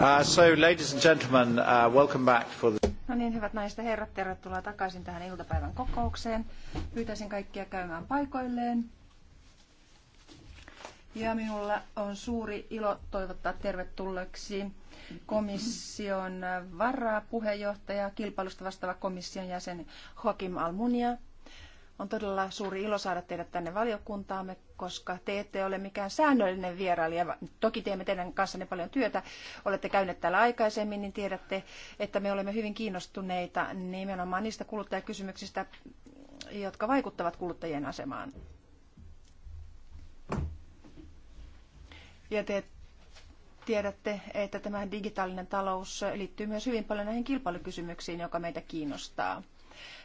Uh, so, ladies and gentlemen, uh, welcome back for the... No niin, hyvät naiset ja herrat, tervetuloa takaisin tähän iltapäivän kokoukseen. Pyytäisin kaikkia käymään paikoilleen. Ja minulla on suuri ilo toivottaa tervetulleeksi komission varapuheenjohtaja, kilpailusta vastaava komission jäsen Joakim Almunia. On todella suuri ilo saada teidät tänne valiokuntaamme koska te ette ole mikään säännöllinen vierailija. Toki teemme teidän kanssanne paljon työtä. Olette käyneet täällä aikaisemmin, niin tiedätte, että me olemme hyvin kiinnostuneita nimenomaan niistä kuluttajakysymyksistä, jotka vaikuttavat kuluttajien asemaan. Ja te tiedätte, että tämä digitaalinen talous liittyy myös hyvin paljon näihin kilpailukysymyksiin, joka meitä kiinnostaa.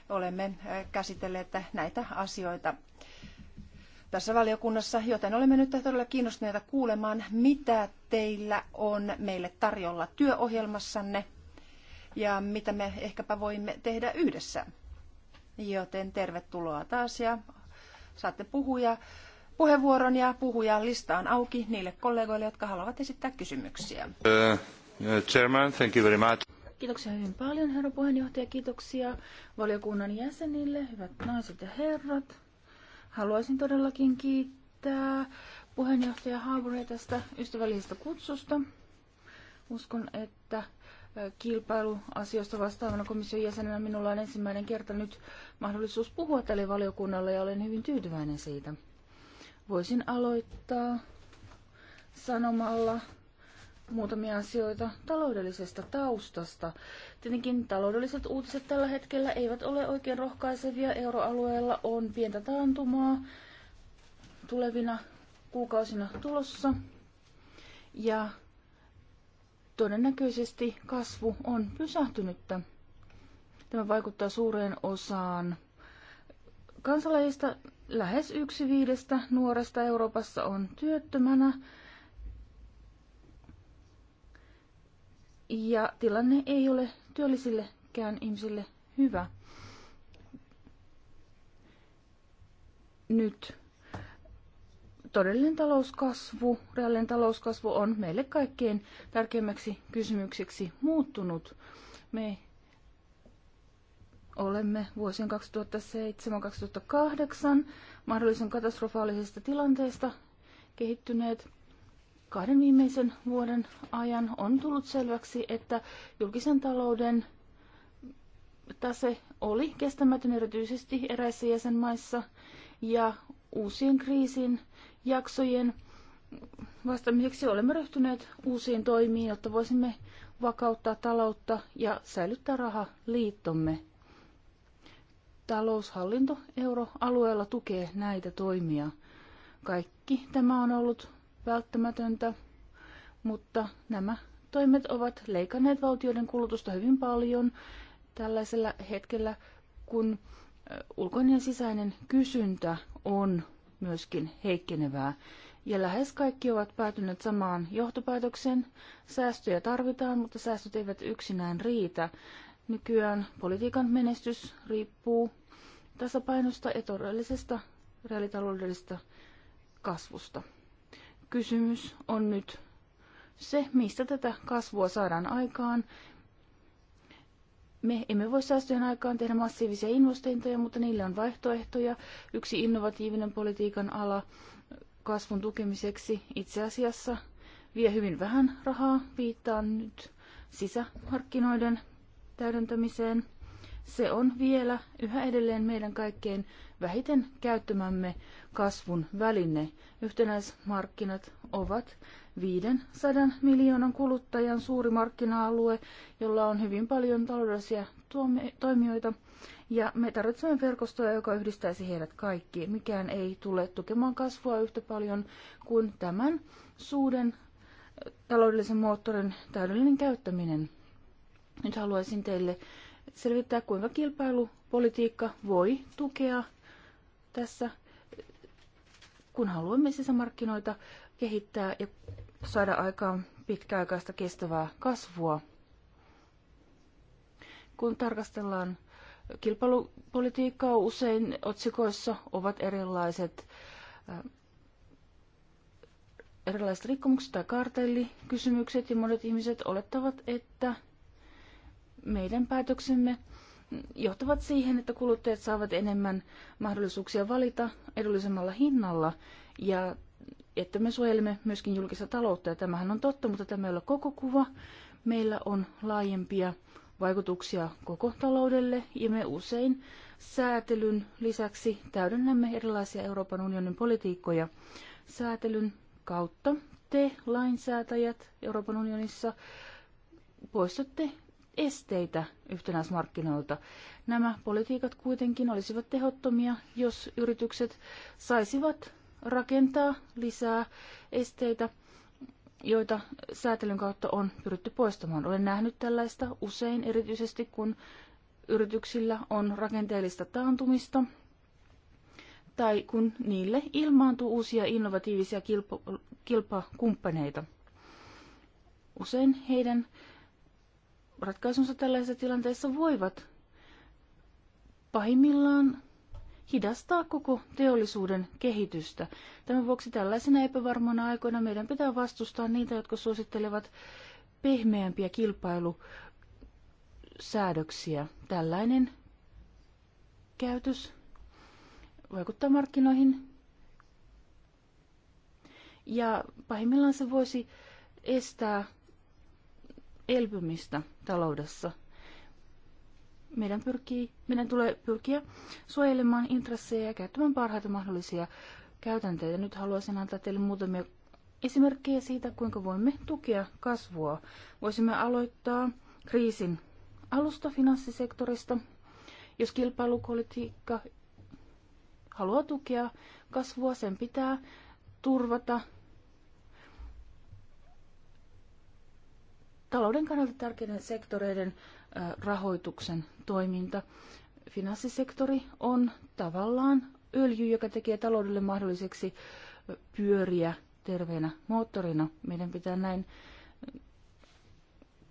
Olemme käsitelleet näitä asioita tässä valiokunnassa, joten olemme nyt todella kiinnostuneita kuulemaan, mitä teillä on meille tarjolla työohjelmassanne ja mitä me ehkäpä voimme tehdä yhdessä. Joten tervetuloa taas ja saatte puhuja, puheenvuoron ja puhuja lista on auki niille kollegoille, jotka haluavat esittää kysymyksiä. uh, uh chairman, thank you very much. Kiitoksia hyvin paljon, herra puheenjohtaja. Kiitoksia valiokunnan jäsenille, hyvät naiset ja herrat. Haluaisin todellakin kiittää puheenjohtaja Haaburia tästä ystävällisestä kutsusta. Uskon, että kilpailuasioista vastaavana komission jäsenenä minulla on ensimmäinen kerta nyt mahdollisuus puhua tälle valiokunnalle ja olen hyvin tyytyväinen siitä. Voisin aloittaa sanomalla muutamia asioita taloudellisesta taustasta. Tietenkin taloudelliset uutiset tällä hetkellä eivät ole oikein rohkaisevia. Euroalueella on pientä taantumaa tulevina kuukausina tulossa. Ja todennäköisesti kasvu on pysähtynyttä. Tämä vaikuttaa suureen osaan kansalaisista. Lähes yksi viidestä nuoresta Euroopassa on työttömänä Ja tilanne ei ole työllisillekään ihmisille hyvä. Nyt todellinen talouskasvu, reaalinen talouskasvu on meille kaikkein tärkeimmäksi kysymykseksi muuttunut. Me olemme vuosien 2007-2008 mahdollisen katastrofaalisesta tilanteesta kehittyneet kahden viimeisen vuoden ajan on tullut selväksi, että julkisen talouden tase oli kestämätön erityisesti eräissä jäsenmaissa ja uusien kriisin jaksojen vastaamiseksi olemme ryhtyneet uusiin toimiin, jotta voisimme vakauttaa taloutta ja säilyttää rahaliittomme. Taloushallinto euroalueella tukee näitä toimia. Kaikki tämä on ollut välttämätöntä, mutta nämä toimet ovat leikanneet valtioiden kulutusta hyvin paljon tällaisella hetkellä, kun ulkoinen ja sisäinen kysyntä on myöskin heikkenevää. Ja lähes kaikki ovat päätyneet samaan johtopäätökseen. Säästöjä tarvitaan, mutta säästöt eivät yksinään riitä. Nykyään politiikan menestys riippuu tasapainosta ja todellisesta reaalitaloudellisesta kasvusta. Kysymys on nyt se, mistä tätä kasvua saadaan aikaan. Me emme voi säästöjen aikaan tehdä massiivisia investointeja, mutta niille on vaihtoehtoja. Yksi innovatiivinen politiikan ala kasvun tukemiseksi itse asiassa vie hyvin vähän rahaa. Viittaan nyt sisämarkkinoiden täydentämiseen – se on vielä yhä edelleen meidän kaikkein vähiten käyttämämme kasvun väline. Yhtenäismarkkinat ovat 500 miljoonan kuluttajan suuri markkina-alue, jolla on hyvin paljon taloudellisia toimijoita. Ja me tarvitsemme verkostoa, joka yhdistäisi heidät kaikki. Mikään ei tule tukemaan kasvua yhtä paljon kuin tämän suuden äh, taloudellisen moottorin täydellinen käyttäminen. Nyt haluaisin teille selvittää, kuinka kilpailupolitiikka voi tukea tässä, kun haluamme sisämarkkinoita kehittää ja saada aikaan pitkäaikaista kestävää kasvua. Kun tarkastellaan kilpailupolitiikkaa, usein otsikoissa ovat erilaiset äh, erilaiset rikkomukset tai kartellikysymykset ja monet ihmiset olettavat, että meidän päätöksemme johtavat siihen, että kuluttajat saavat enemmän mahdollisuuksia valita edullisemmalla hinnalla ja että me suojelemme myöskin julkista taloutta. Ja tämähän on totta, mutta tämä ei ole koko kuva. Meillä on laajempia vaikutuksia koko taloudelle ja me usein säätelyn lisäksi täydennämme erilaisia Euroopan unionin politiikkoja säätelyn kautta. Te, lainsäätäjät Euroopan unionissa, poistatte esteitä yhtenäismarkkinoilta. Nämä politiikat kuitenkin olisivat tehottomia, jos yritykset saisivat rakentaa lisää esteitä, joita säätelyn kautta on pyritty poistamaan. Olen nähnyt tällaista usein, erityisesti kun yrityksillä on rakenteellista taantumista tai kun niille ilmaantuu uusia innovatiivisia kilpa, kilpakumppaneita. Usein heidän ratkaisunsa tällaisessa tilanteessa voivat pahimmillaan hidastaa koko teollisuuden kehitystä. Tämän vuoksi tällaisena epävarmoina aikoina meidän pitää vastustaa niitä, jotka suosittelevat pehmeämpiä kilpailusäädöksiä. Tällainen käytös vaikuttaa markkinoihin ja pahimmillaan se voisi estää elpymistä taloudessa. Meidän, pyrkii, meidän tulee pyrkiä suojelemaan intressejä ja käyttämään parhaita mahdollisia käytänteitä. Nyt haluaisin antaa teille muutamia esimerkkejä siitä, kuinka voimme tukea kasvua. Voisimme aloittaa kriisin alusta finanssisektorista, jos kilpailupolitiikka haluaa tukea kasvua, sen pitää turvata talouden kannalta tärkeiden sektoreiden rahoituksen toiminta. Finanssisektori on tavallaan öljy, joka tekee taloudelle mahdolliseksi pyöriä terveenä moottorina. Meidän pitää näin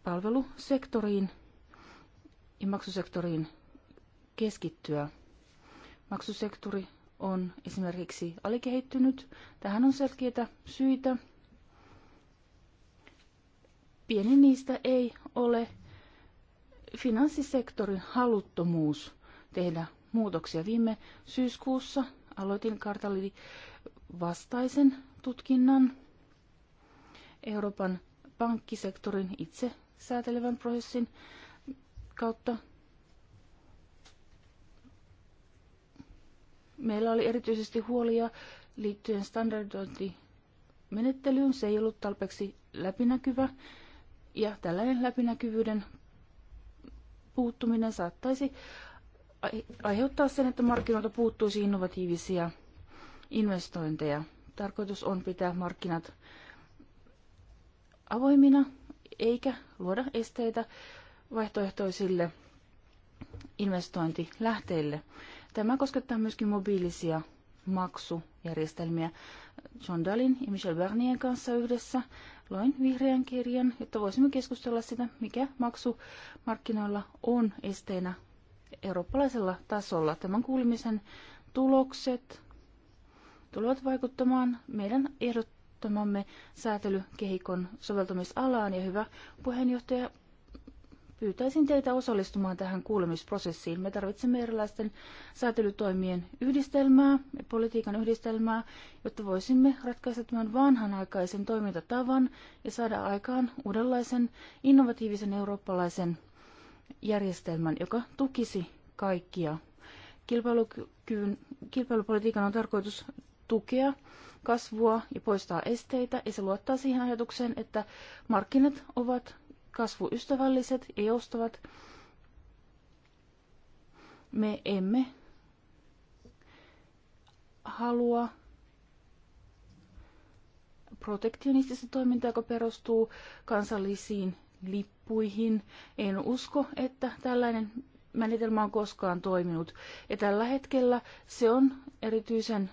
palvelusektoriin ja maksusektoriin keskittyä. Maksusektori on esimerkiksi alikehittynyt. Tähän on selkeitä syitä pieni niistä ei ole finanssisektorin haluttomuus tehdä muutoksia. Viime syyskuussa aloitin kartallini vastaisen tutkinnan Euroopan pankkisektorin itse säätelevän prosessin kautta. Meillä oli erityisesti huolia liittyen standardointimenettelyyn. Se ei ollut tarpeeksi läpinäkyvä ja tällainen läpinäkyvyyden puuttuminen saattaisi aiheuttaa sen, että markkinoilta puuttuisi innovatiivisia investointeja. Tarkoitus on pitää markkinat avoimina eikä luoda esteitä vaihtoehtoisille investointilähteille. Tämä koskettaa myöskin mobiilisia maksujärjestelmiä. John Dallin ja Michel Bernien kanssa yhdessä lain vihreän kirjan, jotta voisimme keskustella sitä, mikä maksu markkinoilla on esteenä eurooppalaisella tasolla. Tämän kuulimisen tulokset tulevat vaikuttamaan meidän ehdottamamme säätelykehikon soveltamisalaan. Ja hyvä puheenjohtaja, pyytäisin teitä osallistumaan tähän kuulemisprosessiin. Me tarvitsemme erilaisten säätelytoimien yhdistelmää, politiikan yhdistelmää, jotta voisimme ratkaista tämän vanhanaikaisen toimintatavan ja saada aikaan uudenlaisen innovatiivisen eurooppalaisen järjestelmän, joka tukisi kaikkia. Kilpailukyvyn, kilpailupolitiikan on tarkoitus tukea kasvua ja poistaa esteitä, ja se luottaa siihen ajatukseen, että markkinat ovat kasvuystävälliset ja joustavat. Me emme halua protektionistista toimintaa, joka perustuu kansallisiin lippuihin. En usko, että tällainen menetelmä on koskaan toiminut. Ja tällä hetkellä se on erityisen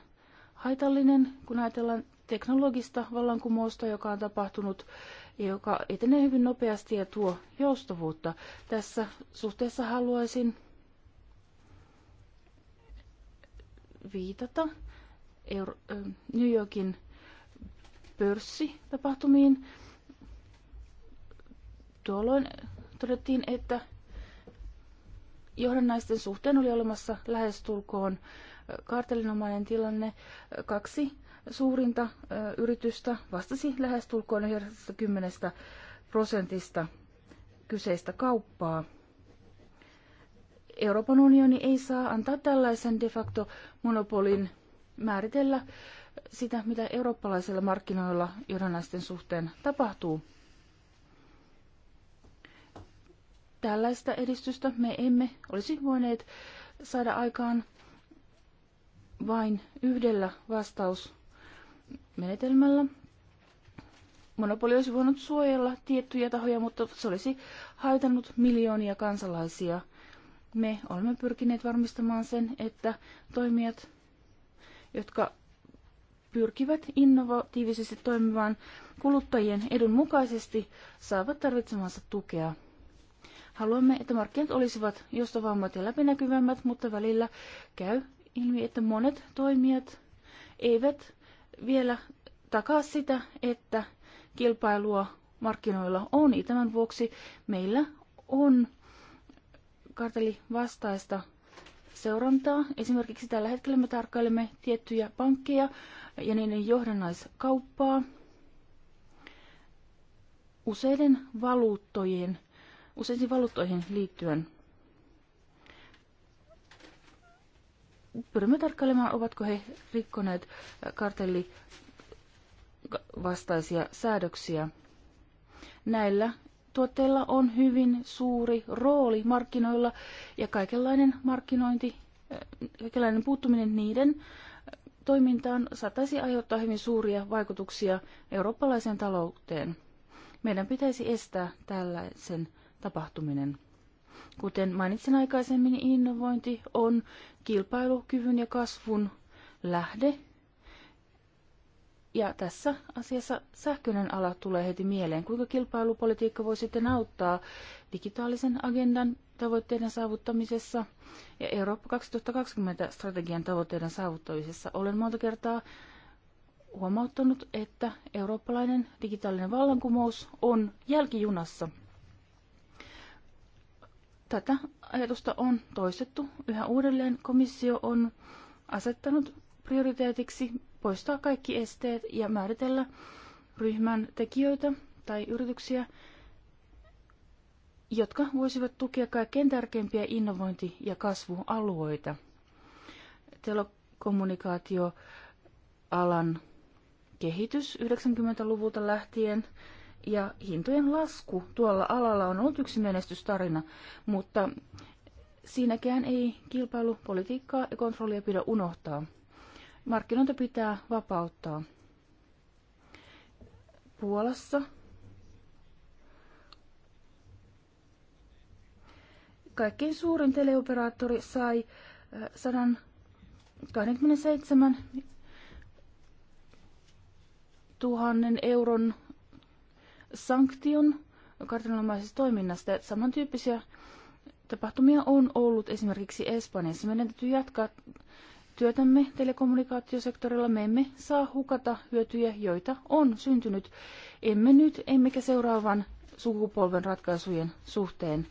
haitallinen, kun ajatellaan teknologista vallankumousta, joka on tapahtunut joka etenee hyvin nopeasti ja tuo joustavuutta. Tässä suhteessa haluaisin viitata Euro- New Yorkin pörssitapahtumiin. Tuolloin todettiin, että johdannaisten suhteen oli olemassa lähestulkoon kartelinomainen tilanne. Kaksi suurinta yritystä vastasi lähestulkoon 90 prosentista kyseistä kauppaa. Euroopan unioni ei saa antaa tällaisen de facto monopolin määritellä sitä, mitä eurooppalaisilla markkinoilla johdannaisten suhteen tapahtuu. Tällaista edistystä me emme olisi voineet saada aikaan vain yhdellä vastaus menetelmällä. Monopoli olisi voinut suojella tiettyjä tahoja, mutta se olisi haitannut miljoonia kansalaisia. Me olemme pyrkineet varmistamaan sen, että toimijat, jotka pyrkivät innovatiivisesti toimimaan kuluttajien edun mukaisesti, saavat tarvitsemansa tukea. Haluamme, että markkinat olisivat joustavammat ja läpinäkyvämmät, mutta välillä käy ilmi, että monet toimijat eivät vielä takaa sitä, että kilpailua markkinoilla on. Ja tämän vuoksi meillä on kartelivastaista seurantaa. Esimerkiksi tällä hetkellä me tarkkailemme tiettyjä pankkeja ja niiden johdannaiskauppaa useiden valuuttojen, useisiin valuuttoihin liittyen. pyrimme tarkkailemaan, ovatko he rikkoneet kartelli vastaisia säädöksiä. Näillä tuotteilla on hyvin suuri rooli markkinoilla ja kaikenlainen markkinointi, eh, kaikenlainen puuttuminen niiden eh, toimintaan saattaisi aiheuttaa hyvin suuria vaikutuksia eurooppalaiseen talouteen. Meidän pitäisi estää tällaisen tapahtuminen. Kuten mainitsin aikaisemmin, innovointi on kilpailukyvyn ja kasvun lähde. Ja tässä asiassa sähköinen ala tulee heti mieleen, kuinka kilpailupolitiikka voi sitten auttaa digitaalisen agendan tavoitteiden saavuttamisessa ja Eurooppa 2020 strategian tavoitteiden saavuttamisessa. Olen monta kertaa huomauttanut, että eurooppalainen digitaalinen vallankumous on jälkijunassa Tätä ajatusta on toistettu yhä uudelleen. Komissio on asettanut prioriteetiksi poistaa kaikki esteet ja määritellä ryhmän tekijöitä tai yrityksiä, jotka voisivat tukea kaikkein tärkeimpiä innovointi- ja kasvualueita. Telekommunikaatioalan kehitys 90-luvulta lähtien – ja hintojen lasku tuolla alalla on ollut yksi menestystarina, mutta siinäkään ei kilpailupolitiikkaa ja kontrollia pidä unohtaa. Markkinoita pitää vapauttaa. Puolassa kaikkein suurin teleoperaattori sai 127 äh, 000 euron sanktion kardinalomaisesta toiminnasta. Samantyyppisiä tapahtumia on ollut esimerkiksi Espanjassa. Meidän täytyy jatkaa työtämme telekommunikaatiosektorilla. Me emme saa hukata hyötyjä, joita on syntynyt. Emme nyt, emmekä seuraavan sukupolven ratkaisujen suhteen.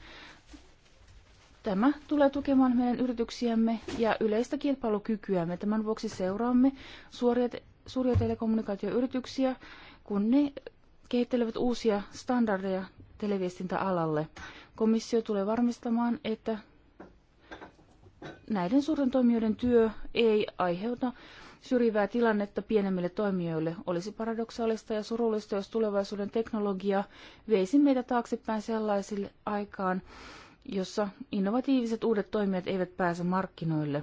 Tämä tulee tukemaan meidän yrityksiämme ja yleistä kilpailukykyämme. Tämän vuoksi seuraamme suoria, suuria telekommunikaatioyrityksiä, kun ne kehittelevät uusia standardeja televiestintäalalle. Komissio tulee varmistamaan, että näiden suurten toimijoiden työ ei aiheuta syrjivää tilannetta pienemmille toimijoille. Olisi paradoksaalista ja surullista, jos tulevaisuuden teknologia veisi meitä taaksepäin sellaisille aikaan, jossa innovatiiviset uudet toimijat eivät pääse markkinoille.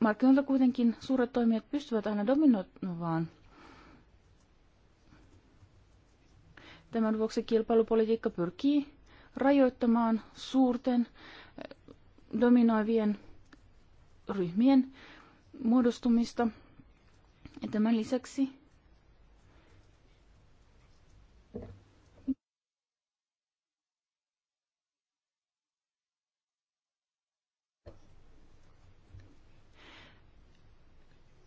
Markkinoilta kuitenkin suuret toimijat pystyvät aina dominoimaan Tämän vuoksi kilpailupolitiikka pyrkii rajoittamaan suurten eh, dominoivien ryhmien muodostumista. Ja tämän lisäksi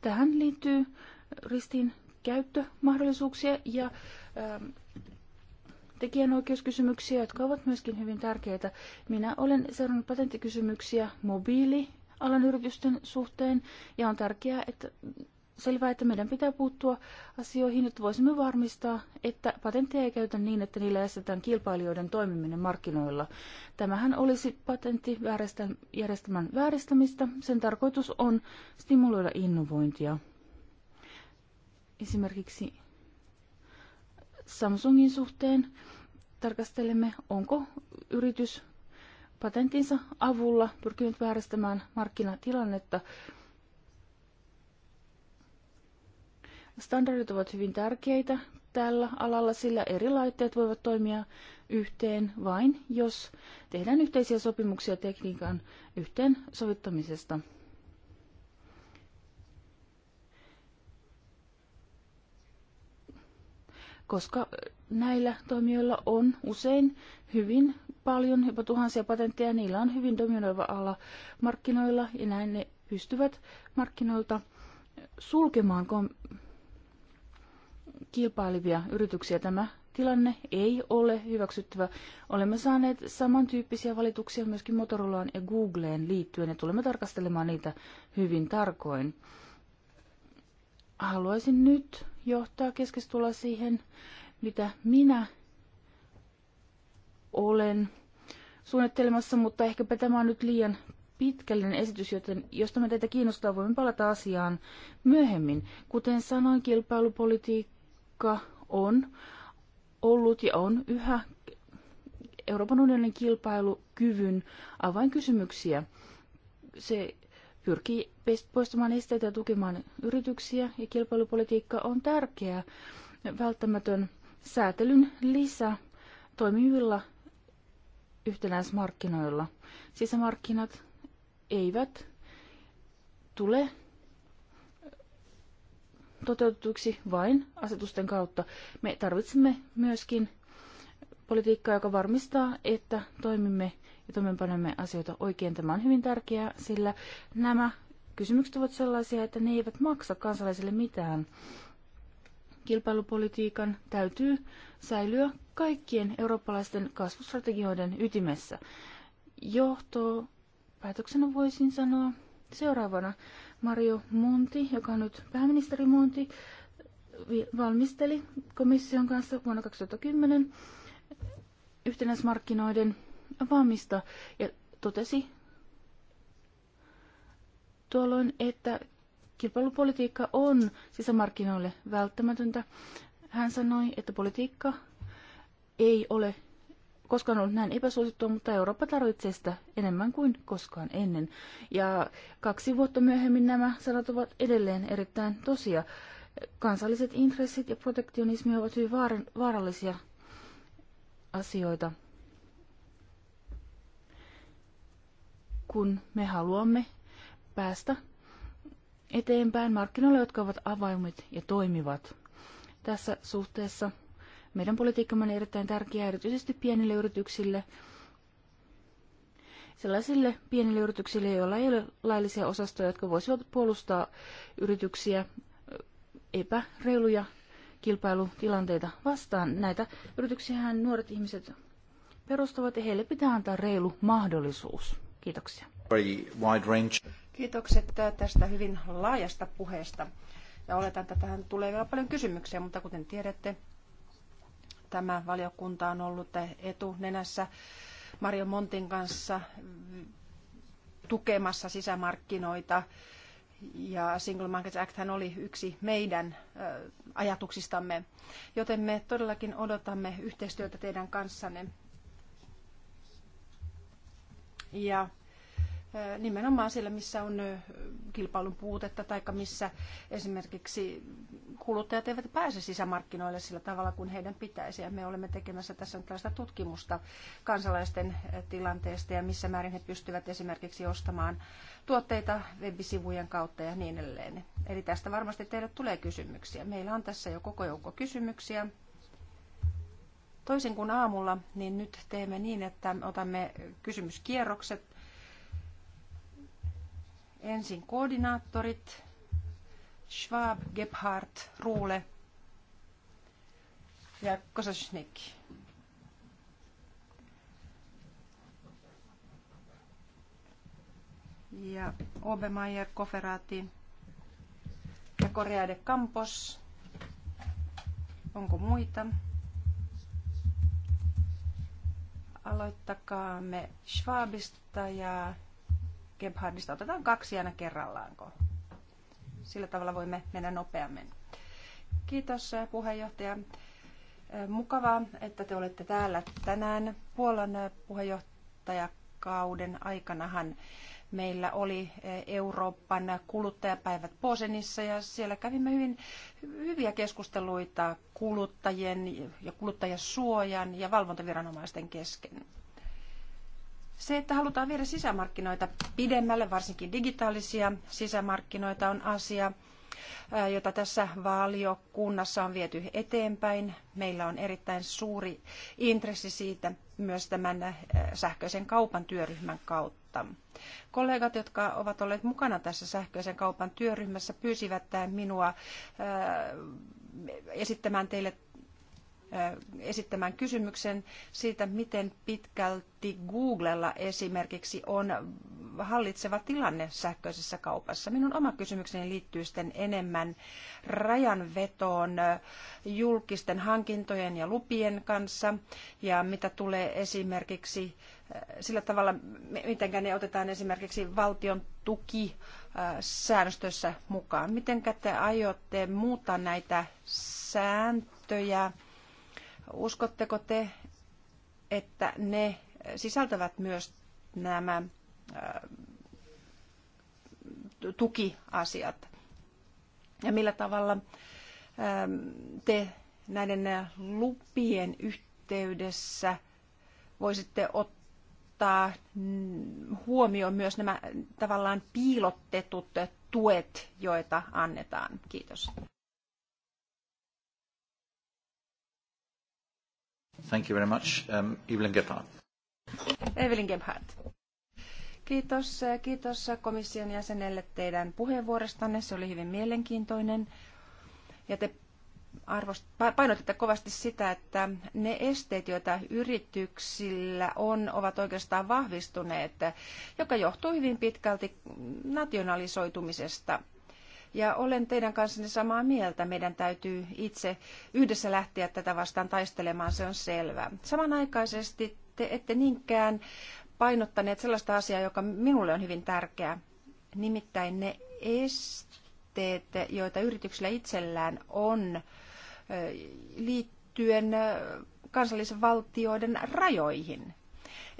tähän liittyy ristin käyttömahdollisuuksia ja ähm, tekijänoikeuskysymyksiä, jotka ovat myöskin hyvin tärkeitä. Minä olen seurannut patenttikysymyksiä mobiilialan yritysten suhteen ja on tärkeää, että selvää, että meidän pitää puuttua asioihin, että voisimme varmistaa, että patentteja ei käytä niin, että niillä estetään kilpailijoiden toimiminen markkinoilla. Tämähän olisi patenttijärjestelmän vääristämistä. Sen tarkoitus on stimuloida innovointia. Esimerkiksi Samsungin suhteen tarkastelemme, onko yritys patentinsa avulla pyrkinyt vääristämään markkinatilannetta. Standardit ovat hyvin tärkeitä tällä alalla, sillä eri laitteet voivat toimia yhteen vain, jos tehdään yhteisiä sopimuksia tekniikan yhteensovittamisesta. koska näillä toimijoilla on usein hyvin paljon, jopa tuhansia patentteja, niillä on hyvin dominoiva ala markkinoilla ja näin ne pystyvät markkinoilta sulkemaan kilpailevia yrityksiä. Tämä tilanne ei ole hyväksyttävä. Olemme saaneet samantyyppisiä valituksia myöskin Motorolaan ja Googleen liittyen ja tulemme tarkastelemaan niitä hyvin tarkoin. Haluaisin nyt johtaa keskustelua siihen, mitä minä olen suunnittelemassa, mutta ehkäpä tämä on nyt liian pitkällinen esitys, joten jos tämä teitä kiinnostaa, voimme palata asiaan myöhemmin. Kuten sanoin, kilpailupolitiikka on ollut ja on yhä Euroopan unionin kilpailukyvyn avainkysymyksiä. Se pyrkii poistamaan esteitä ja tukemaan yrityksiä ja kilpailupolitiikka on tärkeä välttämätön säätelyn lisä toimivilla yhtenäismarkkinoilla. Sisämarkkinat eivät tule toteutetuksi vain asetusten kautta. Me tarvitsemme myöskin politiikkaa, joka varmistaa, että toimimme ja toimeenpanemme asioita oikein. Tämä on hyvin tärkeää, sillä nämä kysymykset ovat sellaisia, että ne eivät maksa kansalaisille mitään. Kilpailupolitiikan täytyy säilyä kaikkien eurooppalaisten kasvustrategioiden ytimessä. Johto päätöksenä voisin sanoa seuraavana. Mario Monti, joka on nyt pääministeri Monti, valmisteli komission kanssa vuonna 2010 yhtenäismarkkinoiden avaamista ja totesi tuolloin, että kilpailupolitiikka on sisämarkkinoille välttämätöntä. Hän sanoi, että politiikka ei ole koskaan ollut näin epäsuosittua, mutta Eurooppa tarvitsee sitä enemmän kuin koskaan ennen. Ja kaksi vuotta myöhemmin nämä sanat ovat edelleen erittäin tosia. Kansalliset intressit ja protektionismi ovat hyvin vaarallisia asioita. Kun me haluamme päästä eteenpäin markkinoille, jotka ovat avaimet ja toimivat. Tässä suhteessa meidän politiikkamme on erittäin tärkeää erityisesti pienille yrityksille, sellaisille pienille yrityksille, joilla ei ole laillisia osastoja, jotka voisivat puolustaa yrityksiä epäreiluja kilpailutilanteita vastaan. Näitä yrityksiähän nuoret ihmiset perustavat ja heille pitää antaa reilu mahdollisuus. Kiitoksia. Kiitokset äh, tästä hyvin laajasta puheesta. Ja oletan, että tähän tulee vielä paljon kysymyksiä, mutta kuten tiedätte, tämä valiokunta on ollut äh, etunenässä Mario Montin kanssa tukemassa sisämarkkinoita. Ja Single Market Act hän oli yksi meidän äh, ajatuksistamme, joten me todellakin odotamme yhteistyötä teidän kanssanne. Ja nimenomaan siellä, missä on kilpailun puutetta tai missä esimerkiksi kuluttajat eivät pääse sisämarkkinoille sillä tavalla kuin heidän pitäisi. Ja me olemme tekemässä tässä nyt tällaista tutkimusta kansalaisten tilanteesta ja missä määrin he pystyvät esimerkiksi ostamaan tuotteita webisivujen kautta ja niin edelleen. Eli tästä varmasti teille tulee kysymyksiä. Meillä on tässä jo koko joukko kysymyksiä. Toisin kuin aamulla, niin nyt teemme niin, että otamme kysymyskierrokset Ensin koordinaattorit, Schwab, Gebhardt, Ruule ja Kosasnik. Ja Obemeyer, Koferati ja Korea de Campos. Onko muita? aloittakaa me Schwabista ja Gebhardista. Otetaan kaksi aina kerrallaanko? Sillä tavalla voimme mennä nopeammin. Kiitos eh, puheenjohtaja. Eh, mukavaa, että te olette täällä tänään. Puolan eh, puheenjohtajakauden aikanahan meillä oli Euroopan kuluttajapäivät Posenissa ja siellä kävimme hyvin hyviä keskusteluita kuluttajien ja kuluttajasuojan ja valvontaviranomaisten kesken. Se, että halutaan viedä sisämarkkinoita pidemmälle, varsinkin digitaalisia sisämarkkinoita, on asia, jota tässä valiokunnassa on viety eteenpäin. Meillä on erittäin suuri intressi siitä myös tämän sähköisen kaupan työryhmän kautta. Kollegat, jotka ovat olleet mukana tässä sähköisen kaupan työryhmässä, pyysivät minua esittämään teille esittämään kysymyksen siitä, miten pitkälti Googlella esimerkiksi on hallitseva tilanne sähköisessä kaupassa. Minun oma kysymykseni liittyy sitten enemmän rajanvetoon julkisten hankintojen ja lupien kanssa ja mitä tulee esimerkiksi sillä tavalla, miten ne otetaan esimerkiksi valtion tuki säännöstössä mukaan. Miten te aiotte muuttaa näitä sääntöjä? Uskotteko te, että ne sisältävät myös nämä äh, tukiasiat? Ja millä tavalla ähm, te näiden lupien yhteydessä voisitte ottaa mm, huomioon myös nämä tavallaan piilotetut tuet, joita annetaan? Kiitos. Thank you very much. Um, Evelyn Gebhardt. Evelyn Gebhardt. Kiitos, eh, kiitos komission jäsenelle teidän puheenvuorostanne. Se oli hyvin mielenkiintoinen. Ja te arvost, painotitte kovasti sitä, että ne esteet, joita yrityksillä on, ovat oikeastaan vahvistuneet, joka johtuu hyvin pitkälti nationalisoitumisesta ja olen teidän kanssanne samaa mieltä. Meidän täytyy itse yhdessä lähteä tätä vastaan taistelemaan, se on selvää. Samanaikaisesti te ette niinkään painottaneet sellaista asiaa, joka minulle on hyvin tärkeää, nimittäin ne esteet, joita yrityksillä itsellään on liittyen kansallisvaltioiden rajoihin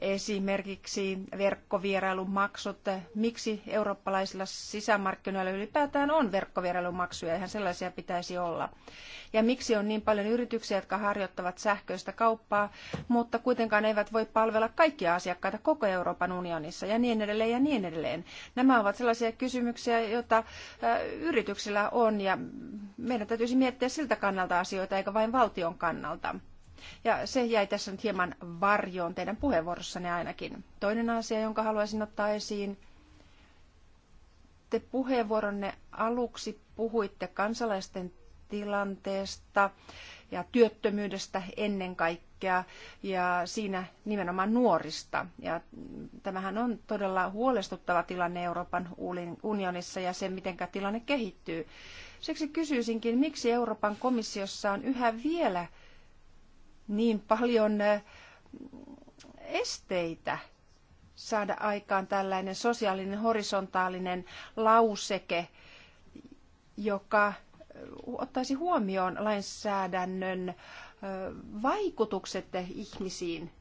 esimerkiksi verkkovierailumaksut. Miksi eurooppalaisilla sisämarkkinoilla ylipäätään on verkkovierailumaksuja? Eihän sellaisia pitäisi olla. Ja miksi on niin paljon yrityksiä, jotka harjoittavat sähköistä kauppaa, mutta kuitenkaan eivät voi palvella kaikkia asiakkaita koko Euroopan unionissa ja niin edelleen ja niin edelleen. Nämä ovat sellaisia kysymyksiä, joita äh, yrityksillä on ja meidän täytyisi miettiä siltä kannalta asioita eikä vain valtion kannalta. Ja se jäi tässä nyt hieman varjoon teidän puheenvuorossanne ainakin. Toinen asia, jonka haluaisin ottaa esiin. Te puheenvuoronne aluksi puhuitte kansalaisten tilanteesta ja työttömyydestä ennen kaikkea ja siinä nimenomaan nuorista. Ja tämähän on todella huolestuttava tilanne Euroopan unionissa ja se, miten tilanne kehittyy. Siksi kysyisinkin, miksi Euroopan komissiossa on yhä vielä niin paljon eh, esteitä saada aikaan tällainen sosiaalinen horisontaalinen lauseke, joka eh, ottaisi huomioon lainsäädännön eh, vaikutukset ihmisiin.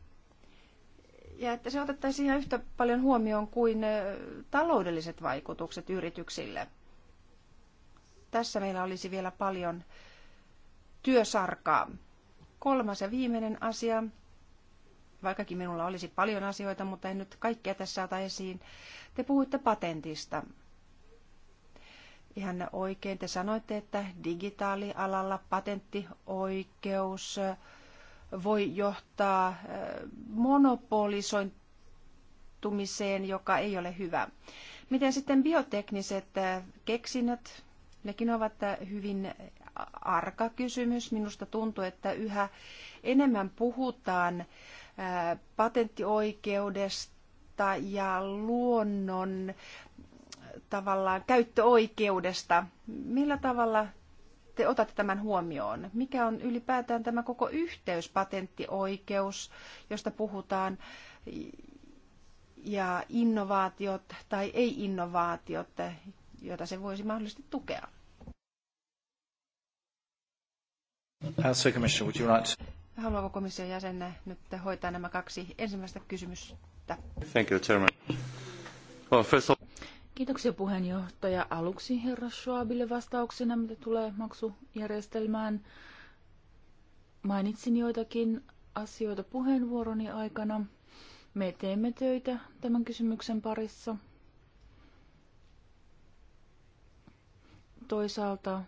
Ja että se otettaisiin ihan yhtä paljon huomioon kuin taloudelliset vaikutukset yrityksille. Tässä meillä olisi vielä paljon työsarkaa. Kolmas ja viimeinen asia, vaikkakin minulla olisi paljon asioita, mutta en nyt kaikkea tässä ota esiin. Te puhuitte patentista. Ihan oikein te sanoitte, että digitaalialalla patenttioikeus voi johtaa äh, monopolisointumiseen, joka ei ole hyvä. Miten sitten biotekniset äh, keksinnöt, nekin ovat äh, hyvin arka kysymys. Minusta tuntuu, että yhä enemmän puhutaan patenttioikeudesta ja luonnon tavallaan käyttöoikeudesta. Millä tavalla te otatte tämän huomioon? Mikä on ylipäätään tämä koko yhteys, patenttioikeus, josta puhutaan, ja innovaatiot tai ei-innovaatiot, joita se voisi mahdollisesti tukea? Haluaako komission jäsen nyt hoitaa nämä kaksi ensimmäistä kysymystä? Thank you, Chairman. Well, first of... Kiitoksia puheenjohtaja. Aluksi herra Schwabille vastauksena, mitä tulee maksujärjestelmään. Mainitsin joitakin asioita puheenvuoroni aikana. Me teemme töitä tämän kysymyksen parissa. Toisaalta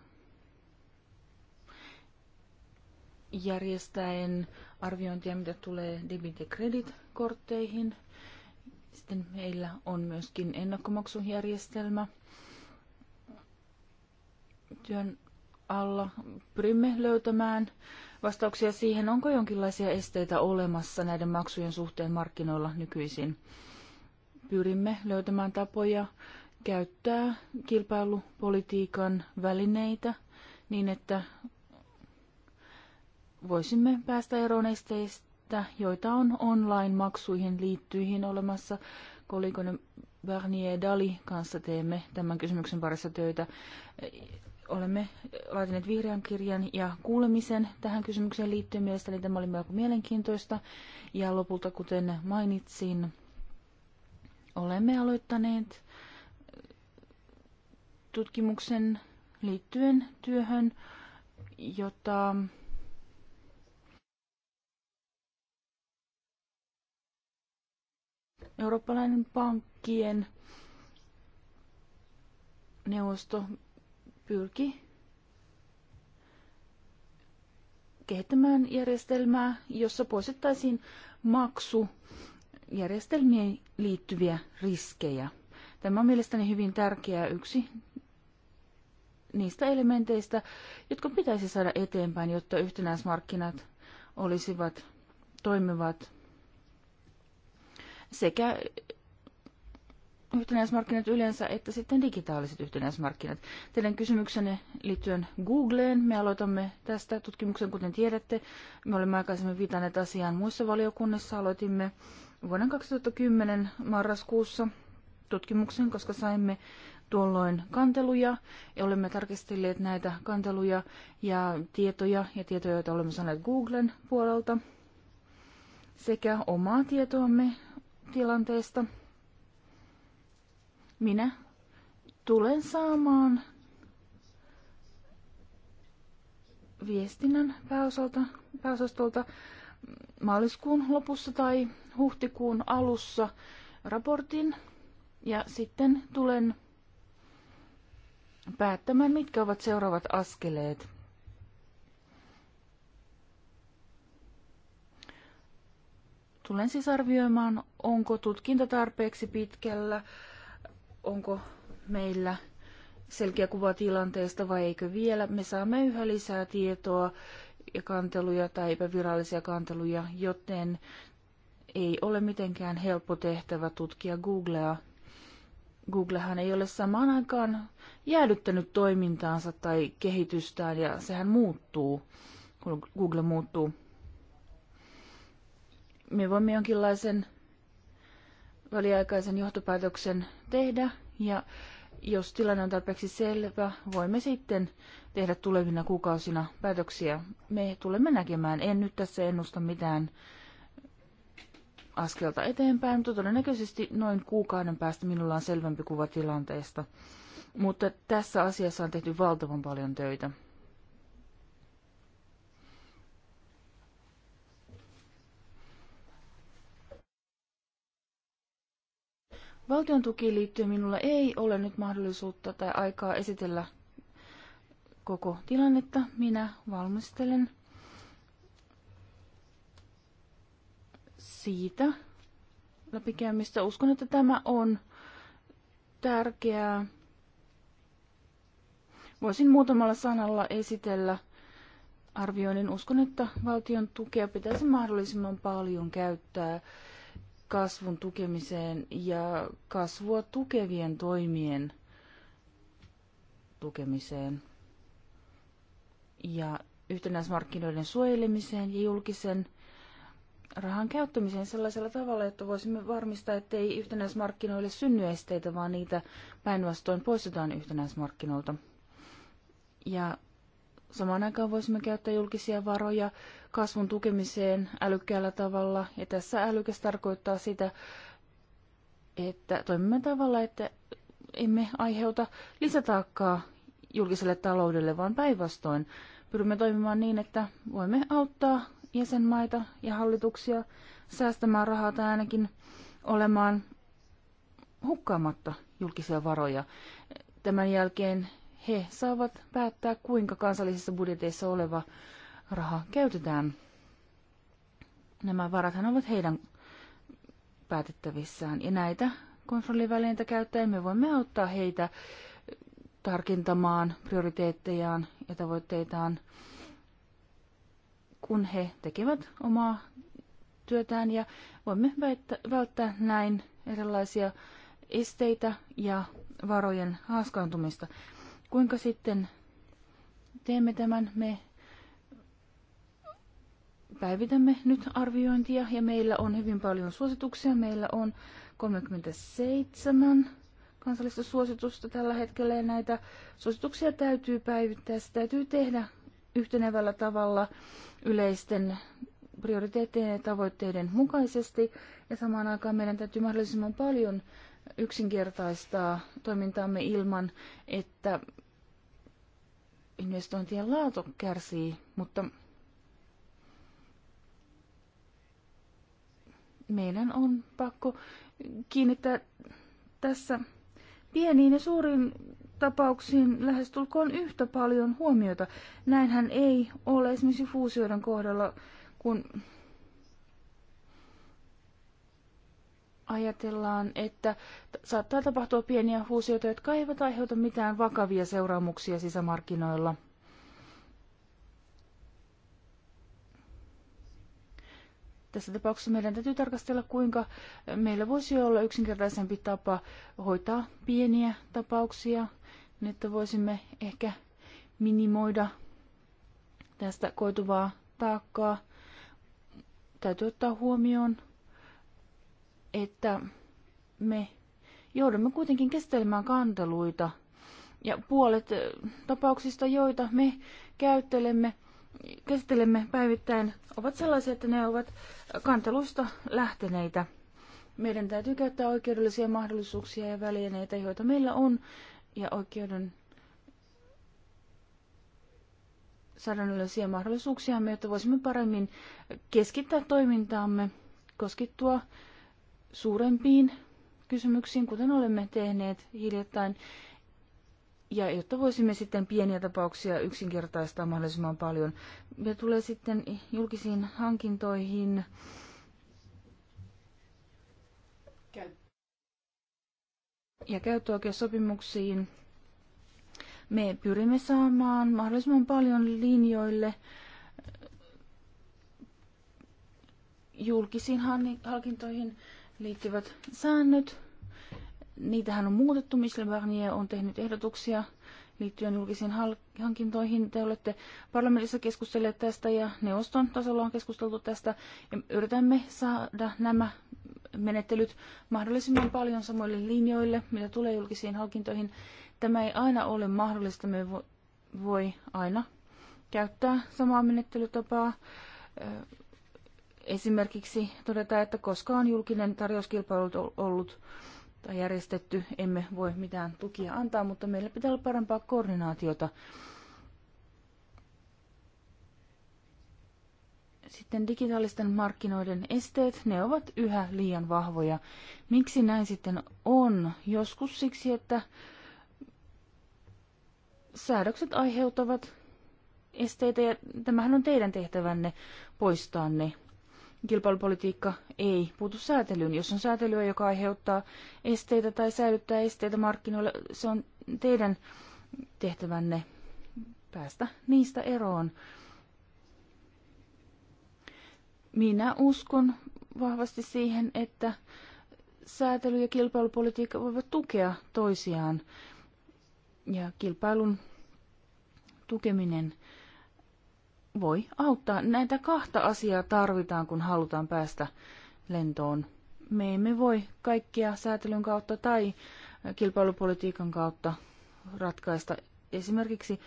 järjestäen arviointia, mitä tulee debit- ja credit Sitten meillä on myöskin ennakkomaksujärjestelmä työn alla. Pyrimme löytämään vastauksia siihen, onko jonkinlaisia esteitä olemassa näiden maksujen suhteen markkinoilla nykyisin. Pyrimme löytämään tapoja käyttää kilpailupolitiikan välineitä niin, että voisimme päästä eroon esteistä, joita on online-maksuihin liittyihin olemassa. Kolikonen Bernier Dali kanssa teemme tämän kysymyksen parissa töitä. Olemme laatineet vihreän kirjan ja kuulemisen tähän kysymykseen liittyen. Mielestäni tämä oli melko mielenkiintoista. Ja lopulta, kuten mainitsin, olemme aloittaneet tutkimuksen liittyen työhön, jota eurooppalainen pankkien neuvosto pyrki kehittämään järjestelmää, jossa poistettaisiin maksujärjestelmiin liittyviä riskejä. Tämä on mielestäni hyvin tärkeä yksi niistä elementeistä, jotka pitäisi saada eteenpäin, jotta yhtenäismarkkinat olisivat toimivat sekä yhtenäismarkkinat yleensä että sitten digitaaliset yhtenäismarkkinat. Teidän kysymyksenne liittyen Googleen, me aloitamme tästä tutkimuksen, kuten tiedätte. Me olemme aikaisemmin viitanneet asiaan muissa valiokunnissa. Aloitimme vuoden 2010 marraskuussa tutkimuksen, koska saimme tuolloin kanteluja ja olemme tarkistelleet näitä kanteluja ja tietoja ja tietoja, joita olemme saaneet Googlen puolelta sekä omaa tietoamme tilanteesta. Minä tulen saamaan viestinnän pääosalta, pääosastolta maaliskuun lopussa tai huhtikuun alussa raportin ja sitten tulen päättämään, mitkä ovat seuraavat askeleet. Tulen siis arvioimaan, onko tutkinta tarpeeksi pitkällä, onko meillä selkeä kuva tilanteesta vai eikö vielä. Me saamme yhä lisää tietoa ja kanteluja tai epävirallisia kanteluja, joten ei ole mitenkään helppo tehtävä tutkia Googlea. Googlehan ei ole samaan aikaan jäädyttänyt toimintaansa tai kehitystään ja sehän muuttuu, kun Google muuttuu me voimme jonkinlaisen väliaikaisen johtopäätöksen tehdä ja jos tilanne on tarpeeksi selvä, voimme sitten tehdä tulevina kuukausina päätöksiä. Me tulemme näkemään. En nyt tässä ennusta mitään askelta eteenpäin, mutta todennäköisesti noin kuukauden päästä minulla on selvempi kuva tilanteesta. Mutta tässä asiassa on tehty valtavan paljon töitä. Valtion tukiin liittyen minulla ei ole nyt mahdollisuutta tai aikaa esitellä koko tilannetta. Minä valmistelen siitä läpikäymistä. Uskon, että tämä on tärkeää. Voisin muutamalla sanalla esitellä arvioinnin. Uskon, että valtion tukea pitäisi mahdollisimman paljon käyttää kasvun tukemiseen ja kasvua tukevien toimien tukemiseen ja yhtenäismarkkinoiden suojelemiseen ja julkisen rahan käyttämiseen sellaisella tavalla, että voisimme varmistaa, että ei yhtenäismarkkinoille synny esteitä, vaan niitä päinvastoin poistetaan yhtenäismarkkinoilta. Ja samaan aikaan voisimme käyttää julkisia varoja kasvun tukemiseen älykkäällä tavalla. Ja tässä älykäs tarkoittaa sitä, että toimimme tavalla, että emme aiheuta lisätaakkaa julkiselle taloudelle, vaan päinvastoin pyrimme toimimaan niin, että voimme auttaa jäsenmaita ja hallituksia säästämään rahaa tai ainakin olemaan hukkaamatta julkisia varoja. Tämän jälkeen he saavat päättää, kuinka kansallisissa budjeteissa oleva raha käytetään. Nämä varathan ovat heidän päätettävissään. Ja näitä kontrollivälineitä käyttäen me voimme auttaa heitä tarkintamaan prioriteettejaan ja tavoitteitaan, kun he tekevät omaa työtään ja voimme välttää näin erilaisia esteitä ja varojen haaskaantumista. Kuinka sitten teemme tämän? Me päivitämme nyt arviointia ja meillä on hyvin paljon suosituksia. Meillä on 37 kansallista suositusta tällä hetkellä ja näitä suosituksia täytyy päivittää. Se täytyy tehdä yhtenevällä tavalla yleisten prioriteettien ja tavoitteiden mukaisesti ja samaan aikaan meidän täytyy mahdollisimman paljon yksinkertaistaa toimintaamme ilman, että investointien laatu kärsii, mutta meidän on pakko kiinnittää tässä pieniin ja suuriin tapauksiin lähestulkoon yhtä paljon huomiota. Näinhän ei ole esimerkiksi fuusioiden kohdalla, kun ajatellaan, että saattaa tapahtua pieniä fuusioita, jotka eivät aiheuta mitään vakavia seuraamuksia sisämarkkinoilla – Tässä tapauksessa meidän täytyy tarkastella, kuinka meillä voisi olla yksinkertaisempi tapa hoitaa pieniä tapauksia, niin että voisimme ehkä minimoida tästä koituvaa taakkaa. Täytyy ottaa huomioon, että me joudumme kuitenkin käsittelemään kanteluita. Ja puolet tapauksista, joita me käyttelemme, käsittelemme päivittäin, ovat sellaisia, että ne ovat kanteluista lähteneitä. Meidän täytyy käyttää oikeudellisia mahdollisuuksia ja välineitä, joita meillä on, ja oikeuden säännöllisiä mahdollisuuksia, jotta voisimme paremmin keskittää toimintaamme koskittua suurempiin kysymyksiin, kuten olemme tehneet hiljattain ja jotta voisimme sitten pieniä tapauksia yksinkertaistaa mahdollisimman paljon. Me tulee sitten julkisiin hankintoihin. ja käyttöoikeussopimuksiin. Me pyrimme saamaan mahdollisimman paljon linjoille julkisiin hankintoihin liittyvät säännöt niitähän on muutettu. Michel Barnier on tehnyt ehdotuksia liittyen julkisiin hankintoihin. Te olette parlamentissa keskustelleet tästä ja neuvoston tasolla on keskusteltu tästä. Ja yritämme saada nämä menettelyt mahdollisimman paljon samoille linjoille, mitä tulee julkisiin hankintoihin. Tämä ei aina ole mahdollista. Me voi aina käyttää samaa menettelytapaa. Esimerkiksi todetaan, että koska on julkinen tarjouskilpailu ollut tai järjestetty, emme voi mitään tukia antaa, mutta meillä pitää olla parempaa koordinaatiota. Sitten digitaalisten markkinoiden esteet, ne ovat yhä liian vahvoja. Miksi näin sitten on? Joskus siksi, että säädökset aiheuttavat esteitä ja tämähän on teidän tehtävänne poistaa ne kilpailupolitiikka ei puutu säätelyyn. Jos on säätelyä, joka aiheuttaa esteitä tai säilyttää esteitä markkinoille, se on teidän tehtävänne päästä niistä eroon. Minä uskon vahvasti siihen, että säätely ja kilpailupolitiikka voivat tukea toisiaan. Ja kilpailun tukeminen voi auttaa. Näitä kahta asiaa tarvitaan, kun halutaan päästä lentoon. Me emme voi kaikkia säätelyn kautta tai kilpailupolitiikan kautta ratkaista. Esimerkiksi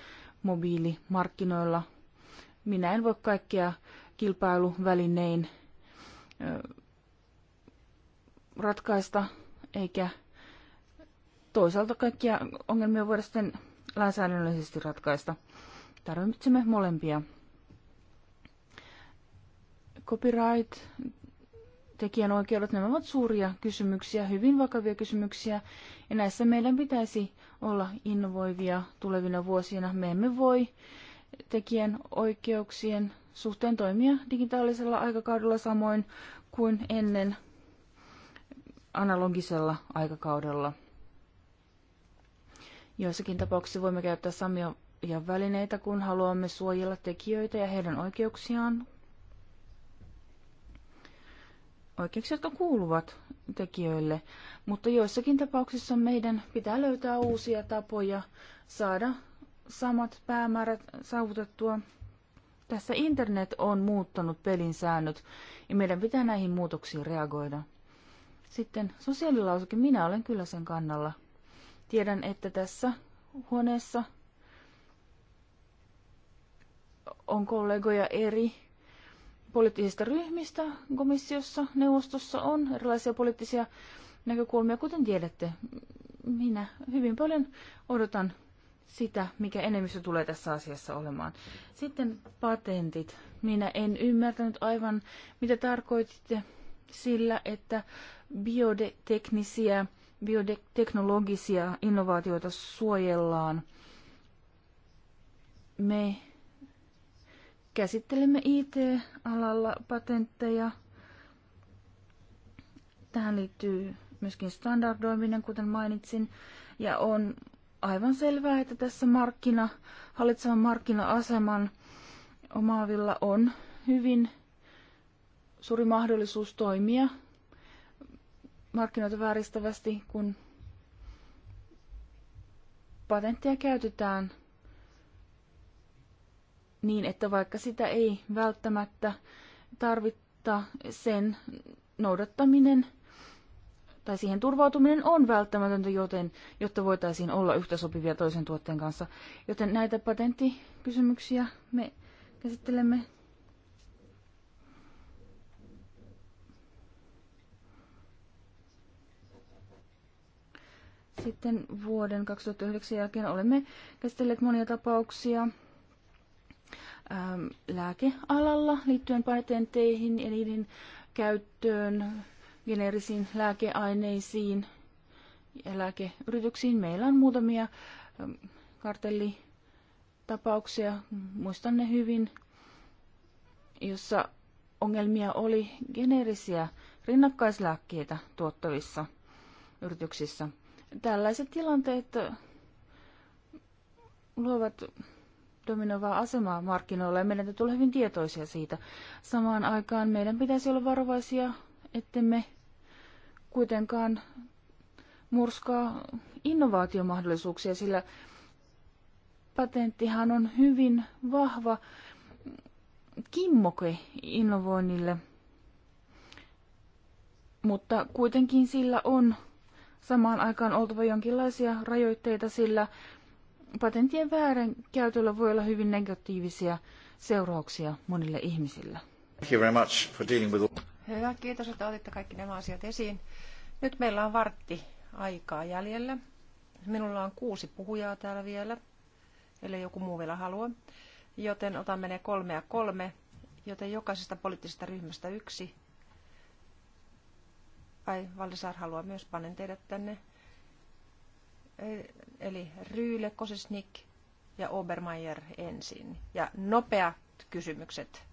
mobiilimarkkinoilla minä en voi kaikkia kilpailuvälinein ratkaista, eikä toisaalta kaikkia ongelmia voida sitten lainsäädännöllisesti ratkaista. Tarvitsemme molempia copyright, tekijänoikeudet, nämä ovat suuria kysymyksiä, hyvin vakavia kysymyksiä, ja näissä meidän pitäisi olla innovoivia tulevina vuosina. Me emme voi tekijänoikeuksien suhteen toimia digitaalisella aikakaudella samoin kuin ennen analogisella aikakaudella. Joissakin tapauksissa voimme käyttää samia ja välineitä, kun haluamme suojella tekijöitä ja heidän oikeuksiaan, oikeuksia, jotka kuuluvat tekijöille. Mutta joissakin tapauksissa meidän pitää löytää uusia tapoja saada samat päämäärät saavutettua. Tässä internet on muuttanut pelin säännöt ja meidän pitää näihin muutoksiin reagoida. Sitten sosiaalilausukin, minä olen kyllä sen kannalla. Tiedän, että tässä huoneessa on kollegoja eri poliittisista ryhmistä komissiossa, neuvostossa on erilaisia poliittisia näkökulmia, kuten tiedätte. Minä hyvin paljon odotan sitä, mikä enemmistö tulee tässä asiassa olemaan. Sitten patentit. Minä en ymmärtänyt aivan, mitä tarkoititte sillä, että bioteknisiä, bioteknologisia innovaatioita suojellaan. Me käsittelemme IT-alalla patentteja. Tähän liittyy myöskin standardoiminen, kuten mainitsin, ja on aivan selvää, että tässä markkina, hallitsevan markkina-aseman omaavilla on hyvin suuri mahdollisuus toimia markkinoita vääristävästi, kun patenttia käytetään – niin, että vaikka sitä ei välttämättä tarvitta, sen noudattaminen tai siihen turvautuminen on välttämätöntä, joten, jotta voitaisiin olla yhtä sopivia toisen tuotteen kanssa. Joten näitä patenttikysymyksiä me käsittelemme. Sitten vuoden 2009 jälkeen olemme käsitelleet monia tapauksia Ähm, lääkealalla liittyen patenteihin ja niiden käyttöön, geneerisiin lääkeaineisiin ja lääkeyrityksiin. Meillä on muutamia ähm, kartellitapauksia, muistan ne hyvin, jossa ongelmia oli geneerisiä rinnakkaislääkkeitä tuottavissa yrityksissä. Tällaiset tilanteet äh, luovat dominovaa asemaa markkinoilla ja meidän täytyy olla hyvin tietoisia siitä. Samaan aikaan meidän pitäisi olla varovaisia, ettemme kuitenkaan murskaa innovaatiomahdollisuuksia, sillä patenttihan on hyvin vahva kimmoke innovoinnille, mutta kuitenkin sillä on samaan aikaan oltava jonkinlaisia rajoitteita, sillä patentien väärän käytöllä voi olla hyvin negatiivisia seurauksia monille ihmisille. Thank you very much for dealing with... Hyvä, kiitos, että otitte kaikki nämä asiat esiin. Nyt meillä on vartti aikaa jäljellä. Minulla on kuusi puhujaa täällä vielä, ellei joku muu vielä halua. Joten otamme ne kolme ja kolme, joten jokaisesta poliittisesta ryhmästä yksi. Ai, Valdisar haluaa myös panen teidät tänne eli Ryyle, Kosesnik ja Obermeier ensin. Ja nopeat kysymykset.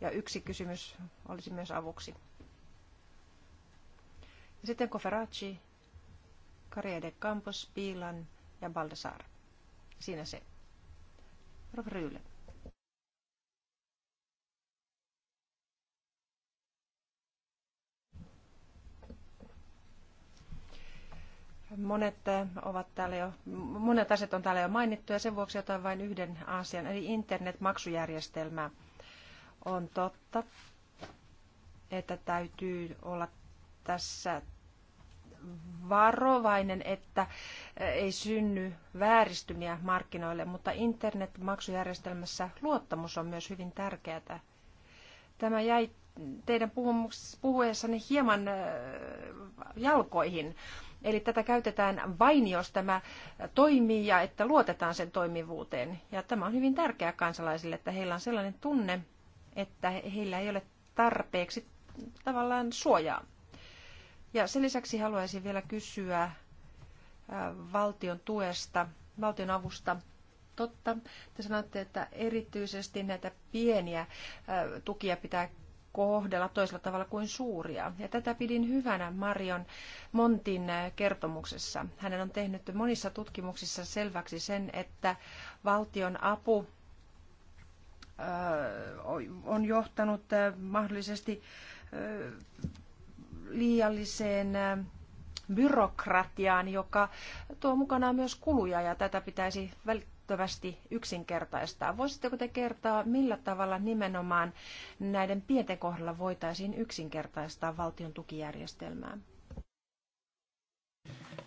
Ja yksi kysymys olisi myös avuksi. Ja sitten Koferaci, Carriere de Campos, Piilan ja Baldassar. Siinä se. Rob Ryyle. Monet, eh, ovat täällä jo, monet asiat on täällä jo mainittu ja sen vuoksi otan vain yhden asian, eli internetmaksujärjestelmä. On totta, että täytyy olla tässä varovainen, että eh, ei synny vääristymiä markkinoille, mutta internetmaksujärjestelmässä luottamus on myös hyvin tärkeää. Tämä jäi teidän puhuessanne hieman eh, jalkoihin, Eli tätä käytetään vain, jos tämä toimii ja että luotetaan sen toimivuuteen. Ja tämä on hyvin tärkeää kansalaisille, että heillä on sellainen tunne, että heillä ei ole tarpeeksi tavallaan suojaa. Ja sen lisäksi haluaisin vielä kysyä äh, valtion tuesta, valtion avusta. Totta, te sanotte että erityisesti näitä pieniä äh, tukia pitää kohdella toisella tavalla kuin suuria. Ja tätä pidin hyvänä Marion Montin kertomuksessa. Hänen on tehnyt monissa tutkimuksissa selväksi sen, että valtion apu on johtanut mahdollisesti liialliseen byrokratiaan, joka tuo mukanaan myös kuluja ja tätä pitäisi älyttömästi yksinkertaistaa. Voisitteko te kertoa, millä tavalla nimenomaan näiden pienten kohdalla voitaisiin yksinkertaistaa valtion tukijärjestelmää?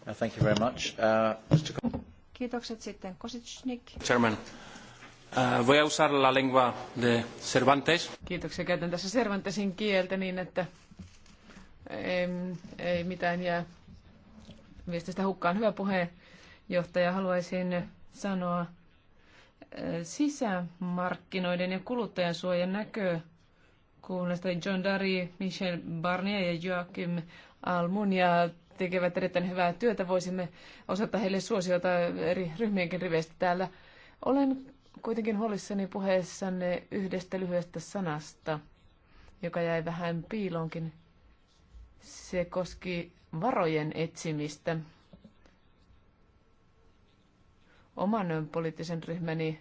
Uh, thank you very much. Uh, Kiitokset sitten Kosicnik. Chairman. Uh, voy a usar la lengua de Cervantes. Kiitoksia. Käytän tässä Cervantesin kieltä niin, että ei, ei mitään jää viestistä hukkaan. Hyvä puheenjohtaja. Haluaisin sanoa äh, sisämarkkinoiden ja kuluttajansuojan näkökulmasta. John Dari, Michel Barnier ja Joachim Almunia tekevät erittäin hyvää työtä. Voisimme osoittaa heille suosiota eri ryhmienkin riveistä täällä. Olen kuitenkin huolissani puheessanne yhdestä lyhyestä sanasta, joka jäi vähän piilonkin. Se koski varojen etsimistä oman poliittisen ryhmäni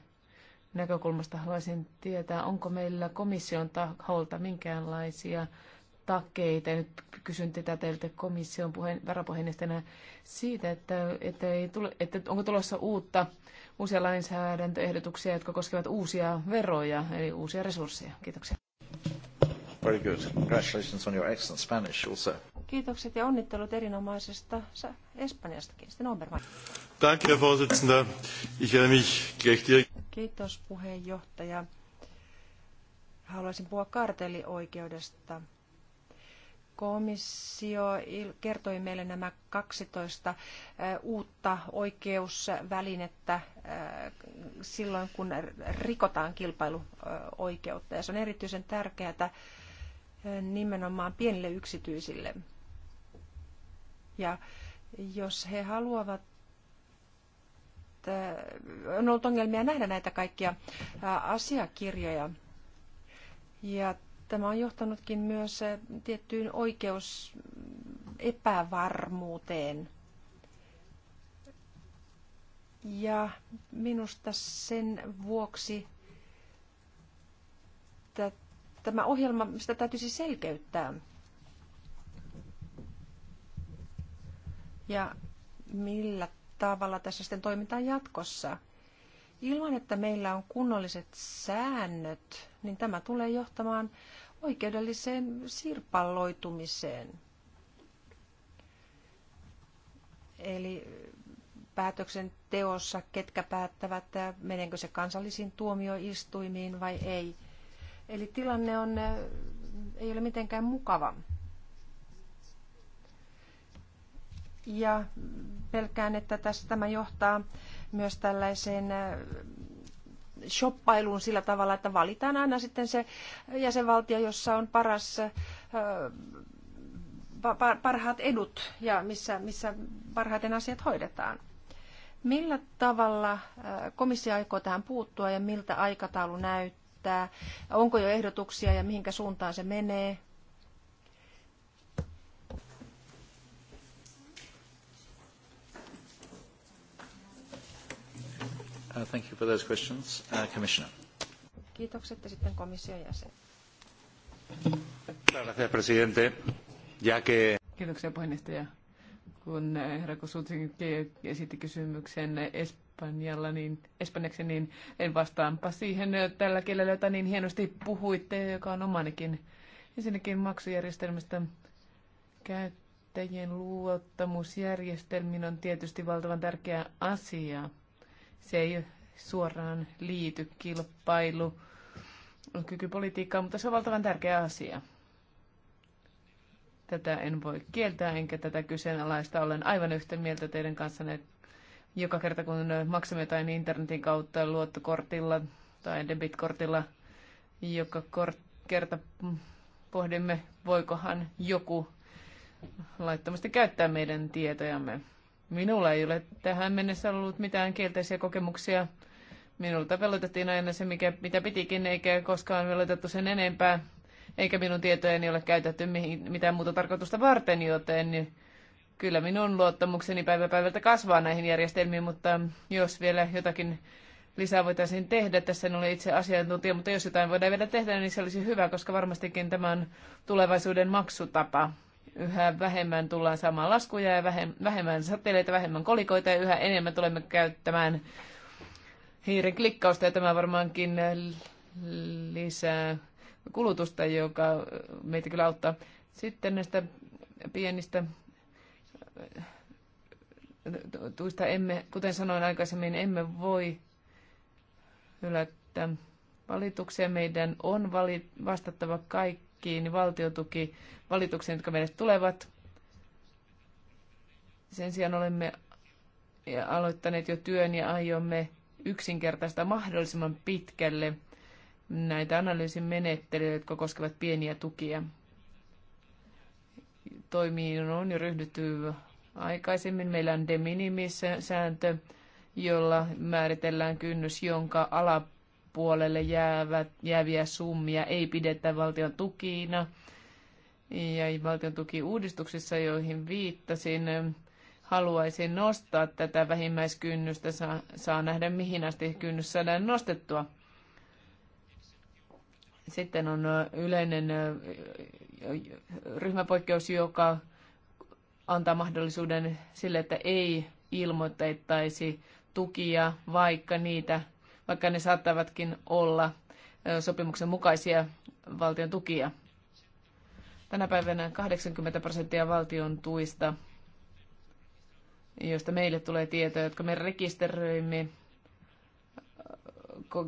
näkökulmasta haluaisin tietää, onko meillä komission taholta minkäänlaisia takeita. Nyt kysyn tätä teiltä komission puheen, varapuheenjohtajana siitä, että, että, ei tule, että onko tulossa uutta, uusia lainsäädäntöehdotuksia, jotka koskevat uusia veroja, eli uusia resursseja. Kiitoksia. Very good. Congratulations on your excellent Spanish also. Kiitokset ja onnittelut erinomaisesta Espanjastakin. Sitten Obermann. Danke, Herr Vorsitzender. Ich werde mich gleich direkt... Kiitos, puheenjohtaja. Haluaisin puhua kartelioikeudesta. Komissio kertoi meille nämä 12 eh, uutta oikeusvälinettä eh, silloin, kun rikotaan kilpailuoikeutta. Ja se on erityisen tärkeää eh, nimenomaan pienille yksityisille ja jos he haluavat on ollut ongelmia nähdä näitä kaikkia asiakirjoja. Ja tämä on johtanutkin myös tiettyyn oikeus mm, epävarmuuteen. Ja minusta sen vuoksi tämä ohjelma, sitä täytyisi selkeyttää. ja millä tavalla tässä sitten toimitaan jatkossa. Ilman, että meillä on kunnolliset säännöt, niin tämä tulee johtamaan oikeudelliseen sirpalloitumiseen. Eli päätöksenteossa, ketkä päättävät, menenkö se kansallisiin tuomioistuimiin vai ei. Eli tilanne on, ei ole mitenkään mukava. Ja pelkään, että tässä tämä johtaa myös tällaiseen äh, shoppailuun sillä tavalla, että valitaan aina sitten se jäsenvaltio, jossa on paras, äh, parhaat edut ja missä, missä parhaiten asiat hoidetaan. Millä tavalla äh, komissio aikoo tähän puuttua ja miltä aikataulu näyttää? Onko jo ehdotuksia ja mihinkä suuntaan se menee? Uh, thank you for those questions. Uh, Commissioner. Kiitokset ja sitten komission jäsen. Gracias, presidente. Ya que... Kiitoksia puheenjohtaja. Kun eh, herra Kosutin esitti kysymyksen Espanjalla, niin, espanjaksi, niin en vastaanpa siihen eh, tällä kielellä, jota niin hienosti puhuitte, joka on omanikin. Ensinnäkin maksujärjestelmästä käyttäjien luottamusjärjestelmin on tietysti valtavan tärkeä asia. Se ei suoraan liity kilpailu kykypolitiikkaan, mutta se on valtavan tärkeä asia. Tätä en voi kieltää, enkä tätä kyseenalaista. Olen aivan yhtä mieltä teidän kanssanne joka kerta, kun maksamme jotain internetin kautta, luottokortilla tai debitkortilla, joka kerta pohdimme, voikohan joku laittomasti käyttää meidän tietojamme. Minulla ei ole tähän mennessä ollut mitään kielteisiä kokemuksia. Minulta velotettiin aina se, mikä, mitä pitikin, eikä koskaan velotettu sen enempää. Eikä minun tietojeni ole käytetty mihin, mitään muuta tarkoitusta varten, joten kyllä minun luottamukseni päivä päivältä kasvaa näihin järjestelmiin, mutta jos vielä jotakin lisää voitaisiin tehdä. Tässä en ole itse asiantuntija, mutta jos jotain voidaan vielä tehdä, niin se olisi hyvä, koska varmastikin tämä on tulevaisuuden maksutapa yhä vähemmän tullaan saamaan laskuja ja vähemmän satelleita, vähemmän kolikoita ja yhä enemmän tulemme käyttämään hiiren klikkausta ja tämä varmaankin lisää kulutusta, joka meitä kyllä auttaa. Sitten näistä pienistä tuista emme, kuten sanoin aikaisemmin, emme voi hylättää valituksia. Meidän on vastattava kaikki kiinni valtiotuki valituksiin, jotka meille tulevat. Sen sijaan olemme aloittaneet jo työn ja aiomme yksinkertaista mahdollisimman pitkälle näitä analyysin menettelyjä, jotka koskevat pieniä tukia. Toimiin on jo ryhdytty aikaisemmin. Meillä on de minimis-sääntö, jolla määritellään kynnys, jonka alapuolella ulkopuolelle jäävät, jääviä summia ei pidetä valtion tukina. Ja valtion tukiuudistuksissa, joihin viittasin, haluaisin nostaa tätä vähimmäiskynnystä. Saa, saa nähdä, mihin asti kynnys saadaan nostettua. Sitten on yleinen ryhmäpoikkeus, joka antaa mahdollisuuden sille, että ei ilmoitettaisi tukia, vaikka niitä vaikka ne saattavatkin olla sopimuksen mukaisia valtion tukia. Tänä päivänä 80 prosenttia valtion tuista, joista meille tulee tietoja, jotka me rekisteröimme,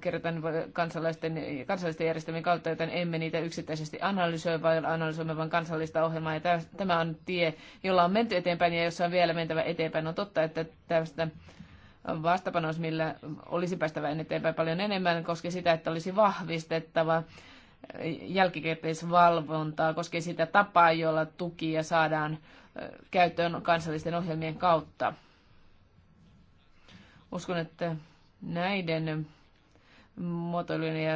kerätään kansalaisten, kansallisten järjestelmien kautta, joten emme niitä yksittäisesti analysoi, vaan analysoimme vain kansallista ohjelmaa. Ja tämä on tie, jolla on menty eteenpäin ja jossa on vielä mentävä eteenpäin. On totta, että tästä vastapanos, millä olisi päästävä eteenpäin paljon enemmän, koski sitä, että olisi vahvistettava jälkikäteisvalvontaa, koski sitä tapaa, jolla tukia saadaan käyttöön kansallisten ohjelmien kautta. Uskon, että näiden muotoilujen ja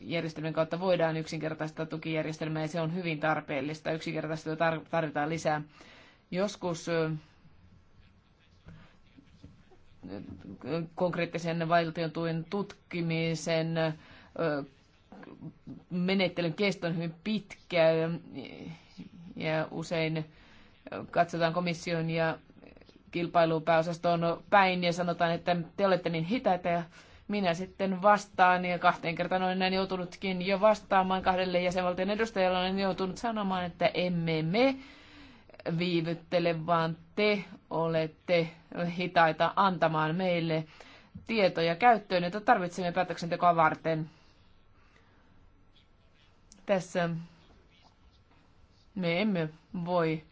järjestelmien kautta voidaan yksinkertaistaa tukijärjestelmää ja se on hyvin tarpeellista. Yksinkertaistelua tarvitaan lisää. Joskus konkreettisen valtion tuen tutkimisen menettelyn kesto on hyvin pitkä ja usein katsotaan komission ja kilpailupääosastoon päin ja sanotaan, että te olette niin hitaita ja minä sitten vastaan ja kahteen kertaan olen näin joutunutkin jo vastaamaan kahdelle jäsenvaltion edustajalle, olen joutunut sanomaan, että emme me viivyttele, vaan te olette hitaita antamaan meille tietoja käyttöön, joita tarvitsemme päätöksentekoa varten. Tässä me emme voi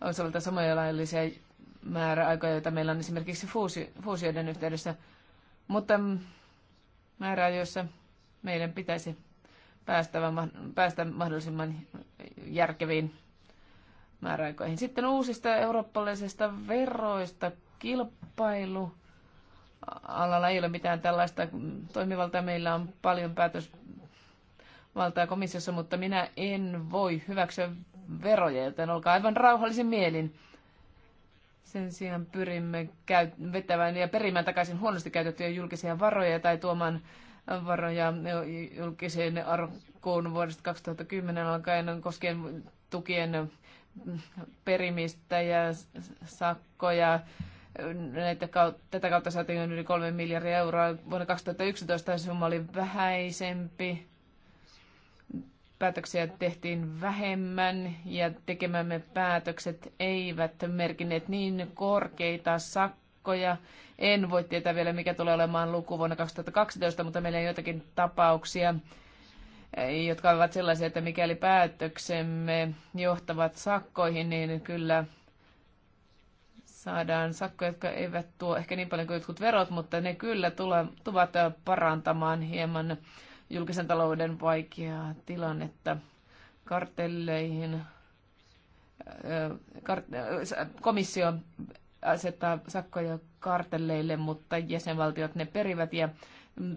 osalta samoja laillisia määräaikoja, joita meillä on esimerkiksi fuusi, fuusioiden yhteydessä, mutta joissa meidän pitäisi päästä, päästä mahdollisimman järkeviin määräaikoihin. Sitten uusista eurooppalaisista veroista kilpailu. Alalla ei ole mitään tällaista toimivaltaa. Meillä on paljon päätösvaltaa komissiossa, mutta minä en voi hyväksyä veroja, joten olkaa aivan rauhallisen mielin. Sen sijaan pyrimme käy- vetämään ja perimään takaisin huonosti käytettyjä julkisia varoja tai tuomaan varoja julkiseen arkkuun vuodesta 2010 alkaen koskien tukien perimistä ja sakkoja. Näitä kautta, tätä kautta saatiin yli 3 miljardia euroa. Vuonna 2011 summa oli vähäisempi. Päätöksiä tehtiin vähemmän ja tekemämme päätökset eivät merkineet niin korkeita sakkoja. En voi tietää vielä, mikä tulee olemaan luku vuonna 2012, mutta meillä on joitakin tapauksia, jotka ovat sellaisia, että mikäli päätöksemme johtavat sakkoihin, niin kyllä saadaan sakkoja, jotka eivät tuo ehkä niin paljon kuin jotkut verot, mutta ne kyllä tulevat parantamaan hieman julkisen talouden vaikeaa tilannetta kartelleihin. Äh, äh, komissio asettaa sakkoja kartelleille, mutta jäsenvaltiot ne perivät ja Mm,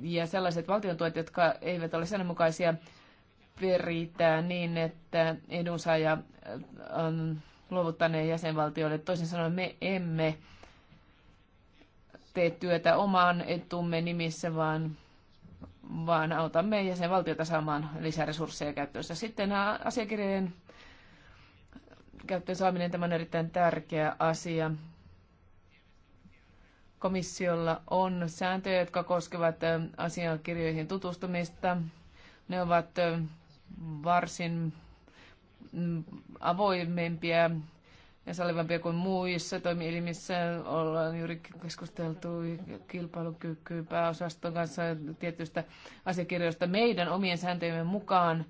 ja sellaiset valtiontuet, jotka eivät ole mukaisia peritään niin, että edunsaaja äh, ähm, on ne jäsenvaltioille. Toisin sanoen me emme tee työtä oman etumme nimissä, vaan, vaan autamme jäsenvaltiota saamaan lisäresursseja käyttöönsä. Sitten asiakirjojen käyttöön saaminen, tämä on erittäin tärkeä asia. Komissiolla on sääntöjä, jotka koskevat asiakirjoihin tutustumista. Ne ovat varsin mm, avoimempia ja sallivampia kuin muissa toimielimissä. Ollaan juuri keskusteltu kilpailukyky pääosaston kanssa tietystä asiakirjoista meidän omien sääntöjemme mukaan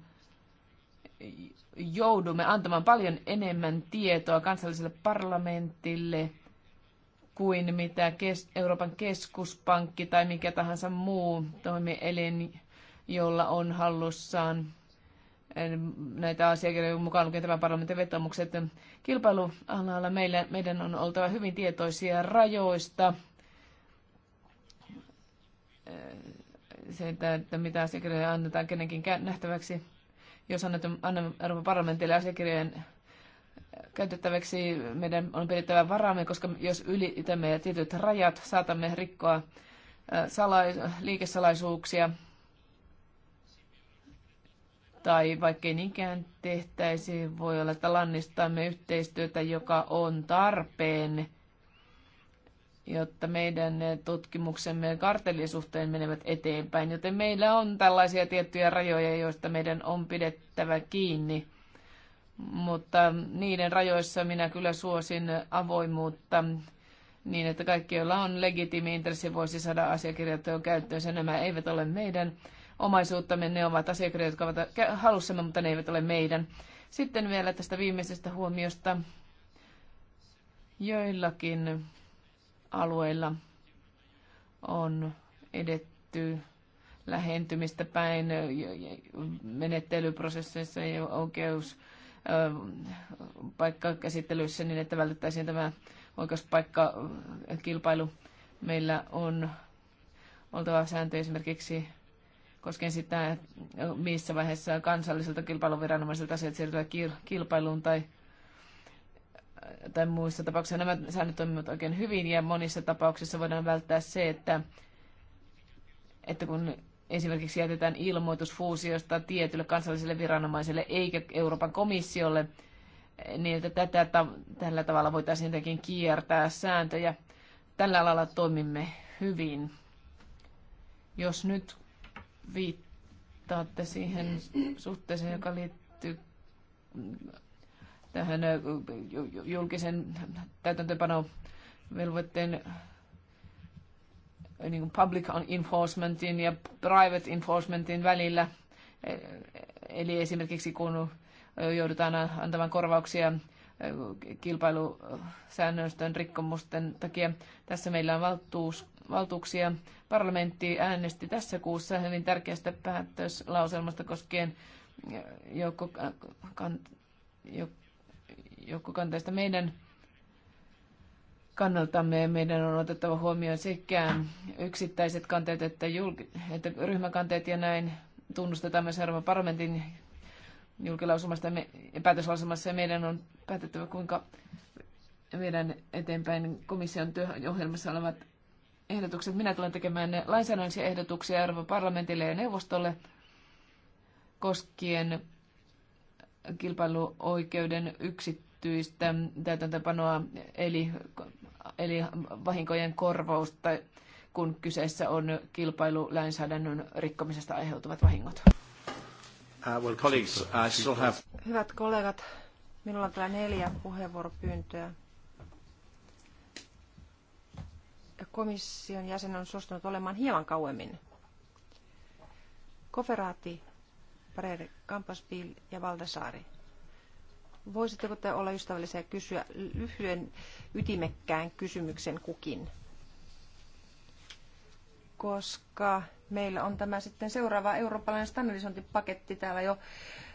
joudumme antamaan paljon enemmän tietoa kansalliselle parlamentille – kuin mitä Euroopan keskuspankki tai mikä tahansa muu toimielin, jolla on hallussaan eh, näitä asiakirjoja mukaan lukien tämän parlamentin vetomukset. Kilpailualalla meillä, meidän on oltava hyvin tietoisia rajoista, eh, siitä, että mitä asiakirjoja annetaan kenenkin nähtäväksi. Jos annamme Euroopan parlamentille asiakirjojen käytettäväksi. Meidän on pidettävä varaamme, koska jos ylitämme tietyt rajat, saatamme rikkoa äh, salais- liikesalaisuuksia. Tai vaikkei niinkään tehtäisi, voi olla, että lannistamme yhteistyötä, joka on tarpeen, jotta meidän tutkimuksemme kartellin suhteen menevät eteenpäin. Joten meillä on tällaisia tiettyjä rajoja, joista meidän on pidettävä kiinni mutta niiden rajoissa minä kyllä suosin avoimuutta niin, että kaikki, joilla on legitiimi intressi, voisi saada asiakirjat käyttöönsä. Nämä eivät ole meidän omaisuuttamme, ne ovat asiakirjat, jotka ovat halussamme, mutta ne eivät ole meidän. Sitten vielä tästä viimeisestä huomiosta. Joillakin alueilla on edetty lähentymistä päin menettelyprosesseissa ja oikeus paikkakäsittelyissä niin, että vältettäisiin tämä oikeuspaikkakilpailu. Meillä on oltava sääntö esimerkiksi koskien sitä, missä vaiheessa kansalliselta kilpailuviranomaiselta asiat siirtyvät kilpailuun tai, tai muissa tapauksissa. Nämä säännöt toimivat oikein hyvin ja monissa tapauksissa voidaan välttää se, että, että kun esimerkiksi jätetään ilmoitus fuusiosta tietylle kansalliselle viranomaiselle eikä Euroopan komissiolle, niin että tätä, tällä tavalla voitaisiin jotenkin kiertää sääntöjä. Tällä alalla toimimme hyvin. Jos nyt viittaatte siihen suhteeseen, joka liittyy tähän julkisen täytäntöpanovelvoitteen niin kuin public enforcementin ja private enforcementin välillä. E, eli esimerkiksi kun joudutaan antamaan korvauksia kilpailusäännöstön rikkomusten takia. Tässä meillä on valtuus, valtuuksia. Parlamentti äänesti tässä kuussa hyvin tärkeästä päätöslauselmasta koskien joukkokanteista. Meidän kannaltamme meidän on otettava huomioon sekä yksittäiset kanteet että, julk- että ryhmäkanteet ja näin tunnustetaan myös Euroopan parlamentin julkilausumasta ja päätöslausumassa ja meidän on päätettävä, kuinka meidän eteenpäin komission työohjelmassa olevat ehdotukset. Minä tulen tekemään lainsäädännöllisiä ehdotuksia Euroopan parlamentille ja neuvostolle koskien kilpailuoikeuden yksittäistä yksityistä täytäntöpanoa, eli eli vahinkojen korvausta, kun kyseessä on kilpailulainsäädännön rikkomisesta aiheutuvat vahingot. Uh, well, colleagues, I still have... Hyvät kollegat, minulla on täällä neljä puheenvuoropyyntöä. Komission jäsen on suostunut olemaan hieman kauemmin. Koferaati, Pereira, Kampaspil ja Valdesaari. Voisitteko te olla ystävällisiä kysyä lyhyen ytimekkään kysymyksen kukin? Koska meillä on tämä sitten seuraava eurooppalainen standardisointipaketti täällä jo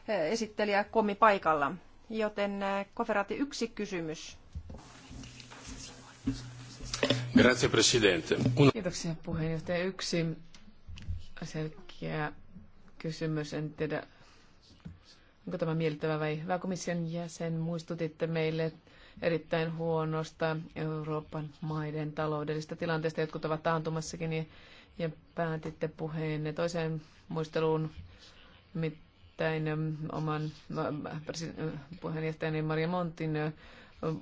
eh, esittelijä komi paikalla. Joten eh, koferaati yksi kysymys. Grazie Presidente. Un... Kiitoksia puheenjohtaja. Yksi selkeä kysymys. En tiedä, Onko tämä miellyttävä vai hyvä komission jäsen? Muistutitte meille erittäin huonosta Euroopan maiden taloudellisesta tilanteesta. Jotkut ovat taantumassakin ja päätitte puheenne toiseen muisteluun, Mittäin ähm, oman äh, äh, puheenjohtajani Maria Montin äh,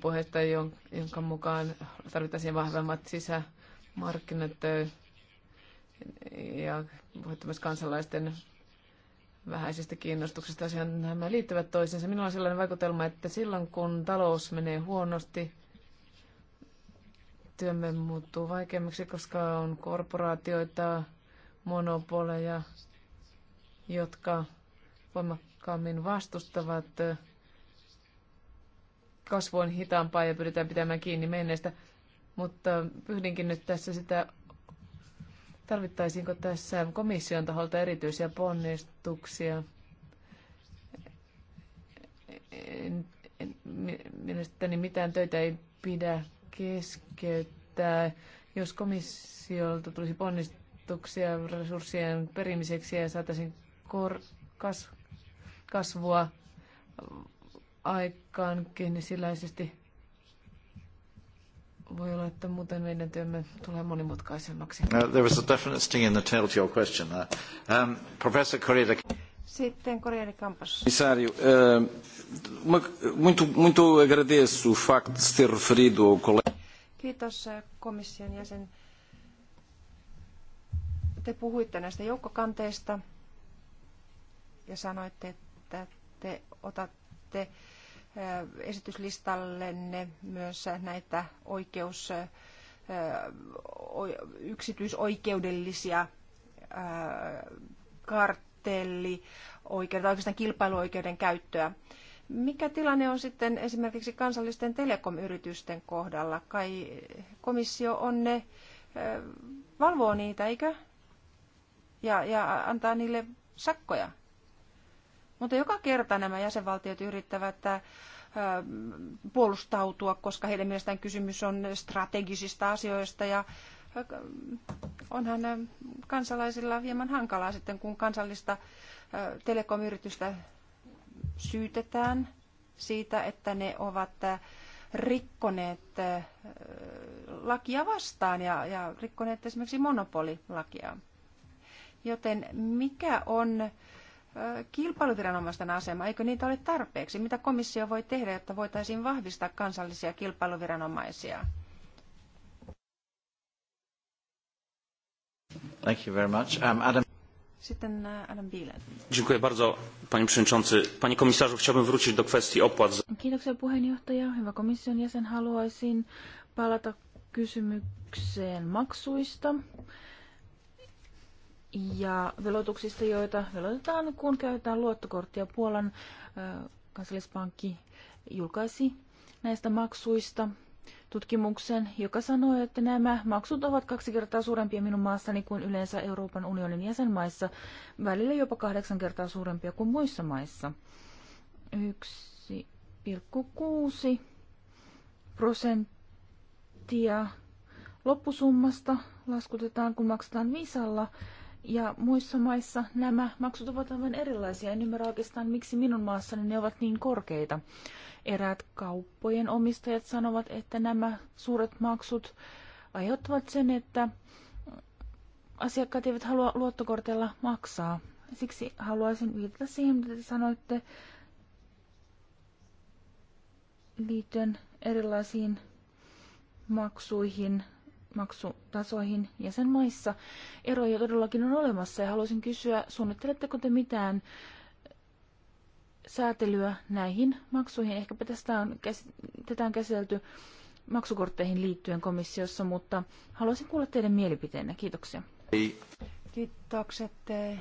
puheesta, jonka mukaan tarvittaisiin vahvemmat sisämarkkinat ja puhutte myös kansalaisten vähäisestä kiinnostuksesta asiaan. Nämä liittyvät toisiinsa. Minulla on sellainen vaikutelma, että silloin kun talous menee huonosti, työmme muuttuu vaikeammaksi, koska on korporaatioita, monopoleja, jotka voimakkaammin vastustavat kasvu on hitaampaa ja pyritään pitämään kiinni menneestä. Mutta pyhdinkin nyt tässä sitä Tarvittaisiinko tässä komission taholta erityisiä ponnistuksia? Mielestäni mitään töitä ei pidä keskeyttää. Jos komissiolta tulisi ponnistuksia resurssien perimiseksi ja saataisiin kor- kas- kasvua aikaan keynesiläisesti, voi olla, että muuten meidän työmme tulee monimutkaisemmaksi. Uh, there was a definite sting in the tail to your question. Uh, um, professor Correa Sitten Correa de Campos. Comissário, uh, muito, muito agradeço o facto de se ter referido ao colega. Kiitos uh, komission jäsen. Te puhuitte näistä joukkokanteista ja sanoitte, että te otatte esityslistallenne myös näitä oikeus, yksityisoikeudellisia kartellioikeuden tai oikeastaan kilpailuoikeuden käyttöä. Mikä tilanne on sitten esimerkiksi kansallisten telekomyritysten kohdalla? Kai komissio on ne, valvoo niitä, eikö? Ja, ja antaa niille sakkoja. Mutta joka kerta nämä jäsenvaltiot yrittävät äh, puolustautua, koska heidän mielestään kysymys on strategisista asioista ja äh, onhan äh, kansalaisilla hieman hankalaa sitten, kun kansallista telekomyritystä syytetään siitä, että ne ovat rikkoneet lakia vastaan ja, ja rikkoneet esimerkiksi monopolilakia. Joten mikä on kilpailuviranomaisten asema, eikö niitä ole tarpeeksi? Mitä komissio voi tehdä, jotta voitaisiin vahvistaa kansallisia kilpailuviranomaisia? Thank you very much. Um, Adam... Sitten äh, Adam Bielen. Dziękuję bardzo, panie przewodniczący. Panie komisarzu, chciałbym wrócić do kwestii opłat. Kiitoksia puheenjohtaja. Hyvä komission jäsen, haluaisin palata kysymykseen maksuista ja veloituksista, joita veloitetaan, kun käytetään luottokorttia. Puolan kansallispankki julkaisi näistä maksuista tutkimuksen, joka sanoi, että nämä maksut ovat kaksi kertaa suurempia minun maassani kuin yleensä Euroopan unionin jäsenmaissa, välillä jopa kahdeksan kertaa suurempia kuin muissa maissa. 1,6 prosenttia loppusummasta laskutetaan, kun maksetaan visalla. Ja muissa maissa nämä maksut ovat aivan erilaisia. En ymmärrä oikeastaan, miksi minun maassani ne ovat niin korkeita. Eräät kauppojen omistajat sanovat, että nämä suuret maksut aiheuttavat sen, että asiakkaat eivät halua luottokortilla maksaa. Siksi haluaisin viitata siihen, mitä te sanoitte liittyen erilaisiin maksuihin maksutasoihin jäsenmaissa. Eroja todellakin on olemassa ja haluaisin kysyä, suunnitteletteko te mitään säätelyä näihin maksuihin? Ehkäpä tästä on, tätä on käsitelty maksukortteihin liittyen komissiossa, mutta haluaisin kuulla teidän mielipiteenne. Kiitoksia. Kiitokset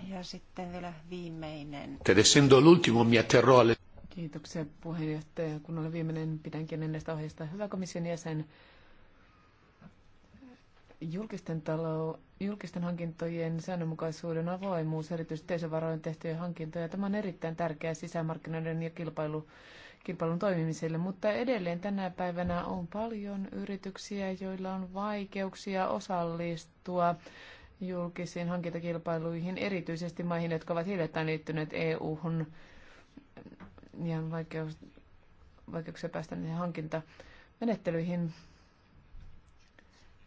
ja sitten vielä viimeinen. Kiitoksia puheenjohtaja. Kun olen viimeinen, pidänkin edestä ohjeista Hyvä komission jäsen. Julkisten, talo, julkisten hankintojen säännönmukaisuuden avoimuus, erityisesti yhteisövaroin tehtyjä hankintoja, tämä on erittäin tärkeää sisämarkkinoiden ja kilpailu, kilpailun toimimiselle, mutta edelleen tänä päivänä on paljon yrityksiä, joilla on vaikeuksia osallistua julkisiin hankintakilpailuihin, erityisesti maihin, jotka ovat hiljattain liittyneet EU-hun. Ja on vaikeus, vaikeuksia päästä niihin hankintamenettelyihin.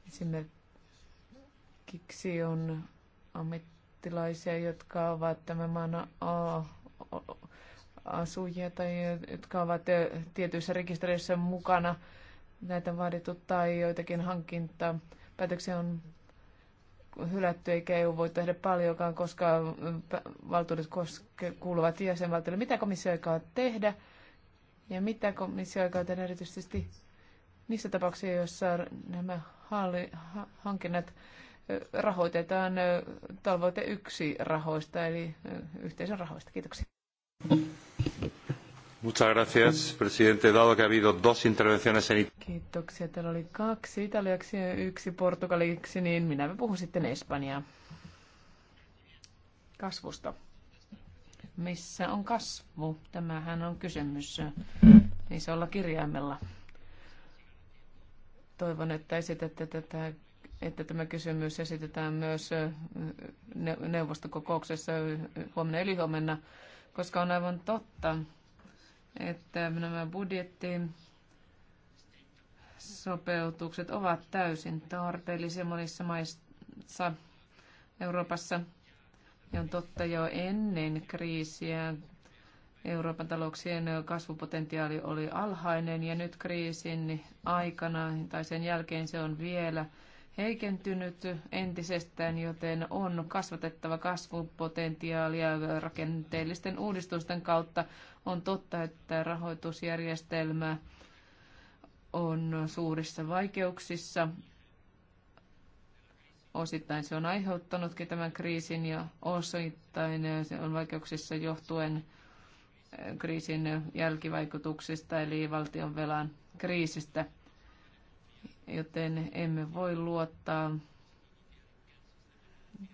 Esimerkiksi esimerkiksi on ammattilaisia, jotka ovat tämän maan asujia tai jotka ovat tietyissä rekistereissä mukana. Näitä vaadittu tai joitakin hankintaa. Päätöksiä on hylätty eikä EU voi tehdä paljonkaan, koska valtuudet koske, kuuluvat jäsenvaltioille. Mitä komissio aikaa tehdä ja mitä komissio aikaa tehdä erityisesti niissä tapauksissa, joissa nämä hankinnat rahoitetaan talvoite yksi rahoista, eli yhteisön rahoista. Kiitoksia. Muchas gracias, presidente. Dado que ha habido dos intervenciones en Kiitoksia. Täällä oli kaksi italiaksi ja yksi portugaliksi, niin minä puhun sitten Espanjaa. Kasvusta. Missä on kasvu? Tämähän on kysymys isolla kirjaimella. Toivon, että esitätte tätä että tämä kysymys esitetään myös neuvostokokouksessa huomenna eli huomenna, koska on aivan totta, että nämä budjettiin sopeutukset ovat täysin tarpeellisia monissa maissa Euroopassa. Ja on totta jo ennen kriisiä Euroopan talouksien kasvupotentiaali oli alhainen ja nyt kriisin aikana tai sen jälkeen se on vielä heikentynyt entisestään, joten on kasvatettava kasvupotentiaalia rakenteellisten uudistusten kautta. On totta, että rahoitusjärjestelmä on suurissa vaikeuksissa. Osittain se on aiheuttanutkin tämän kriisin ja osittain se on vaikeuksissa johtuen eh, kriisin jälkivaikutuksista eli valtionvelan kriisistä – joten emme voi luottaa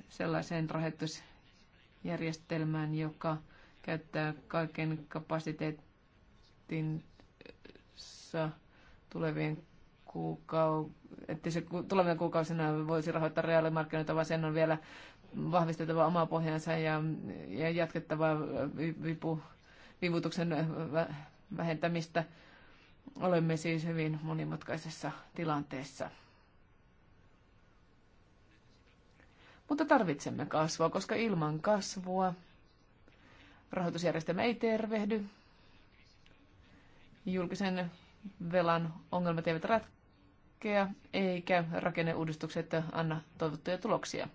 sellaiseen rahoitusjärjestelmään, joka käyttää kaiken kapasiteettinsa tulevien kuukausien, että se tulevien kuukausina voisi rahoittaa reaalimarkkinoita, vaan sen on vielä vahvistettava omaa pohjansa ja, ja jatkettava vipu, vivutuksen vähentämistä Olemme siis hyvin monimutkaisessa tilanteessa. Mutta tarvitsemme kasvua, koska ilman kasvua rahoitusjärjestelmä ei tervehdy. Julkisen velan ongelmat eivät ratkea, eikä rakenneuudistukset anna toivottuja tuloksia.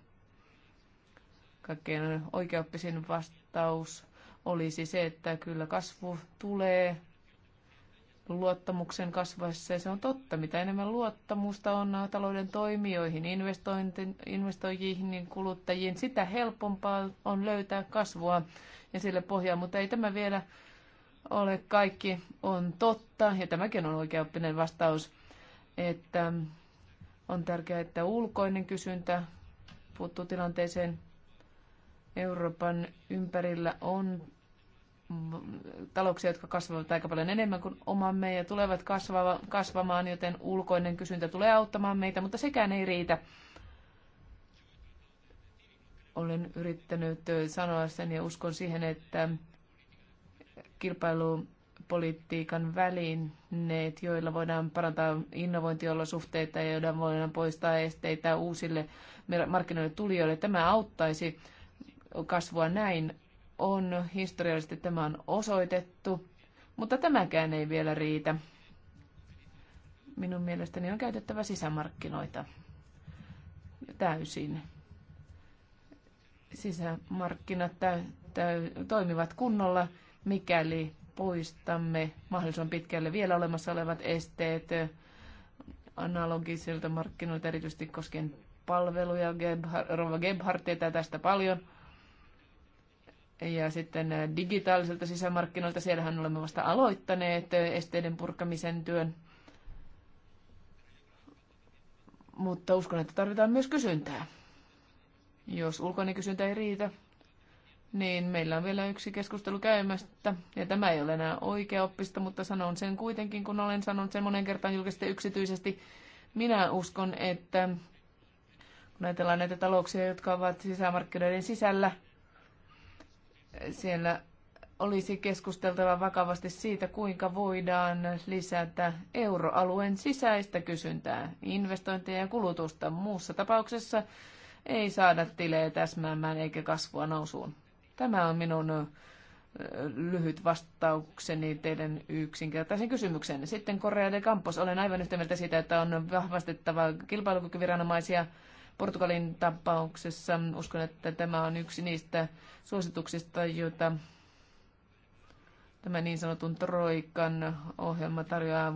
Kaikkein oikeaoppisin vastaus olisi se, että kyllä kasvu tulee luottamuksen kasvaessa. Ja se on totta. Mitä enemmän luottamusta on talouden toimijoihin, investoijiin, niin kuluttajiin, sitä helpompaa on löytää kasvua ja sille pohjaa. Mutta ei tämä vielä ole kaikki on totta. Ja tämäkin on oikeaoppinen vastaus, että on tärkeää, että ulkoinen kysyntä puuttuu tilanteeseen. Euroopan ympärillä on talouksia, jotka kasvavat aika paljon enemmän kuin omamme ja tulevat kasvamaan, joten ulkoinen kysyntä tulee auttamaan meitä, mutta sekään ei riitä. Olen yrittänyt sanoa sen ja uskon siihen, että kilpailupolitiikan välineet, joilla voidaan parantaa innovointiolosuhteita ja joilla voidaan poistaa esteitä uusille markkinoille tulijoille, tämä auttaisi kasvua näin on historiallisesti tämä on osoitettu, mutta tämäkään ei vielä riitä. Minun mielestäni on käytettävä sisämarkkinoita täysin. Sisämarkkinat tä- tä- toimivat kunnolla, mikäli poistamme mahdollisimman pitkälle vielä olemassa olevat esteet analogisilta markkinoilta, erityisesti koskien palveluja. Gebhard, Rova Gebhardt tietää tästä paljon – ja sitten äh, digitaaliselta sisämarkkinoilta, siellähän olemme vasta aloittaneet äh, esteiden purkamisen työn. Mutta uskon, että tarvitaan myös kysyntää. Jos ulkoinen kysyntä ei riitä, niin meillä on vielä yksi keskustelu käymästä. Ja tämä ei ole enää oikea oppista, mutta sanon sen kuitenkin, kun olen sanonut sen monen kertaan julkisesti yksityisesti. Minä uskon, että kun ajatellaan näitä talouksia, jotka ovat sisämarkkinoiden sisällä – siellä olisi keskusteltava vakavasti siitä, kuinka voidaan lisätä euroalueen sisäistä kysyntää, investointeja ja kulutusta. Muussa tapauksessa ei saada tilejä täsmäämään eikä kasvua nousuun. Tämä on minun lyhyt vastaukseni teidän yksinkertaisen kysymykseen. Sitten Korea de Campos. Olen aivan yhtä mieltä siitä, että on vahvastettava kilpailukykyviranomaisia Portugalin tapauksessa uskon, että tämä on yksi niistä suosituksista, joita tämä niin sanotun Troikan ohjelma tarjoaa äh,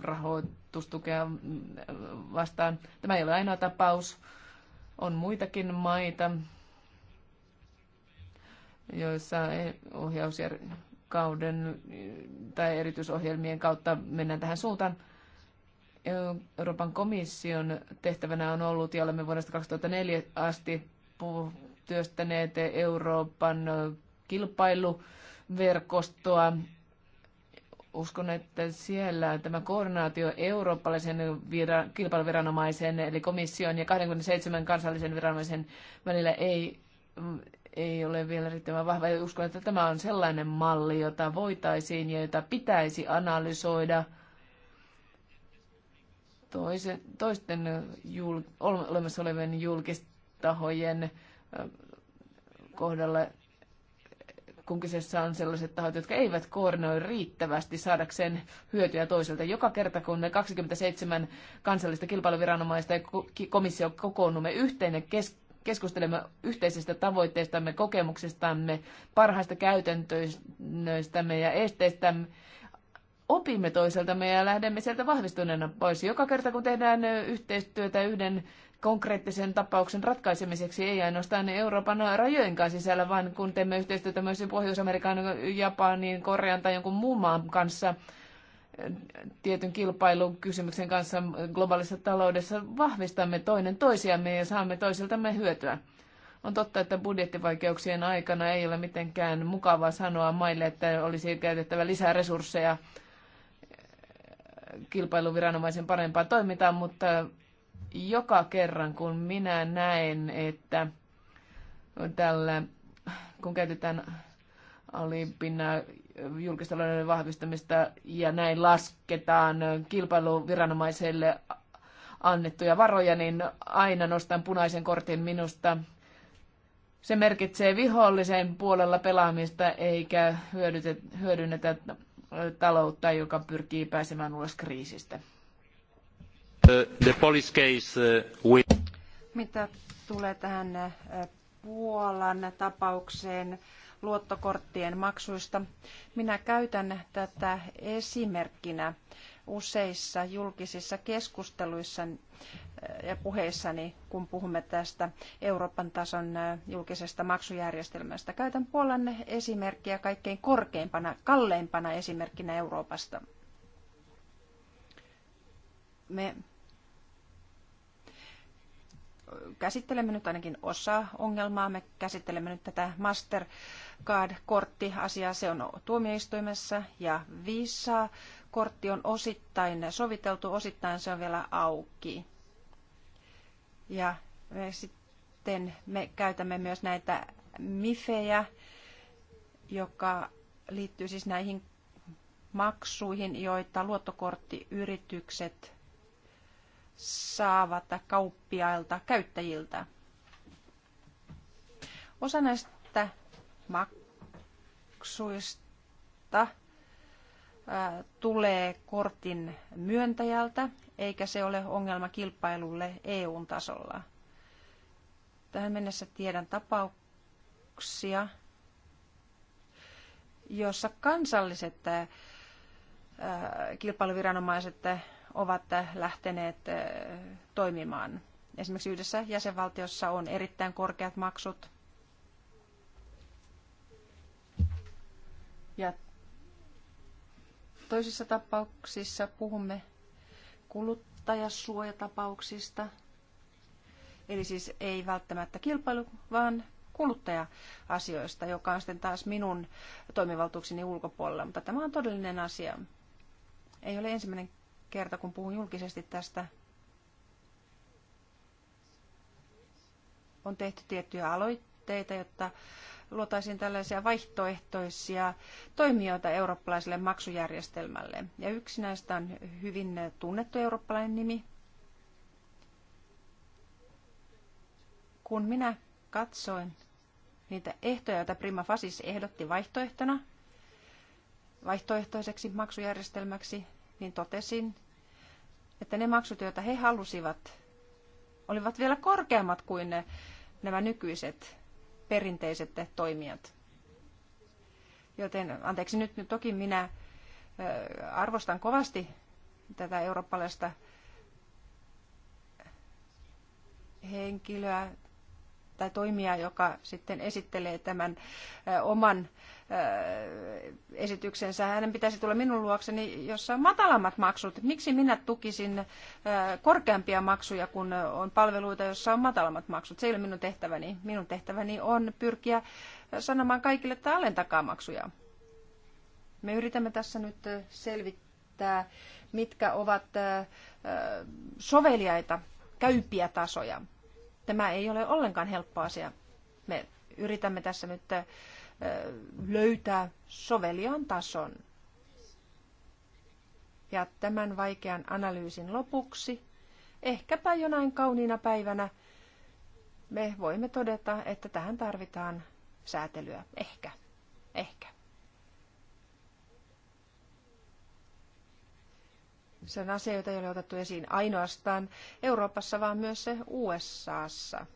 rahoitustukea äh, vastaan. Tämä ei ole ainoa tapaus. On muitakin maita, joissa e- ohjauskauden äh, tai erityisohjelmien kautta mennään tähän suuntaan. Euroopan komission tehtävänä on ollut, ja olemme vuodesta 2004 asti työstäneet Euroopan kilpailuverkostoa. Uskon, että siellä tämä koordinaatio eurooppalaisen kilpailuviranomaisen, eli komission ja 27 kansallisen viranomaisen välillä ei, ei ole vielä riittävän vahva. uskon, että tämä on sellainen malli, jota voitaisiin ja jota pitäisi analysoida – toisen, toisten jul, olemassa olevien julkistahojen kohdalla, kun kyseessä on sellaiset tahot, jotka eivät koordinoi riittävästi saadakseen hyötyä toiselta. Joka kerta, kun me 27 kansallista kilpailuviranomaista ja komissio kokoonnumme yhteen ja kes- keskustelemme yhteisistä tavoitteistamme, kokemuksistamme, parhaista käytäntöistämme ja esteistämme, opimme toiseltamme ja lähdemme sieltä vahvistuneena pois. Joka kerta kun tehdään yhteistyötä yhden konkreettisen tapauksen ratkaisemiseksi, ei ainoastaan Euroopan rajojen kanssa sisällä, vaan kun teemme yhteistyötä myös Pohjois-Amerikan, Japanin, Korean tai jonkun muun maan kanssa, tietyn kilpailukysymyksen kanssa globaalissa taloudessa vahvistamme toinen toisiamme ja saamme toisiltamme hyötyä. On totta, että budjettivaikeuksien aikana ei ole mitenkään mukavaa sanoa maille, että olisi käytettävä lisää resursseja kilpailuviranomaisen parempaa toimintaa, mutta joka kerran kun minä näen, että tällä, kun käytetään alimpina äh, julkistalouden vahvistamista ja näin lasketaan kilpailuviranomaiselle annettuja varoja, niin aina nostan punaisen kortin minusta. Se merkitsee vihollisen puolella pelaamista eikä hyödynnetä taloutta, joka pyrkii pääsemään ulos kriisistä. The case uh, Mitä tulee tähän uh, Puolan tapaukseen luottokorttien maksuista, minä käytän tätä esimerkkinä useissa julkisissa keskusteluissa äh, ja puheissani, kun puhumme tästä Euroopan tason äh, julkisesta maksujärjestelmästä. Käytän Puolan esimerkkiä kaikkein korkeimpana, kalleimpana esimerkkinä Euroopasta. Me käsittelemme nyt ainakin osa ongelmaa. Me käsittelemme nyt tätä Mastercard-korttiasiaa. Se on tuomioistuimessa ja Visa kortti on osittain soviteltu, osittain se on vielä auki. Ja me sitten me käytämme myös näitä mifejä, joka liittyy siis näihin maksuihin, joita luottokorttiyritykset saavat kauppiailta, käyttäjiltä. Osa näistä maksuista tulee kortin myöntäjältä, eikä se ole ongelma kilpailulle EUn tasolla. Tähän mennessä tiedän tapauksia, jossa kansalliset kilpailuviranomaiset ovat lähteneet toimimaan. Esimerkiksi yhdessä jäsenvaltiossa on erittäin korkeat maksut ja Toisissa tapauksissa puhumme kuluttajasuojatapauksista, eli siis ei välttämättä kilpailu, vaan kuluttaja-asioista, joka on sitten taas minun toimivaltuukseni ulkopuolella, mutta tämä on todellinen asia. Ei ole ensimmäinen kerta, kun puhun julkisesti tästä. On tehty tiettyjä aloitteita, jotta luotaisiin tällaisia vaihtoehtoisia toimijoita eurooppalaiselle maksujärjestelmälle. Ja yksi näistä on hyvin tunnettu eurooppalainen nimi. Kun minä katsoin niitä ehtoja, joita Prima Fasis ehdotti vaihtoehtona, vaihtoehtoiseksi maksujärjestelmäksi, niin totesin, että ne maksut, joita he halusivat, olivat vielä korkeammat kuin ne, nämä nykyiset perinteiset toimijat. Joten anteeksi nyt, nyt toki minä arvostan kovasti tätä eurooppalaista henkilöä tai toimijaa, joka sitten esittelee tämän oman esityksensä. Hänen pitäisi tulla minun luokseni, jossa on matalammat maksut. Miksi minä tukisin korkeampia maksuja, kun on palveluita, jossa on matalammat maksut? Se ei ole minun tehtäväni. Minun tehtäväni on pyrkiä sanomaan kaikille, että alentakaa maksuja. Me yritämme tässä nyt selvittää, mitkä ovat soveliaita, käypiä tasoja. Tämä ei ole ollenkaan helppo asia. Me yritämme tässä nyt löytää soveliaan tason. Ja tämän vaikean analyysin lopuksi, ehkäpä jonain kauniina päivänä, me voimme todeta, että tähän tarvitaan säätelyä. Ehkä. Ehkä. Se on asia, jota ei ole otettu esiin ainoastaan Euroopassa, vaan myös USAssa.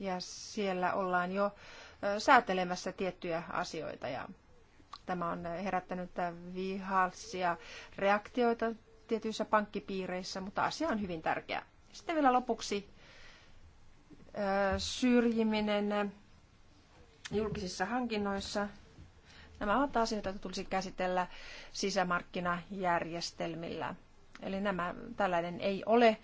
ja siellä ollaan jo säätelemässä tiettyjä asioita ja tämä on herättänyt vihaisia reaktioita tietyissä pankkipiireissä, mutta asia on hyvin tärkeä. Sitten vielä lopuksi syrjiminen julkisissa hankinnoissa. Nämä ovat asioita, joita tulisi käsitellä sisämarkkinajärjestelmillä. Eli nämä, tällainen ei ole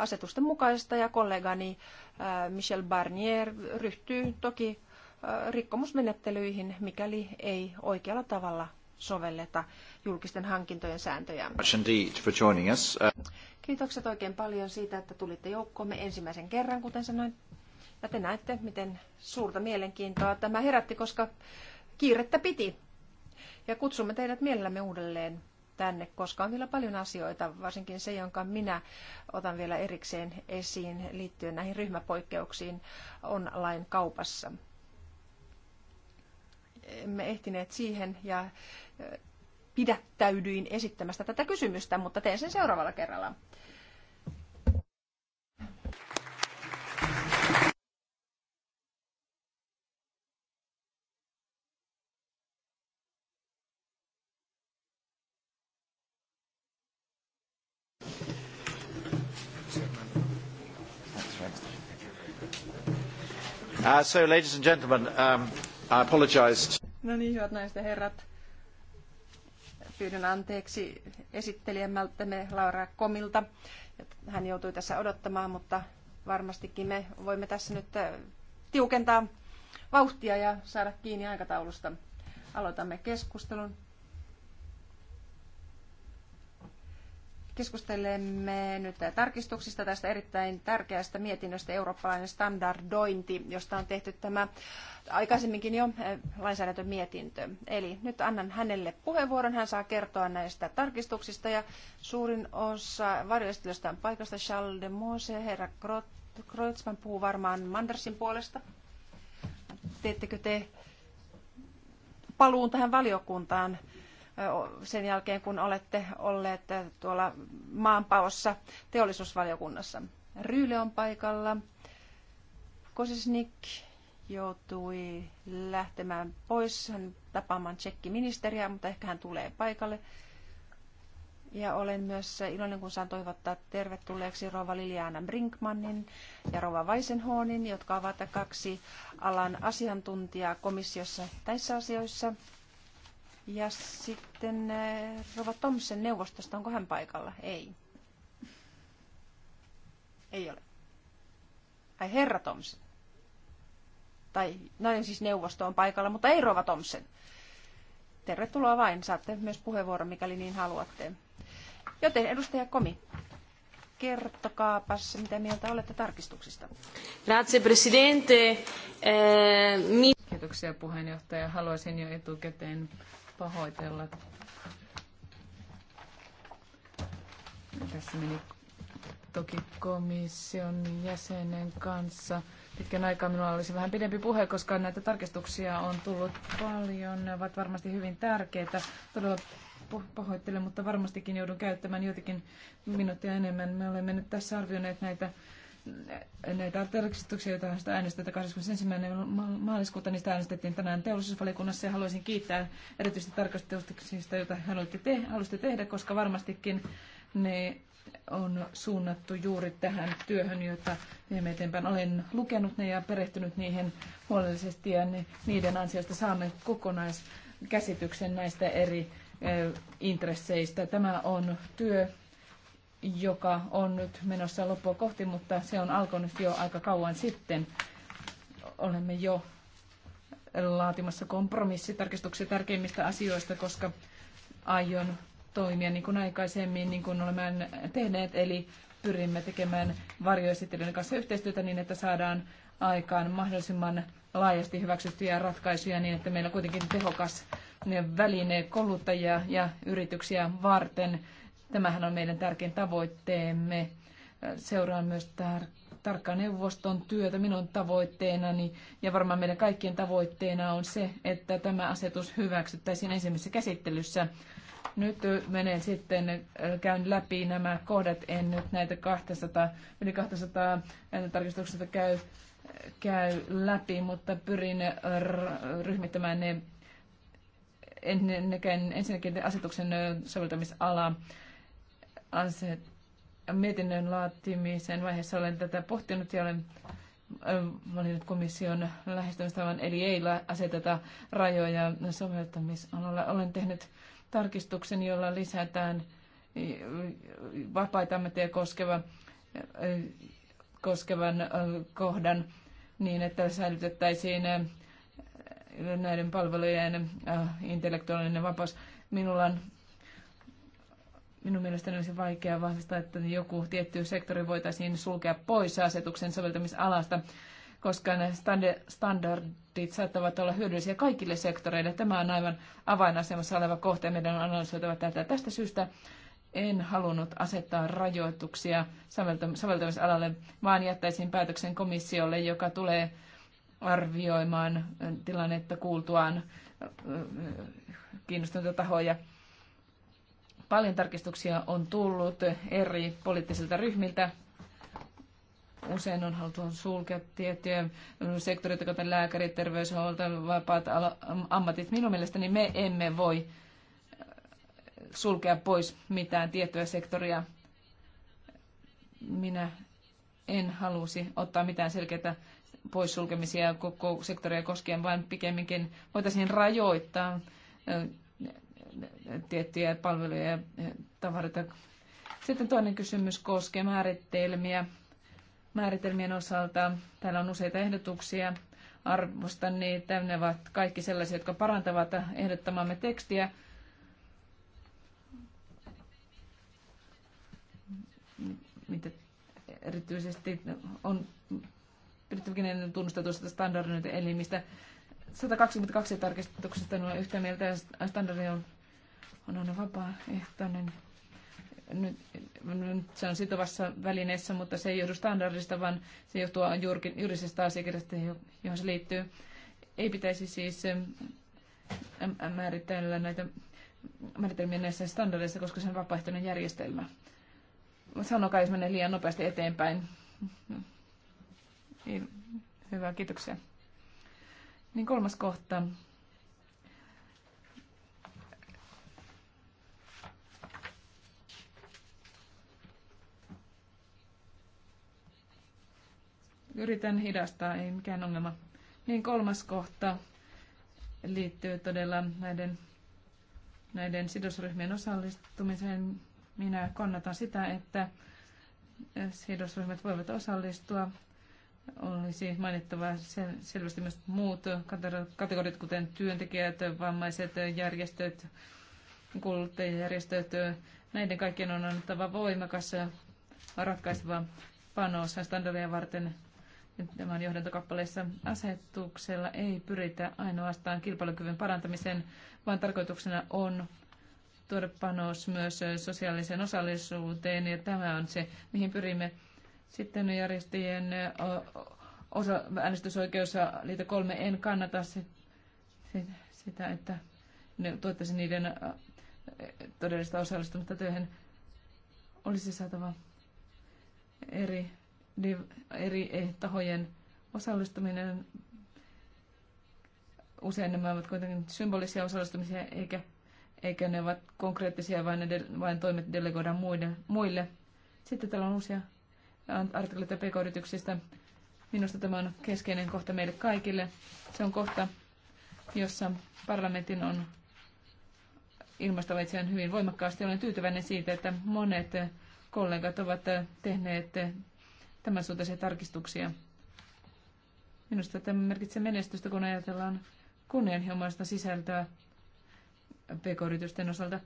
asetusten mukaista ja kollegani Äh, Michel Barnier ryhtyy toki äh, rikkomusmenettelyihin, mikäli ei oikealla tavalla sovelleta julkisten hankintojen sääntöjä. Uh, Kiitokset oikein paljon siitä, että tulitte joukkoomme ensimmäisen kerran, kuten sanoin. Ja te näette, miten suurta mielenkiintoa tämä herätti, koska kiirettä piti. Ja kutsumme teidät mielellämme uudelleen tänne, koska on vielä paljon asioita, varsinkin se, jonka minä otan vielä erikseen esiin liittyen näihin ryhmäpoikkeuksiin online kaupassa. Emme ehtineet siihen ja pidättäydyin esittämästä tätä kysymystä, mutta teen sen seuraavalla kerralla. Uh, so, ladies and gentlemen, um, I apologize. No niin, hyvät naiset ja herrat. Pyydän anteeksi esittelijämältämme Laura Komilta. Hän joutui tässä odottamaan, mutta varmastikin me voimme tässä nyt äh, tiukentaa vauhtia ja saada kiinni aikataulusta. Aloitamme keskustelun. Keskustelemme nyt tarkistuksista tästä erittäin tärkeästä mietinnöstä eurooppalainen standardointi, josta on tehty tämä aikaisemminkin jo eh, lainsäädäntömietintö. Eli nyt annan hänelle puheenvuoron. Hän saa kertoa näistä tarkistuksista ja suurin osa varjoistelijoista on paikasta Charles de Mose, herra Kreutzmann puhuu varmaan Mandersin puolesta. Teettekö te paluun tähän valiokuntaan? sen jälkeen, kun olette olleet tuolla maanpaossa teollisuusvaliokunnassa. Ryyle on paikalla. Kosisnik joutui lähtemään pois hän tapaamaan tsekkiministeriä, mutta ehkä hän tulee paikalle. Ja olen myös iloinen, kun saan toivottaa tervetulleeksi Rova Liliana Brinkmannin ja Rova Weisenhornin, jotka ovat kaksi alan asiantuntijaa komissiossa tässä asioissa. Ja sitten eh, Rova Thomsen neuvostosta, onko hän paikalla? Ei. Ei ole. Ai herra Thomsen. Tai näin no niin, siis neuvosto on paikalla, mutta ei Rova Thomsen. Tervetuloa vain, saatte myös puheenvuoron, mikäli niin haluatte. Joten edustaja Komi, kertokaapas, mitä mieltä olette tarkistuksista. Grazie Presidente. Eh, Kiitoksia puheenjohtaja. Haluaisin jo etukäteen pahoitella. Tässä meni toki komission jäsenen kanssa. Pitkän aikaa minulla olisi vähän pidempi puhe, koska näitä tarkistuksia on tullut paljon. Ne ovat varmasti hyvin tärkeitä. Todella pahoittelen, mutta varmastikin joudun käyttämään joitakin minuuttia enemmän. Me olemme nyt tässä arvioineet näitä näitä tarkistuksia, joita äänestetään 21. maaliskuuta, niistä äänestettiin tänään teollisuusvaliokunnassa ja haluaisin kiittää erityisesti tarkastuksista, joita hän te, halusitte tehdä, koska varmastikin ne on suunnattu juuri tähän työhön, jota viime eteenpäin. Olen lukenut ne ja perehtynyt niihin huolellisesti ja ne, niiden ansiosta saamme kokonaiskäsityksen näistä eri intresseistä. Tämä on työ, joka on nyt menossa loppua kohti, mutta se on alkanut jo aika kauan sitten. Olemme jo laatimassa kompromissitarkistuksia tärkeimmistä asioista, koska aion toimia niin kuin aikaisemmin, niin kuin olemme tehneet, eli pyrimme tekemään varjoesittelyiden kanssa yhteistyötä niin, että saadaan aikaan mahdollisimman laajasti hyväksyttyjä ratkaisuja niin, että meillä on kuitenkin tehokas väline kouluttajia ja yrityksiä varten Tämähän on meidän tärkein tavoitteemme. Seuraan myös tar- tarkkaan neuvoston työtä. Minun tavoitteenani ja varmaan meidän kaikkien tavoitteena on se, että tämä asetus hyväksyttäisiin ensimmäisessä käsittelyssä. Nyt menen sitten, äh, käyn läpi nämä kohdat. En nyt näitä 200, yli 200 äh, tarkistuksesta käy, käy läpi, mutta pyrin äh, ryhmittämään ne ensinnäkin asetuksen soveltamisala aset, mietinnön laatimisen vaiheessa olen tätä pohtinut ja olen äh, valinnut komission lähestymistavan, eli ei aseteta rajoja soveltamisalalla. Olen tehnyt tarkistuksen, jolla lisätään äh, vapaita ammatteja koskeva, äh, koskevan kohdan niin, että säilytettäisiin näiden palvelujen intellektuaalinen vapaus. Minulla on minun mielestäni olisi vaikea vahvistaa, että joku tietty sektori voitaisiin sulkea pois asetuksen soveltamisalasta, koska ne standardit saattavat olla hyödyllisiä kaikille sektoreille. Tämä on aivan avainasemassa oleva kohta ja meidän on analysoitava tätä. Tästä syystä en halunnut asettaa rajoituksia soveltamisalalle, vaan jättäisin päätöksen komissiolle, joka tulee arvioimaan tilannetta kuultuaan kiinnostuneita tahoja Paljon tarkistuksia on tullut eri poliittisilta ryhmiltä. Usein on haluttu sulkea tiettyjä sektoreita, kuten lääkärit, terveyshuolto, vapaat ammatit. Minun mielestäni me emme voi sulkea pois mitään tiettyä sektoria. Minä en halusi ottaa mitään selkeitä poissulkemisia koko sektoria koskien, vaan pikemminkin voitaisiin rajoittaa tiettyjä palveluja ja tavaroita. Sitten toinen kysymys koskee määritelmiä. Määritelmien osalta täällä on useita ehdotuksia. Arvostan niitä. Ne ovat kaikki sellaisia, jotka parantavat ehdottamamme tekstiä. Mitä erityisesti on ennen tunnustetusta standardin elimistä. 122 tarkistuksesta on yhtä mieltä ja standardi on on aina vapaaehtoinen. Nyt, nyt se on sitovassa välineessä, mutta se ei johdu standardista, vaan se johtuu juridisesta asiakirjasta, johon se liittyy. Ei pitäisi siis määritellä näitä määritelmiä näissä standardeissa, koska se on vapaaehtoinen järjestelmä. Sanokaa, jos menee liian nopeasti eteenpäin. Hyvä, kiitoksia. Niin kolmas kohta Yritän hidastaa, ei mikään ongelma. Niin kolmas kohta liittyy todella näiden, näiden sidosryhmien osallistumiseen. Minä kannatan sitä, että sidosryhmät voivat osallistua. Olisi mainittava selvästi myös muut kategoriat, kuten työntekijät, vammaiset järjestöt, kuluttajajärjestöt. Näiden kaikkien on annettava voimakas ratkaiseva panos standardeja varten tämän johdantokappaleessa asetuksella ei pyritä ainoastaan kilpailukyvyn parantamiseen, vaan tarkoituksena on tuoda panos myös sosiaaliseen osallisuuteen, ja tämä on se, mihin pyrimme sitten järjestäjien osa, äänestysoikeus liitä kolme en kannata sitä, että ne tuottaisi niiden todellista osallistumista työhön. Olisi saatava eri niin eri tahojen osallistuminen. Usein nämä ovat kuitenkin symbolisia osallistumisia, eikä, eikä ne ovat konkreettisia, vaan, ne de, vain toimet delegoidaan muille, muille. Sitten täällä on uusia artikkeleita pk-yrityksistä. Minusta tämä on keskeinen kohta meille kaikille. Se on kohta, jossa parlamentin on ilmastava itseään hyvin voimakkaasti. Olen tyytyväinen siitä, että monet kollegat ovat tehneet tämän suuntaisia tarkistuksia. Minusta tämä merkitsee menestystä, kun ajatellaan kunnianhimoista sisältöä pk-yritysten osalta.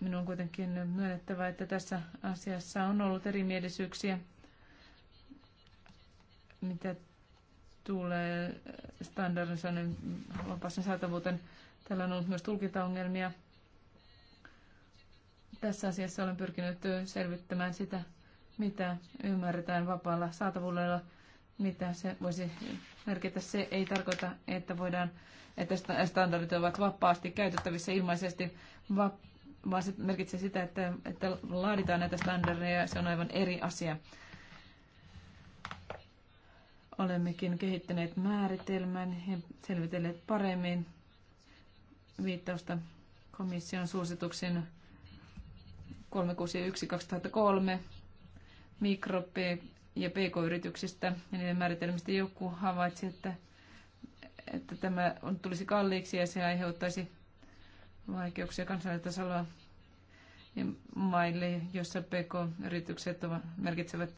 Minun on kuitenkin myönnettävä, että tässä asiassa on ollut erimielisyyksiä, mitä tulee standardisoinnin vapaassa saatavuuteen. Täällä on ollut myös tulkintaongelmia. Tässä asiassa olen pyrkinyt selvittämään sitä, mitä ymmärretään vapaalla saatavuudella, mitä se voisi merkitä. Se ei tarkoita, että voidaan, että standardit ovat vapaasti käytettävissä ilmaisesti, vaan se merkitsee sitä, että, että laaditaan näitä standardeja, se on aivan eri asia. Olemmekin kehittäneet määritelmän ja selvitelleet paremmin viittausta komission suosituksiin 361-2003 mikro- ja pk-yrityksistä ja niiden määritelmistä. Joku havaitsi, että, että tämä on, tulisi kalliiksi ja se aiheuttaisi vaikeuksia kansallisella ja maille, joissa pk-yritykset merkitsevät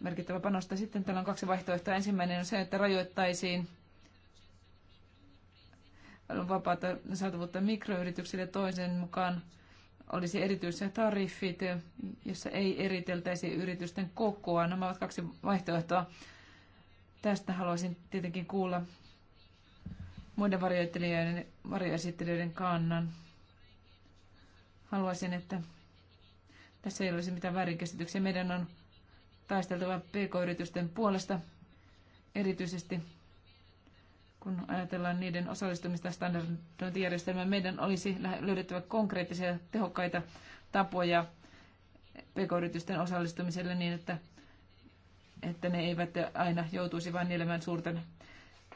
merkittävä panosta. Sitten täällä on kaksi vaihtoehtoa. Ensimmäinen on se, että rajoittaisiin vapaata saatavuutta mikroyrityksille toisen mukaan olisi erityisiä tariffit, jossa ei eriteltäisi yritysten kokoa. Nämä ovat kaksi vaihtoehtoa. Tästä haluaisin tietenkin kuulla muiden varjoittelijoiden, varjoesittelijöiden kannan. Haluaisin, että tässä ei olisi mitään väärinkäsityksiä. Meidän on taisteltava pk-yritysten puolesta erityisesti kun ajatellaan niiden osallistumista standardointijärjestelmään, meidän olisi löydettävä konkreettisia tehokkaita tapoja pk-yritysten osallistumiselle niin, että, että ne eivät aina joutuisi vain nielemään suurten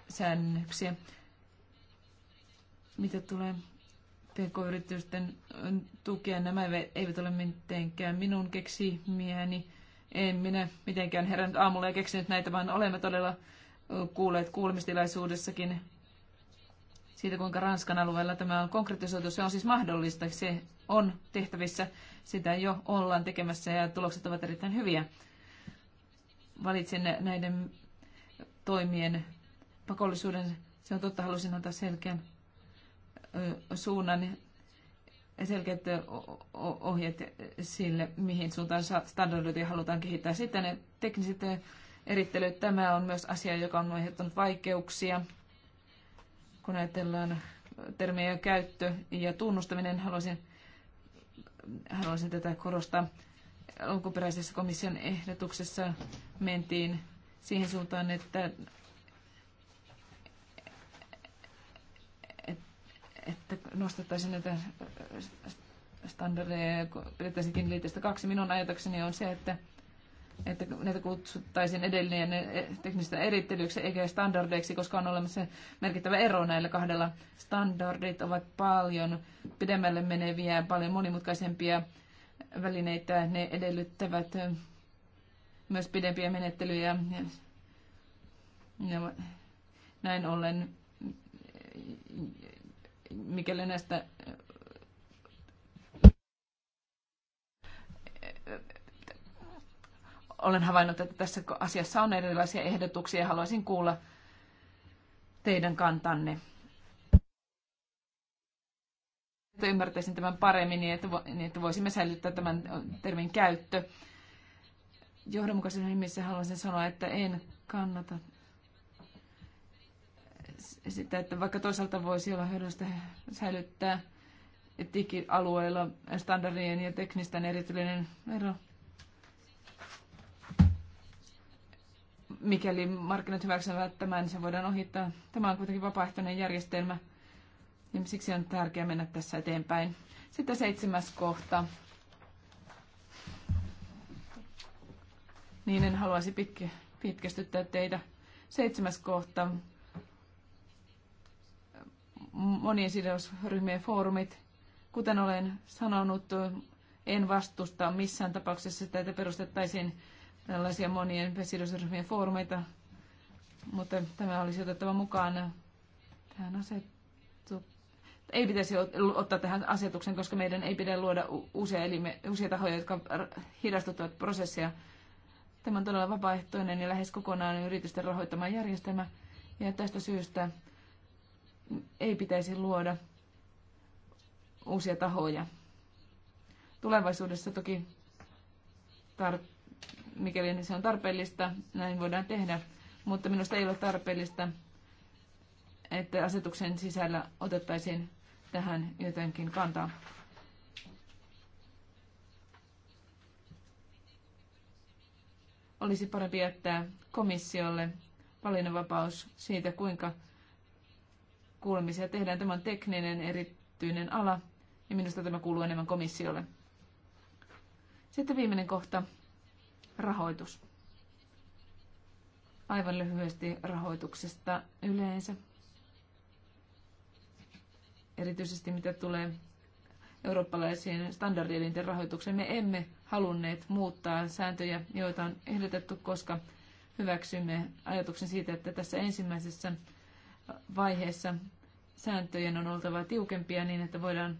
säännöksiä. Mitä tulee pk-yritysten tukea, nämä eivät ole mitenkään minun keksimiäni. En minä mitenkään herännyt aamulla ja keksinyt näitä, vaan olemme todella kuulleet kuulemistilaisuudessakin siitä, kuinka Ranskan alueella tämä on konkretisoitu. Se on siis mahdollista, se on tehtävissä, sitä jo ollaan tekemässä ja tulokset ovat erittäin hyviä. Valitsin näiden toimien pakollisuuden. Se on totta, halusin antaa selkeän suunnan selkeät ohjeet sille, mihin suuntaan standardointia halutaan kehittää. Sitten ne tekniset erittely. Tämä on myös asia, joka on aiheuttanut vaikeuksia, kun ajatellaan termiä käyttö ja tunnustaminen. Haluaisin, haluaisin tätä korostaa. Alkuperäisessä komission ehdotuksessa mentiin siihen suuntaan, että että nostettaisiin näitä standardeja ja pidettäisiin kiinni kaksi. Minun ajatukseni on se, että että näitä kutsuttaisiin edellinen eh, teknistä erittelyksi eikä standardeiksi, koska on olemassa merkittävä ero näillä kahdella. Standardit ovat paljon pidemmälle meneviä, paljon monimutkaisempia välineitä. Ne edellyttävät eh, myös pidempiä menettelyjä. No, näin ollen, eh, mikäli näistä olen havainnut, että tässä asiassa on erilaisia ehdotuksia ja haluaisin kuulla teidän kantanne. Että ymmärtäisin tämän paremmin, niin että, niin että voisimme säilyttää tämän termin käyttö. Johdonmukaisen nimissä haluaisin sanoa, että en kannata sitä, että vaikka toisaalta voisi olla hyödyllistä säilyttää digialueilla standardien ja teknisten erityinen ero, mikäli markkinat hyväksyvät tämän, niin se voidaan ohittaa. Tämä on kuitenkin vapaaehtoinen järjestelmä, niin siksi on tärkeää mennä tässä eteenpäin. Sitten seitsemäs kohta. Niin en haluaisi pitkä, pitkästyttää teitä. Seitsemäs kohta. Monien sidosryhmien foorumit. Kuten olen sanonut, en vastusta missään tapauksessa sitä, että perustettaisiin tällaisia monien sidosryhmien foorumeita, mutta tämä olisi otettava mukaan tähän asetukseen. Ei pitäisi ottaa tähän asetuksen, koska meidän ei pidä luoda uusia, elime, uusia tahoja, jotka hidastuttavat prosessia. Tämä on todella vapaaehtoinen ja lähes kokonaan yritysten rahoittama järjestelmä, ja tästä syystä ei pitäisi luoda uusia tahoja. Tulevaisuudessa toki tarvitsee mikäli niin se on tarpeellista, näin voidaan tehdä. Mutta minusta ei ole tarpeellista, että asetuksen sisällä otettaisiin tähän jotenkin kantaa. Olisi parempi jättää komissiolle valinnanvapaus siitä, kuinka kuulemisia tehdään. Tämä on tekninen erityinen ala ja minusta tämä kuuluu enemmän komissiolle. Sitten viimeinen kohta. Rahoitus. Aivan lyhyesti rahoituksesta yleensä. Erityisesti mitä tulee eurooppalaisiin standardielinten rahoitukseen, me emme halunneet muuttaa sääntöjä, joita on ehdotettu, koska hyväksymme ajatuksen siitä, että tässä ensimmäisessä vaiheessa sääntöjen on oltava tiukempia niin, että voidaan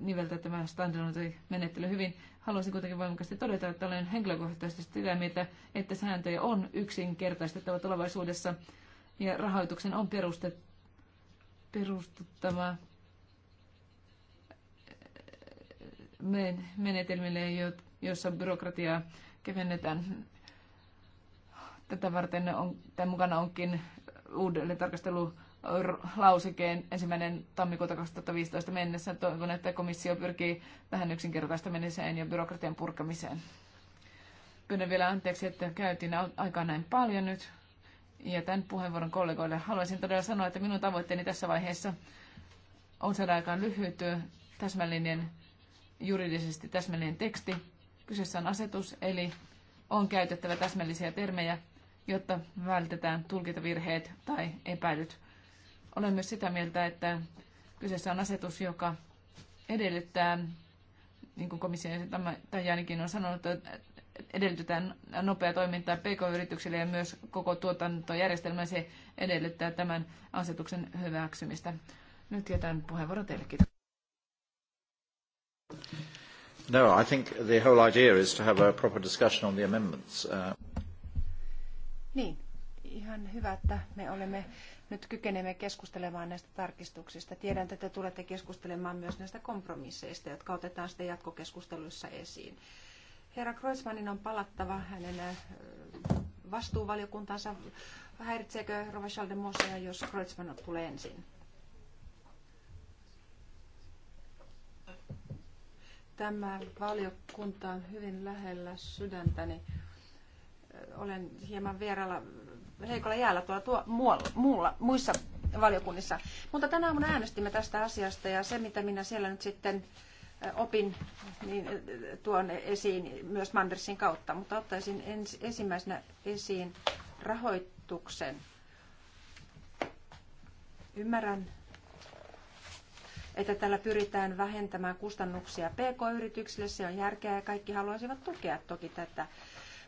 niveltää tämä standardointimenettely hyvin. Haluaisin kuitenkin voimakkaasti todeta, että olen henkilökohtaisesti sitä mieltä, että sääntöjä on yksinkertaistettava tulevaisuudessa ja rahoituksen on perustet, perustuttava eh, menetelmille, joissa byrokratiaa kevennetään. Tätä varten on, tämän mukana onkin uudelle tarkastelu lausekeen ensimmäinen tammikuuta 2015 mennessä. Toivon, että komissio pyrkii tähän yksinkertaistamiseen ja byrokratian purkamiseen. Pyydän vielä anteeksi, että käytiin aikaa näin paljon nyt. Ja tämän puheenvuoron kollegoille haluaisin todella sanoa, että minun tavoitteeni tässä vaiheessa on saada aikaan lyhyt, täsmällinen, juridisesti täsmällinen teksti. Kyseessä on asetus, eli on käytettävä täsmällisiä termejä, jotta vältetään tulkintavirheet tai epäilyt olen myös sitä mieltä, että kyseessä on asetus, joka edellyttää, niin kuin komissio tai Janikin on sanonut, että edellytetään nopea toimintaa pk-yrityksille ja myös koko tuotantojärjestelmä se edellyttää tämän asetuksen hyväksymistä. Nyt jätän puheenvuoron teille. Kiitos. No, I think the whole idea is to have a proper discussion on the amendments. Uh... Niin, ihan hyvä, että me olemme nyt kykenemme keskustelemaan näistä tarkistuksista. Tiedän, että te tulette keskustelemaan myös näistä kompromisseista, jotka otetaan sitten jatkokeskusteluissa esiin. Herra Kreuzmannin on palattava hänen äh, vastuuvaliokuntansa. Häiritseekö Rova Chaldemossa, jos Kreutzmann tulee ensin? Tämä valiokunta on hyvin lähellä sydäntäni. Olen hieman vieralla heikolla jäällä tuolla tuo, muualla, muulla, muissa valiokunnissa. Mutta tänä aamuna äänestimme tästä asiasta ja se, mitä minä siellä nyt sitten opin, niin tuon esiin myös Mandersin kautta, mutta ottaisin ens, ensimmäisenä esiin rahoituksen. Ymmärrän, että tällä pyritään vähentämään kustannuksia pk-yrityksille. Se on järkeä ja kaikki haluaisivat tukea toki tätä.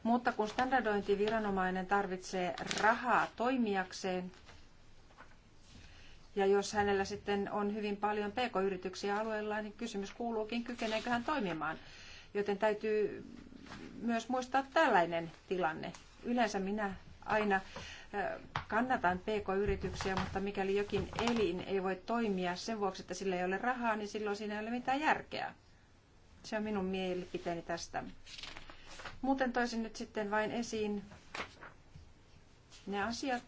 Mutta kun standardointiviranomainen tarvitsee rahaa toimijakseen, ja jos hänellä sitten on hyvin paljon pk-yrityksiä alueella, niin kysymys kuuluukin, kykeneekö hän toimimaan. Joten täytyy myös muistaa tällainen tilanne. Yleensä minä aina kannatan pk-yrityksiä, mutta mikäli jokin elin ei voi toimia sen vuoksi, että sillä ei ole rahaa, niin silloin siinä ei ole mitään järkeä. Se on minun mielipiteeni tästä. Muuten toisin nyt sitten vain esiin ne asiat,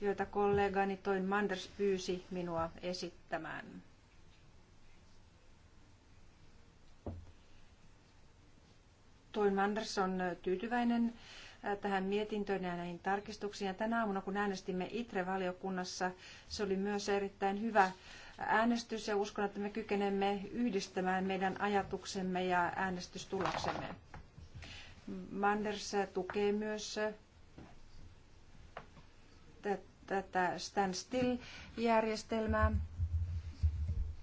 joita kollegani Toin Manders pyysi minua esittämään. Toin Manders on tyytyväinen äh, tähän mietintöön ja näihin tarkistuksiin. Ja tänä aamuna, kun äänestimme ITRE-valiokunnassa, se oli myös erittäin hyvä äänestys ja uskon, että me kykenemme yhdistämään meidän ajatuksemme ja äänestystuloksemme. Manders tukee myös äh, tätä standstill-järjestelmää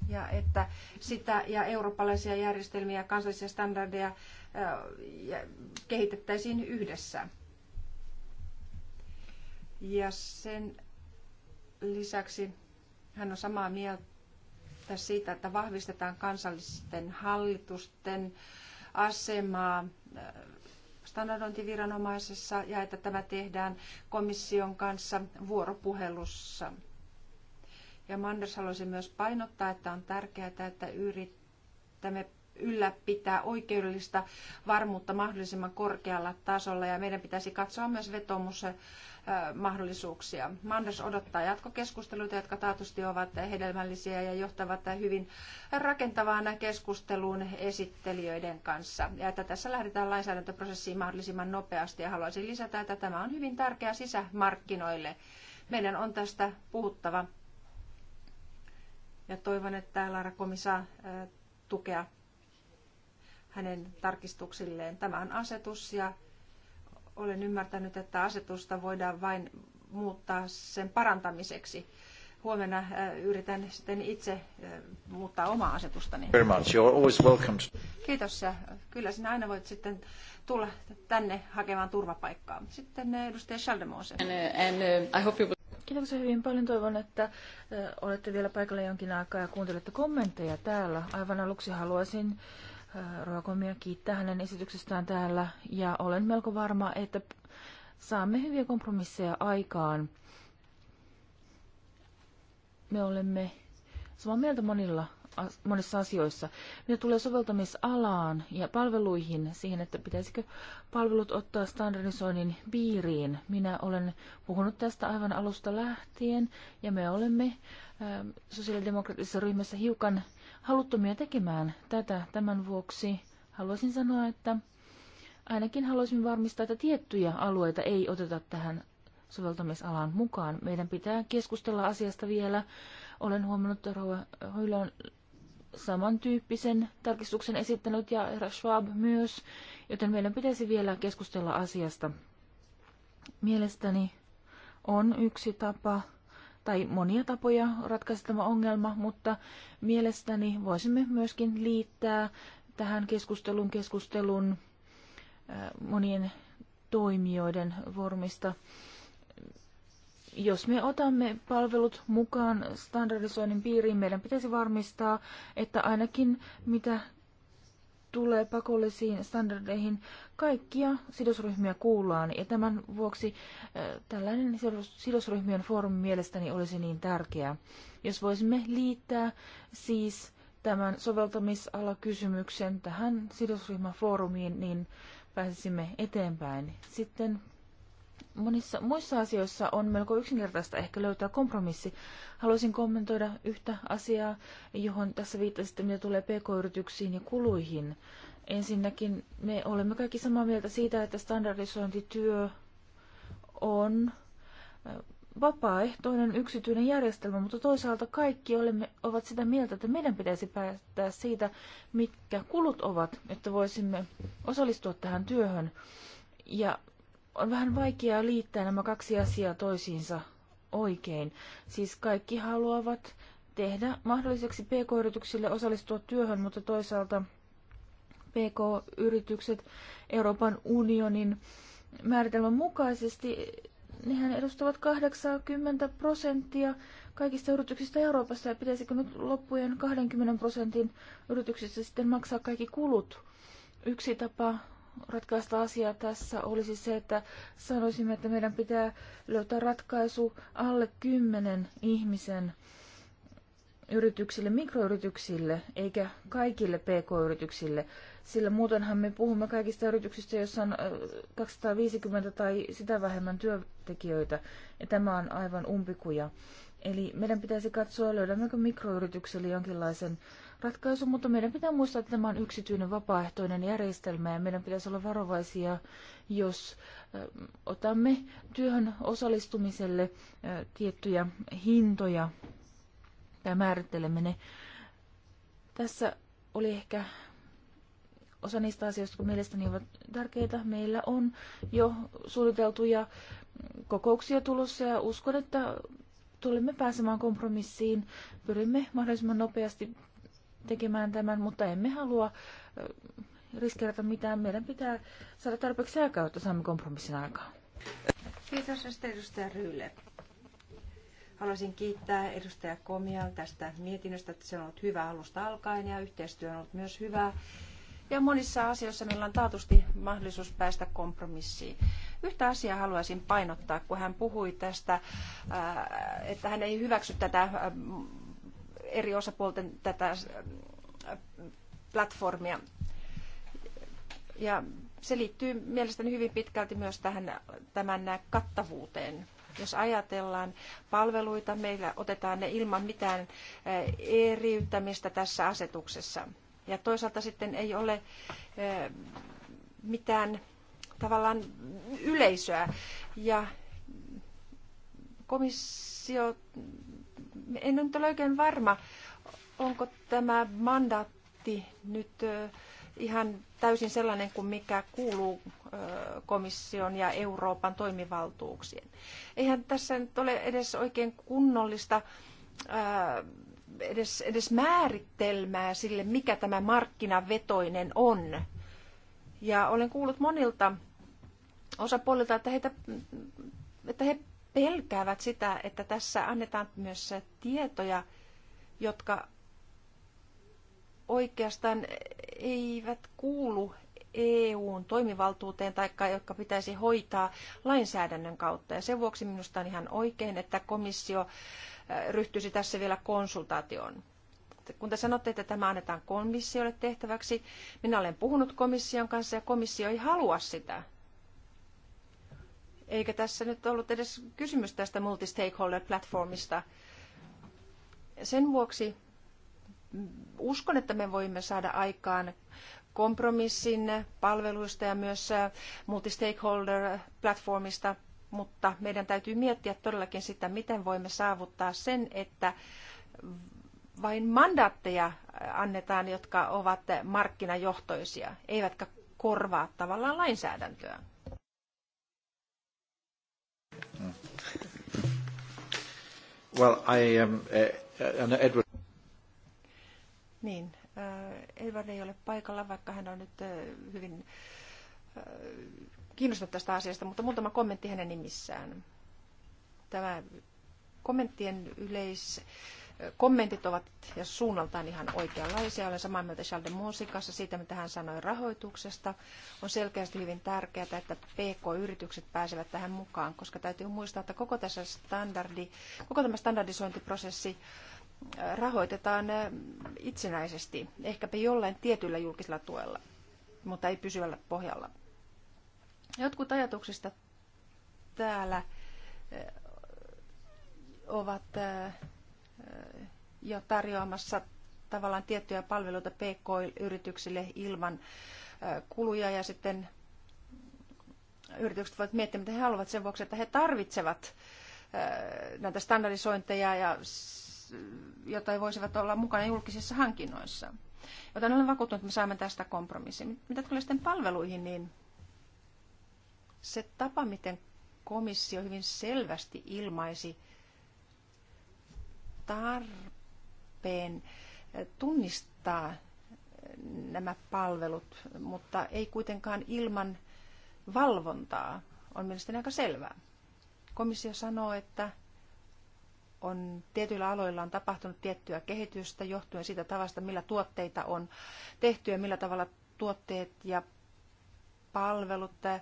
ja että sitä ja eurooppalaisia järjestelmiä ja kansallisia standardeja äh, kehitettäisiin yhdessä. Ja sen lisäksi hän on samaa mieltä siitä, että vahvistetaan kansallisten hallitusten asemaa äh, standardointiviranomaisessa ja että tämä tehdään komission kanssa vuoropuhelussa. Ja Manders haluaisi myös painottaa, että on tärkeää, että yritämme ylläpitää oikeudellista varmuutta mahdollisimman korkealla tasolla ja meidän pitäisi katsoa myös vetomusmahdollisuuksia. Manders odottaa jatkokeskusteluita, jotka taatusti ovat hedelmällisiä ja johtavat hyvin rakentavaan keskusteluun esittelijöiden kanssa. Ja että tässä lähdetään lainsäädäntöprosessiin mahdollisimman nopeasti ja haluaisin lisätä, että tämä on hyvin tärkeä sisämarkkinoille. Meidän on tästä puhuttava ja toivon, että Laara Komi tukea hänen tarkistuksilleen. Tämä on asetus ja olen ymmärtänyt, että asetusta voidaan vain muuttaa sen parantamiseksi. Huomenna äh, yritän sitten itse äh, muuttaa omaa asetustani. Very much. You're always welcome. Kiitos ja kyllä sinä aina voit sitten tulla tänne hakemaan turvapaikkaa. Sitten äh, edustaja Schaldemose. And, uh, uh, I hope you Kiitoksia hyvin paljon. Toivon, että olette vielä paikalla jonkin aikaa ja kuuntelette kommentteja täällä. Aivan aluksi haluaisin Ruokomia kiittää hänen esityksestään täällä ja olen melko varma, että saamme hyviä kompromisseja aikaan. Me olemme samaa mieltä monilla, monissa asioissa. Mitä tulee soveltamisalaan ja palveluihin, siihen, että pitäisikö palvelut ottaa standardisoinnin piiriin. Minä olen puhunut tästä aivan alusta lähtien ja me olemme sosiaalidemokraattisessa ryhmässä hiukan äh, haluttomia tekemään tätä. Tämän vuoksi haluaisin sanoa, että ainakin haluaisin varmistaa, että tiettyjä alueita ei oteta tähän soveltamisalan mukaan. Meidän pitää keskustella asiasta vielä. Olen huomannut, että Hoila on samantyyppisen tarkistuksen esittänyt ja herra Schwab myös, joten meidän pitäisi vielä keskustella asiasta. Mielestäni on yksi tapa tai monia tapoja ratkaista tämä ongelma, mutta mielestäni voisimme myöskin liittää tähän keskustelun keskustelun monien toimijoiden formista. Jos me otamme palvelut mukaan standardisoinnin piiriin, meidän pitäisi varmistaa, että ainakin mitä tulee pakollisiin standardeihin, kaikkia sidosryhmiä kuullaan. Ja tämän vuoksi tällainen sidosryhmien foorumi mielestäni olisi niin tärkeä. Jos voisimme liittää siis tämän soveltamisalakysymyksen tähän sidosryhmäfoorumiin, niin pääsisimme eteenpäin. Sitten monissa muissa asioissa on melko yksinkertaista ehkä löytää kompromissi. Haluaisin kommentoida yhtä asiaa, johon tässä viittasitte, mitä tulee pk-yrityksiin ja kuluihin. Ensinnäkin me olemme kaikki samaa mieltä siitä, että standardisointityö on äh, vapaaehtoinen yksityinen järjestelmä, mutta toisaalta kaikki olemme, ovat sitä mieltä, että meidän pitäisi päättää siitä, mitkä kulut ovat, että voisimme osallistua tähän työhön. Ja on vähän vaikeaa liittää nämä kaksi asiaa toisiinsa oikein. Siis kaikki haluavat tehdä mahdolliseksi pk-yrityksille osallistua työhön, mutta toisaalta pk-yritykset Euroopan unionin määritelmän mukaisesti, nehän edustavat 80 prosenttia kaikista yrityksistä Euroopassa, ja pitäisikö nyt loppujen 20 prosentin yrityksistä sitten maksaa kaikki kulut? Yksi tapa ratkaista asiaa tässä olisi se, että sanoisimme, että meidän pitää löytää ratkaisu alle kymmenen ihmisen yrityksille, mikroyrityksille, eikä kaikille pk-yrityksille, sillä muutenhan me puhumme kaikista yrityksistä, joissa on 250 äh, tai sitä vähemmän työntekijöitä, ja tämä on aivan umpikuja. Eli meidän pitäisi katsoa, löydämmekö mikroyritykselle jonkinlaisen äh, ratkaisu, mutta meidän pitää muistaa, että tämä on yksityinen vapaaehtoinen järjestelmä ja meidän pitäisi olla varovaisia, jos otamme työhön osallistumiselle tiettyjä hintoja tai määrittelemme ne. Tässä oli ehkä osa niistä asioista, jotka mielestäni ovat tärkeitä. Meillä on jo suunniteltuja kokouksia tulossa ja uskon, että tulemme pääsemään kompromissiin. Pyrimme mahdollisimman nopeasti tekemään tämän, mutta emme halua äh, riskeerata mitään. Meidän pitää saada tarpeeksi aikaa, jotta saamme kompromissin aikaan. Kiitos, edustaja Ryyle. Haluaisin kiittää edustaja Komia tästä mietinnöstä, että se on ollut hyvä alusta alkaen ja yhteistyö on ollut myös hyvää. Ja monissa asioissa meillä on taatusti mahdollisuus päästä kompromissiin. Yhtä asiaa haluaisin painottaa, kun hän puhui tästä, äh, että hän ei hyväksy tätä äh, eri osapuolten tätä äh, platformia. Ja se liittyy mielestäni hyvin pitkälti myös tähän, tämän kattavuuteen. Jos ajatellaan palveluita, meillä otetaan ne ilman mitään äh, eriyttämistä tässä asetuksessa. Ja toisaalta sitten ei ole äh, mitään tavallaan yleisöä. Ja komissio en nyt ole oikein varma, onko tämä mandaatti nyt ihan täysin sellainen kuin mikä kuuluu komission ja Euroopan toimivaltuuksien. Eihän tässä nyt ole edes oikein kunnollista edes, edes määritelmää sille, mikä tämä markkinavetoinen on. Ja olen kuullut monilta osapuolilta, että, heitä, että he pelkäävät sitä, että tässä annetaan myös tietoja, jotka oikeastaan eivät kuulu EUn toimivaltuuteen tai jotka pitäisi hoitaa lainsäädännön kautta. Ja sen vuoksi minusta on ihan oikein, että komissio äh, ryhtyisi tässä vielä konsultaatioon. Kun te sanotte, että tämä annetaan komissiolle tehtäväksi, minä olen puhunut komission kanssa ja komissio ei halua sitä. Eikä tässä nyt ollut edes kysymys tästä multistakeholder-platformista. Sen vuoksi uskon, että me voimme saada aikaan kompromissin palveluista ja myös äh, multistakeholder-platformista, mutta meidän täytyy miettiä todellakin sitä, miten voimme saavuttaa sen, että vain mandaatteja äh, annetaan, jotka ovat markkinajohtoisia, eivätkä korvaa tavallaan lainsäädäntöä. Mm. Well, I am um, uh, eh, eh, Edward. Niin, äh, Edward ei ole paikalla, vaikka hän on nyt äh, hyvin äh, kiinnostunut tästä asiasta, mutta muutama kommentti hänen nimissään. Tämä kommenttien yleis kommentit ovat ja suunnaltaan ihan oikeanlaisia. Olen samaa mieltä Charles de Monsin kanssa siitä, mitä hän sanoi rahoituksesta. On selkeästi hyvin tärkeää, että PK-yritykset pääsevät tähän mukaan, koska täytyy muistaa, että koko, tässä standardi, koko tämä standardisointiprosessi äh, rahoitetaan äh, itsenäisesti, ehkäpä jollain tietyllä julkisella tuella, mutta ei pysyvällä pohjalla. Jotkut ajatuksista täällä äh, ovat jo tarjoamassa tavallaan tiettyjä palveluita PK-yrityksille ilman kuluja ja sitten yritykset voivat miettiä, mitä he haluavat sen vuoksi, että he tarvitsevat näitä standardisointeja, ja, jota he voisivat olla mukana julkisissa hankinnoissa. Joten olen vakuuttunut, että me saamme tästä kompromissin. Mitä tulee sitten palveluihin, niin se tapa, miten komissio hyvin selvästi ilmaisi tarpeen tunnistaa nämä palvelut, mutta ei kuitenkaan ilman valvontaa, on mielestäni aika selvää. Komissio sanoo, että on, tietyillä aloilla on tapahtunut tiettyä kehitystä johtuen siitä tavasta, millä tuotteita on tehty ja millä tavalla tuotteet ja palvelut äh,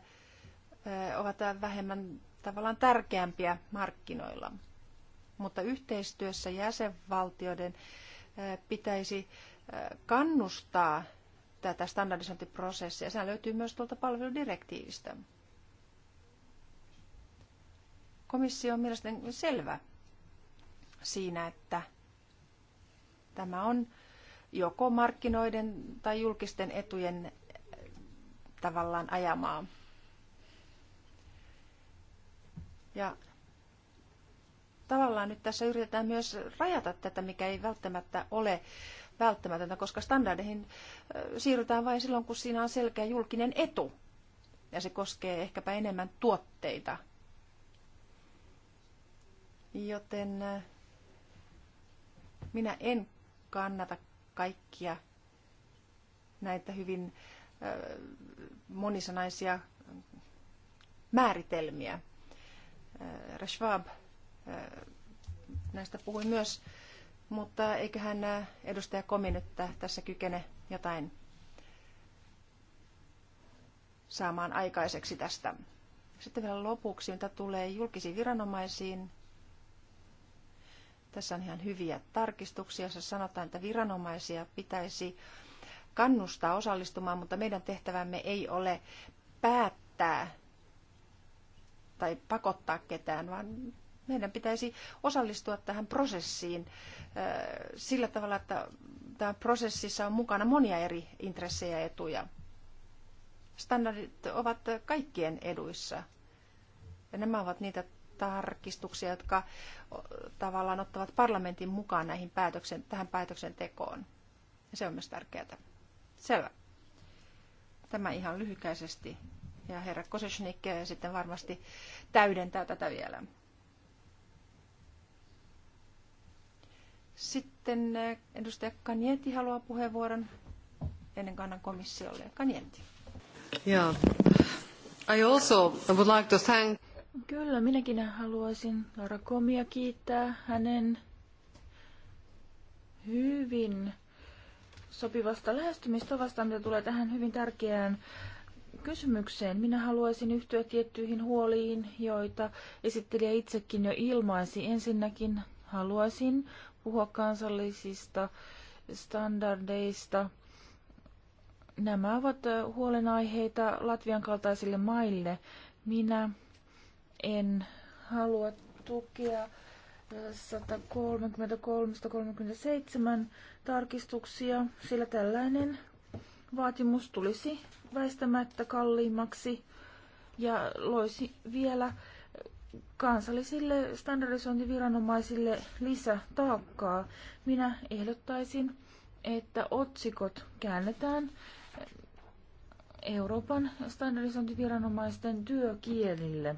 ovat vähemmän tavallaan tärkeämpiä markkinoilla mutta yhteistyössä jäsenvaltioiden eh, pitäisi eh, kannustaa tätä standardisointiprosessia. Se löytyy myös tuolta palveludirektiivistä. Komissio on mielestäni selvä siinä, että tämä on joko markkinoiden tai julkisten etujen eh, tavallaan ajamaa. Ja tavallaan nyt tässä yritetään myös rajata tätä, mikä ei välttämättä ole välttämätöntä, koska standardeihin siirrytään vain silloin, kun siinä on selkeä julkinen etu. Ja se koskee ehkäpä enemmän tuotteita. Joten minä en kannata kaikkia näitä hyvin monisanaisia määritelmiä. Rashvab näistä puhui myös, mutta eiköhän edustaja Komi nyt tässä kykene jotain saamaan aikaiseksi tästä. Sitten vielä lopuksi, mitä tulee julkisiin viranomaisiin. Tässä on ihan hyviä tarkistuksia. Se sanotaan, että viranomaisia pitäisi kannustaa osallistumaan, mutta meidän tehtävämme ei ole päättää tai pakottaa ketään, vaan meidän pitäisi osallistua tähän prosessiin äh, sillä tavalla, että tämä prosessissa on mukana monia eri intressejä ja etuja. Standardit ovat kaikkien eduissa. Ja nämä ovat niitä tarkistuksia, jotka tavallaan ottavat parlamentin mukaan näihin päätöksen, tähän päätöksentekoon. Ja se on myös tärkeää. Selvä. Tämä ihan lyhykäisesti. Ja herra Kosesnik sitten varmasti täydentää tätä vielä. Sitten eh, edustaja Kanieti haluaa puheenvuoron ennen kannan komissiolle. Kanieti. Yeah. I also would like to thank... Kyllä, minäkin haluaisin Laura Komia kiittää hänen hyvin sopivasta lähestymistavasta, mitä tulee tähän hyvin tärkeään kysymykseen. Minä haluaisin yhtyä tiettyihin huoliin, joita esittelijä itsekin jo ilmaisi. Ensinnäkin haluaisin puhua kansallisista standardeista. Nämä ovat huolenaiheita Latvian kaltaisille maille. Minä en halua tukea 133-137 tarkistuksia, sillä tällainen vaatimus tulisi väistämättä kalliimmaksi ja loisi vielä kansallisille standardisointiviranomaisille lisätaakkaa. Minä ehdottaisin, että otsikot käännetään Euroopan standardisointiviranomaisten työkielille.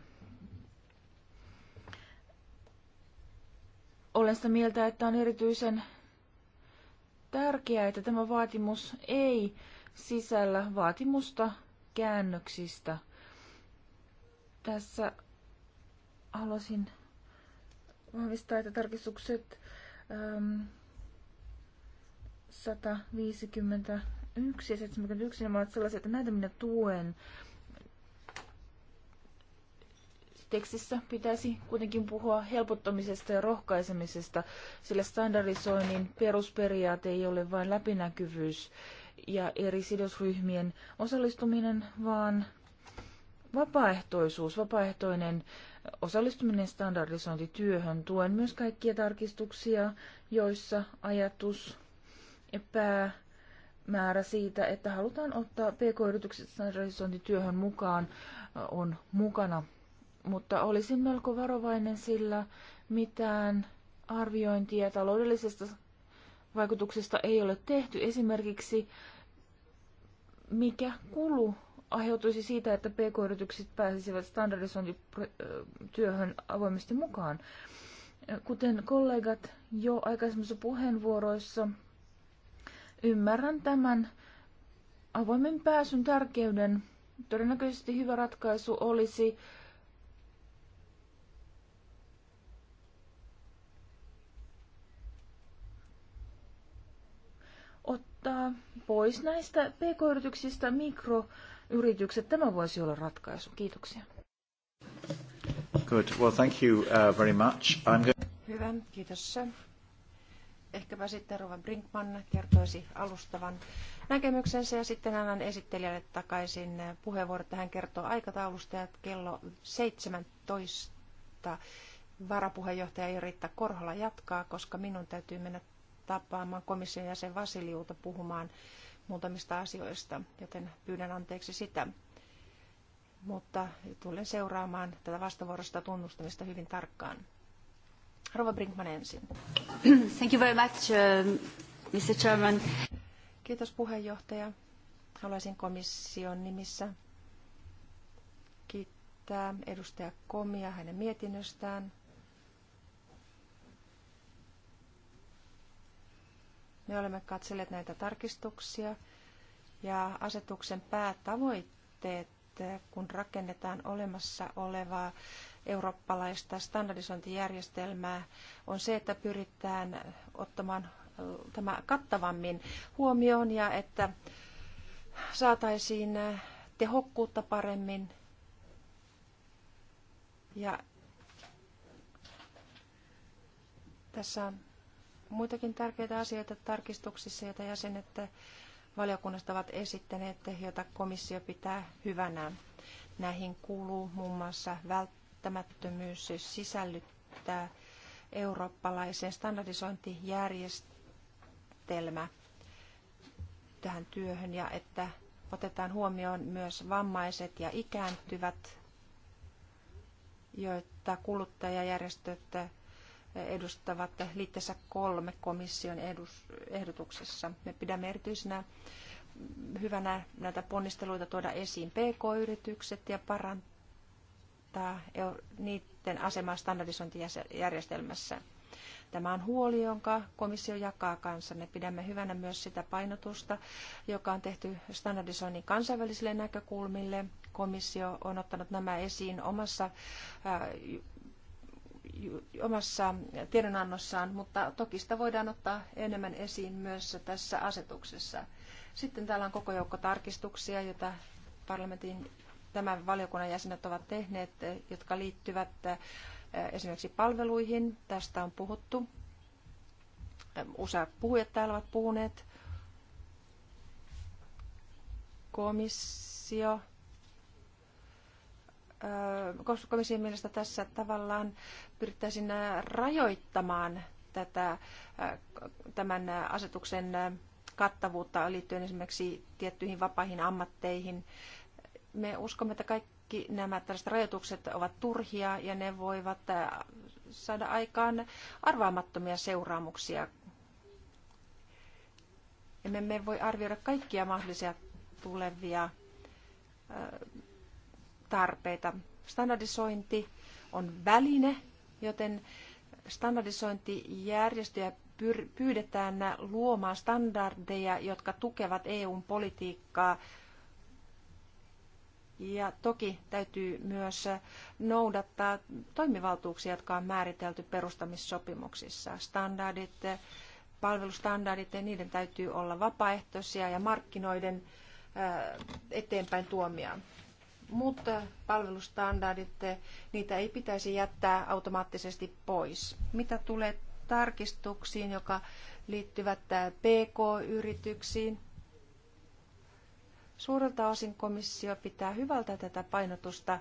Olen sitä mieltä, että on erityisen tärkeää, että tämä vaatimus ei sisällä vaatimusta käännöksistä. Tässä haluaisin vahvistaa, että tarkistukset äm, 151 ja 71 nämä ovat sellaisia, että näitä minä tuen. Tekstissä pitäisi kuitenkin puhua helpottamisesta ja rohkaisemisesta, sillä standardisoinnin perusperiaate ei ole vain läpinäkyvyys ja eri sidosryhmien osallistuminen, vaan vapaaehtoisuus, vapaaehtoinen äh, osallistuminen standardisointityöhön. Tuen myös kaikkia tarkistuksia, joissa ajatus epää määrä siitä, että halutaan ottaa pk-yritykset standardisointityöhön mukaan, on mukana. Mutta olisin melko varovainen, sillä mitään arviointia taloudellisesta vaikutuksesta ei ole tehty. Esimerkiksi mikä kulu aiheutuisi siitä, että pk-yritykset pääsisivät standardisointityöhön avoimesti mukaan. Kuten kollegat jo aikaisemmissa puheenvuoroissa, ymmärrän tämän avoimen pääsyn tärkeyden. Todennäköisesti hyvä ratkaisu olisi ottaa pois näistä pk-yrityksistä mikro- yritykset. Tämä voisi olla ratkaisu. Kiitoksia. Good. Well, thank you uh, very much. I'm going. Hyvä, kiitos. Ehkäpä sitten Rovan Brinkman kertoisi alustavan näkemyksensä ja sitten annan esittelijälle takaisin puheenvuorot. Hän kertoo aikataulusta ja kello 17 varapuheenjohtaja Riitta Korhola jatkaa, koska minun täytyy mennä tapaamaan komission jäsen Vasiliuta puhumaan muutamista asioista, joten pyydän anteeksi sitä. Mutta tulen seuraamaan tätä vastavuorosta tunnustamista hyvin tarkkaan. Rova Brinkman ensin. Thank you very much, uh, Mr. Chairman. Kiitos puheenjohtaja. Haluaisin komission nimissä kiittää edustaja Komia hänen mietinnöstään. Me olemme katselleet näitä tarkistuksia ja asetuksen päätavoitteet, kun rakennetaan olemassa olevaa eurooppalaista standardisointijärjestelmää, on se, että pyritään ottamaan tämä kattavammin huomioon ja että saataisiin tehokkuutta paremmin ja tässä on muitakin tärkeitä asioita tarkistuksissa, joita jäsenet valiokunnasta ovat esittäneet, joita komissio pitää hyvänä. Näihin kuuluu muun muassa välttämättömyys sisällyttää eurooppalaisen standardisointijärjestelmä tähän työhön ja että otetaan huomioon myös vammaiset ja ikääntyvät, joita kuluttajajärjestöt edustavat liitteessä kolme komission ehdotuksessa. Me pidämme erityisenä hyvänä näitä ponnisteluita tuoda esiin PK-yritykset ja parantaa niiden asemaa standardisointijärjestelmässä. Tämä on huoli, jonka komissio jakaa kanssa. Me pidämme hyvänä myös sitä painotusta, joka on tehty standardisoinnin kansainvälisille näkökulmille. Komissio on ottanut nämä esiin omassa äh, omassa tiedonannossaan, mutta toki sitä voidaan ottaa enemmän esiin myös tässä asetuksessa. Sitten täällä on koko joukko tarkistuksia, joita parlamentin tämän valiokunnan jäsenet ovat tehneet, jotka liittyvät esimerkiksi palveluihin. Tästä on puhuttu. Useat puhujat täällä ovat puhuneet. Komissio komission mielestä tässä tavallaan pyrittäisiin rajoittamaan tätä, äh, tämän asetuksen kattavuutta liittyen esimerkiksi tiettyihin vapaihin ammatteihin. Me uskomme, että kaikki nämä tällaiset rajoitukset ovat turhia ja ne voivat äh, saada aikaan arvaamattomia seuraamuksia. Emme me voi arvioida kaikkia mahdollisia tulevia äh, tarpeita. Standardisointi on väline, joten standardisointijärjestöjä pyydetään luomaan standardeja, jotka tukevat EUn politiikkaa. Ja toki täytyy myös noudattaa toimivaltuuksia, jotka on määritelty perustamissopimuksissa. Standardit, palvelustandardit ja niiden täytyy olla vapaaehtoisia ja markkinoiden eteenpäin tuomia muut palvelustandardit, niitä ei pitäisi jättää automaattisesti pois. Mitä tulee tarkistuksiin, joka liittyvät PK-yrityksiin, Suurelta osin komissio pitää hyvältä tätä painotusta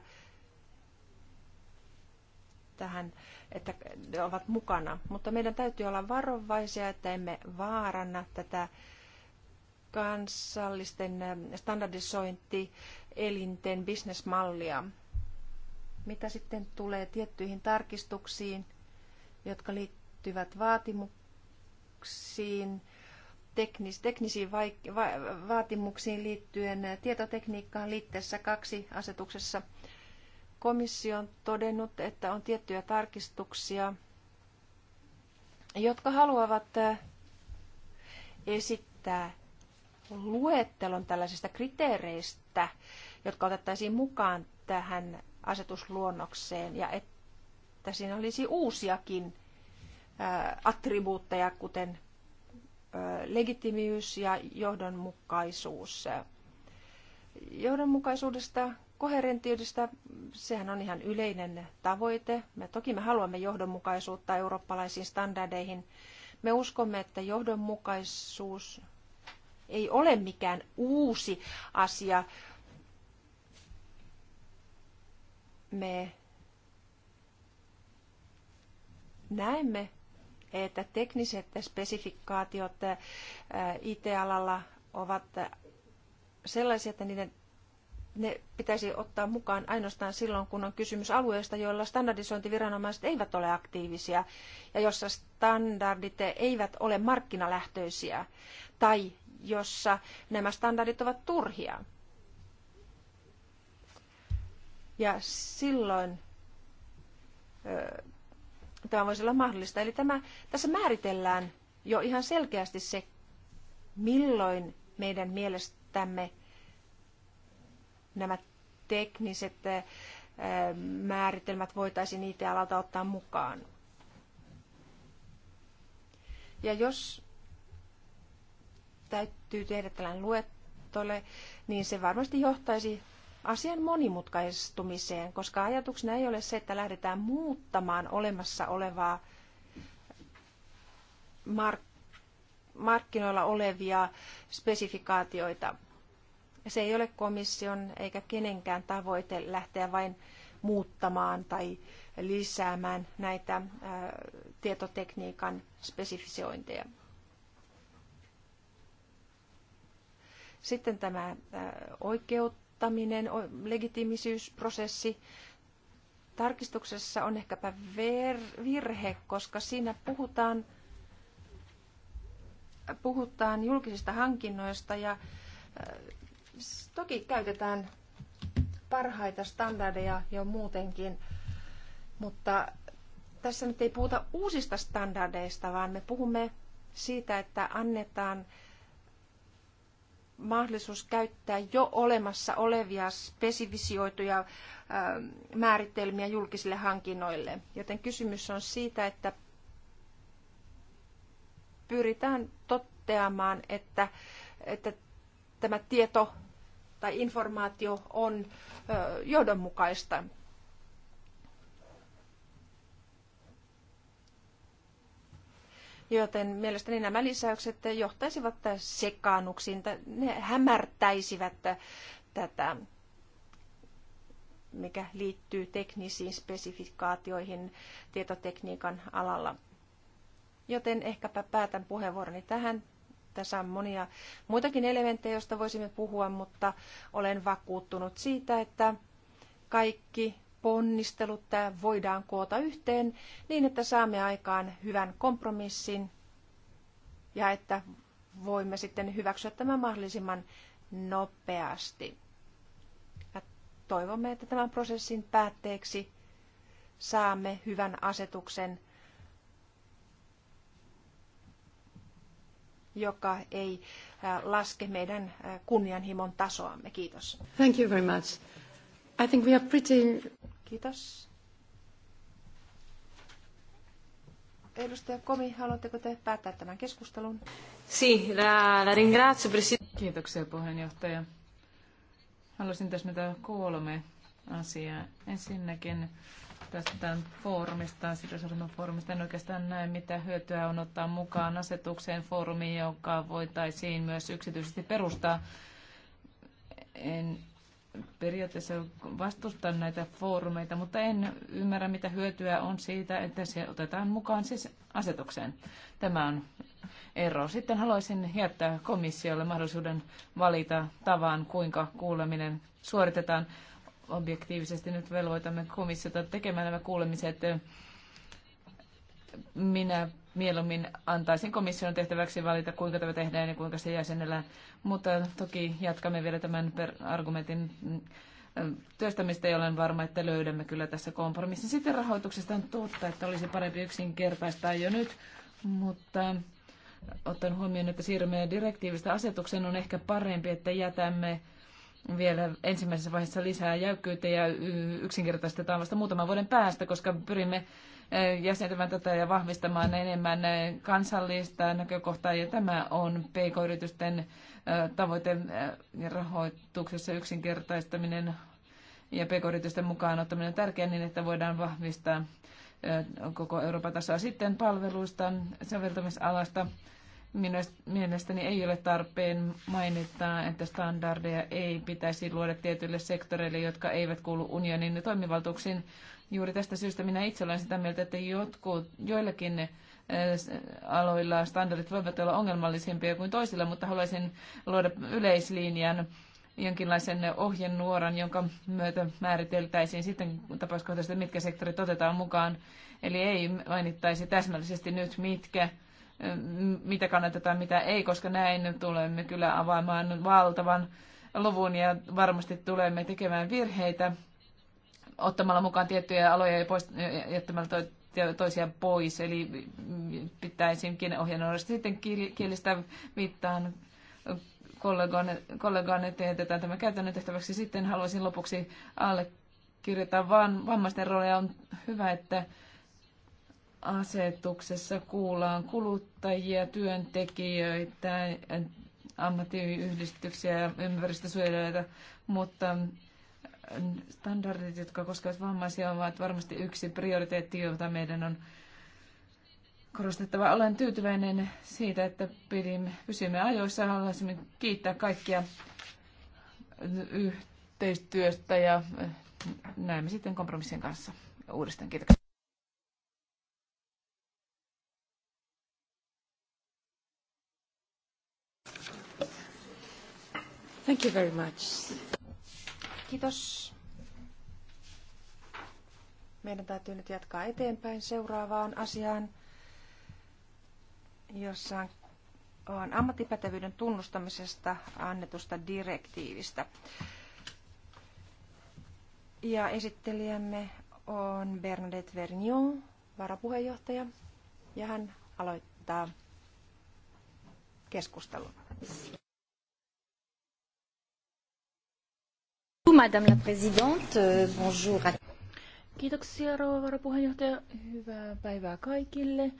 tähän, että ne ovat mukana, mutta meidän täytyy olla varovaisia, että emme vaaranna tätä kansallisten eh, standardisointielinten bisnesmallia. Mitä sitten tulee tiettyihin tarkistuksiin, jotka liittyvät vaatimuksiin, teknis, teknisiin vaik, va, vaatimuksiin liittyen eh, tietotekniikkaan liitteessä kaksi asetuksessa. Komissio on todennut, että on tiettyjä tarkistuksia, jotka haluavat eh, esittää luettelon tällaisista kriteereistä, jotka otettaisiin mukaan tähän asetusluonnokseen ja että siinä olisi uusiakin attribuutteja, kuten legitimiys ja johdonmukaisuus. Johdonmukaisuudesta, koherentiudesta, sehän on ihan yleinen tavoite. Me toki me haluamme johdonmukaisuutta eurooppalaisiin standardeihin. Me uskomme, että johdonmukaisuus ei ole mikään uusi asia. Me näemme, että tekniset spesifikaatiot IT-alalla ovat sellaisia, että niiden ne pitäisi ottaa mukaan ainoastaan silloin, kun on kysymys alueista, joilla standardisointiviranomaiset eivät ole aktiivisia ja jossa standardit eivät ole markkinalähtöisiä tai jossa nämä standardit ovat turhia. Ja silloin ö, tämä voisi olla mahdollista. Eli tämä, tässä määritellään jo ihan selkeästi se, milloin meidän mielestämme nämä tekniset määritelmät voitaisiin IT-alalta ottaa mukaan. Ja jos täytyy tehdä tällainen luettole, niin se varmasti johtaisi asian monimutkaistumiseen, koska ajatuksena ei ole se, että lähdetään muuttamaan olemassa olevaa mark- markkinoilla olevia spesifikaatioita. Se ei ole komission eikä kenenkään tavoite lähteä vain muuttamaan tai lisäämään näitä tietotekniikan spesifisointeja. Sitten tämä äh, oikeuttaminen, legitiimisyysprosessi. Tarkistuksessa on ehkäpä virhe, koska siinä puhutaan, puhutaan julkisista hankinnoista ja äh, toki käytetään parhaita standardeja jo muutenkin, mutta tässä nyt ei puhuta uusista standardeista, vaan me puhumme siitä, että annetaan mahdollisuus käyttää jo olemassa olevia spesifisioituja määritelmiä julkisille hankinnoille. Joten kysymys on siitä, että pyritään toteamaan, että, että tämä tieto tai informaatio on johdonmukaista. Joten mielestäni nämä lisäykset johtaisivat sekaannuksiin, ne hämärtäisivät tätä, mikä liittyy teknisiin spesifikaatioihin tietotekniikan alalla. Joten ehkäpä päätän puheenvuoroni tähän. Tässä on monia muitakin elementtejä, joista voisimme puhua, mutta olen vakuuttunut siitä, että kaikki ponnistelut voidaan koota yhteen niin, että saamme aikaan hyvän kompromissin ja että voimme sitten hyväksyä tämän mahdollisimman nopeasti. Ja toivomme, että tämän prosessin päätteeksi saamme hyvän asetuksen, joka ei laske meidän kunnianhimon tasoamme. Kiitos. Thank you very much. I think we are pretty... Kiitos. Edustaja Komi, haluatteko te päättää tämän keskustelun? Si, la, la ringrazio, Kiitoksia puheenjohtaja. Haluaisin täsmätä kolme asiaa. Ensinnäkin tästä foorumista, sidosryhmän foorumista. En oikeastaan näe, mitä hyötyä on ottaa mukaan asetukseen foorumiin, joka voitaisiin myös yksityisesti perustaa. En periaatteessa vastustan näitä foorumeita, mutta en ymmärrä, mitä hyötyä on siitä, että se otetaan mukaan siis asetukseen. Tämä on ero. Sitten haluaisin jättää komissiolle mahdollisuuden valita tavan, kuinka kuuleminen suoritetaan objektiivisesti. Nyt velvoitamme komissiota tekemään nämä kuulemiset minä mieluummin antaisin komission tehtäväksi valita, kuinka tämä tehdään ja kuinka se jäsenellä. Mutta toki jatkamme vielä tämän per argumentin mm, työstämistä ja olen varma, että löydämme kyllä tässä kompromissin. Sitten rahoituksesta on totta, että olisi parempi yksinkertaistaa jo nyt, mutta ottaen huomioon, että siirrymme direktiivistä asetukseen, on ehkä parempi, että jätämme vielä ensimmäisessä vaiheessa lisää jäykkyyttä ja yksinkertaistetaan vasta muutaman vuoden päästä, koska pyrimme jäsentämään tätä ja vahvistamaan enemmän kansallista näkökohtaa. Ja tämä on PK-yritysten tavoite rahoituksessa yksinkertaistaminen ja PK-yritysten mukaan ottaminen on tärkeää niin, että voidaan vahvistaa koko Euroopan tasoa. Sitten palveluista, soveltamisalasta mielestäni ei ole tarpeen mainita, että standardeja ei pitäisi luoda tietyille sektoreille, jotka eivät kuulu unionin toimivaltuuksiin. Juuri tästä syystä minä itse olen sitä mieltä, että jotkut, joillakin eh, aloilla standardit voivat olla ongelmallisempia kuin toisilla, mutta haluaisin luoda yleislinjan jonkinlaisen ohjenuoran, jonka myötä määriteltäisiin sitten tapauskohtaisesti, mitkä sektorit otetaan mukaan. Eli ei mainittaisi täsmällisesti nyt mitkä, eh, mitä kannatetaan, mitä ei, koska näin tulemme kyllä avaamaan valtavan luvun ja varmasti tulemme tekemään virheitä ottamalla mukaan tiettyjä aloja ja poist, jättämällä to, toisia pois. Eli mm, pitäisinkin ohjenuorasti sitten kielistä viittaan kollegaan eteen jätetään tämä käytännön tehtäväksi. Sitten haluaisin lopuksi allekirjoittaa vaan vammaisten rooleja On hyvä, että asetuksessa kuullaan kuluttajia, työntekijöitä, ammattiyhdistyksiä ja ympäristösuojelijoita, mutta Standardit, jotka koskevat vammaisia, ovat varmasti yksi prioriteetti, jota meidän on korostettava. Olen tyytyväinen siitä, että pidimme, pysymme ajoissa. Haluaisimme kiittää kaikkia yhteistyöstä ja eh, näemme sitten kompromissin kanssa uudestaan. Kiitoksia. Thank you very much. Kiitos. Meidän täytyy nyt jatkaa eteenpäin seuraavaan asiaan, jossa on ammattipätevyyden tunnustamisesta annetusta direktiivistä. Ja esittelijämme on Bernadette Vernion, varapuheenjohtaja, ja hän aloittaa keskustelun. Madame la Présidente. Euh, bonjour. Kiitoksia rouva varapuheenjohtaja. Hyvää päivää kaikille.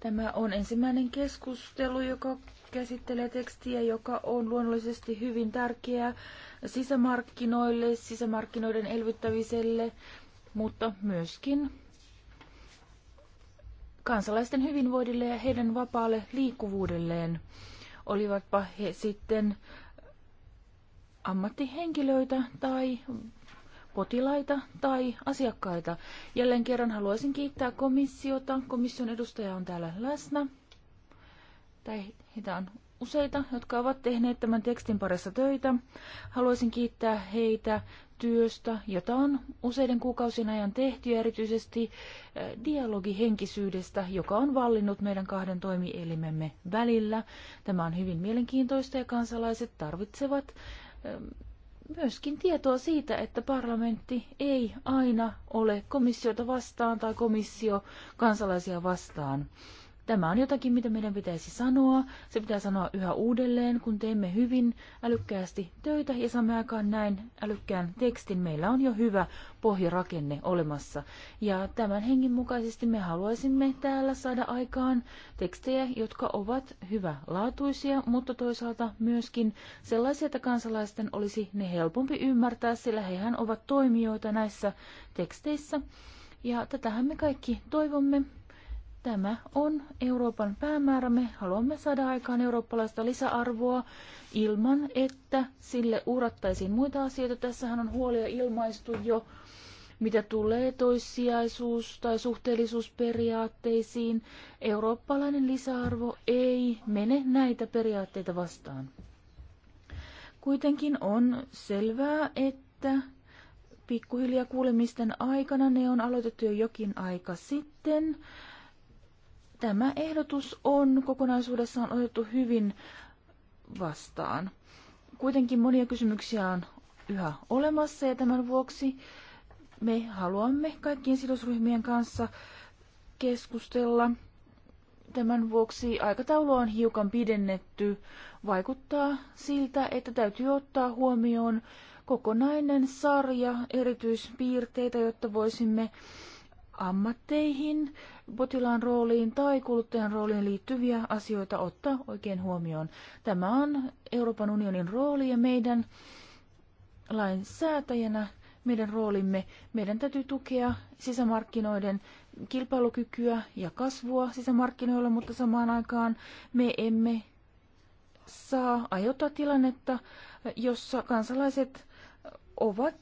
Tämä on ensimmäinen keskustelu, joka käsittelee tekstiä, joka on luonnollisesti hyvin tärkeää sisämarkkinoille, sisämarkkinoiden elvyttämiselle, mutta myöskin kansalaisten hyvinvoinnille ja heidän vapaalle liikkuvuudelleen, olivatpa he sitten ammattihenkilöitä tai potilaita tai asiakkaita. Jälleen kerran haluaisin kiittää komissiota. Komission edustaja on täällä läsnä. Tai heitä on useita, jotka ovat tehneet tämän tekstin parissa töitä. Haluaisin kiittää heitä työstä, jota on useiden kuukausien ajan tehty ja erityisesti eh, dialogihenkisyydestä, joka on vallinnut meidän kahden toimielimemme välillä. Tämä on hyvin mielenkiintoista ja kansalaiset tarvitsevat myöskin tietoa siitä, että parlamentti ei aina ole komissiota vastaan tai komissio kansalaisia vastaan. Tämä on jotakin, mitä meidän pitäisi sanoa. Se pitää sanoa yhä uudelleen, kun teemme hyvin älykkäästi töitä ja saamme aikaan näin älykkään tekstin. Meillä on jo hyvä pohjarakenne olemassa. Ja tämän hengen mukaisesti me haluaisimme täällä saada aikaan tekstejä, jotka ovat hyvälaatuisia, mutta toisaalta myöskin sellaisia, että kansalaisten olisi ne helpompi ymmärtää, sillä hehän ovat toimijoita näissä teksteissä. Ja tätähän me kaikki toivomme. Tämä on Euroopan päämäärämme. haluamme saada aikaan eurooppalaista lisäarvoa ilman, että sille uurattaisiin muita asioita. Tässähän on huolia ilmaistu jo, mitä tulee toissijaisuus- tai suhteellisuusperiaatteisiin. Eurooppalainen lisäarvo ei mene näitä periaatteita vastaan. Kuitenkin on selvää, että pikkuhiljaa kuulemisten aikana ne on aloitettu jo jokin aika sitten tämä ehdotus on kokonaisuudessaan otettu hyvin vastaan. Kuitenkin monia kysymyksiä on yhä olemassa ja tämän vuoksi me haluamme kaikkien sidosryhmien kanssa keskustella. Tämän vuoksi aikataulu on hiukan pidennetty. Vaikuttaa siltä, että täytyy ottaa huomioon kokonainen sarja erityispiirteitä, jotta voisimme ammatteihin potilaan rooliin tai kuluttajan rooliin liittyviä asioita ottaa oikein huomioon. Tämä on Euroopan unionin rooli ja meidän lainsäätäjänä meidän roolimme. Meidän täytyy tukea sisämarkkinoiden kilpailukykyä ja kasvua sisämarkkinoilla, mutta samaan aikaan me emme saa ajota tilannetta, jossa kansalaiset ovat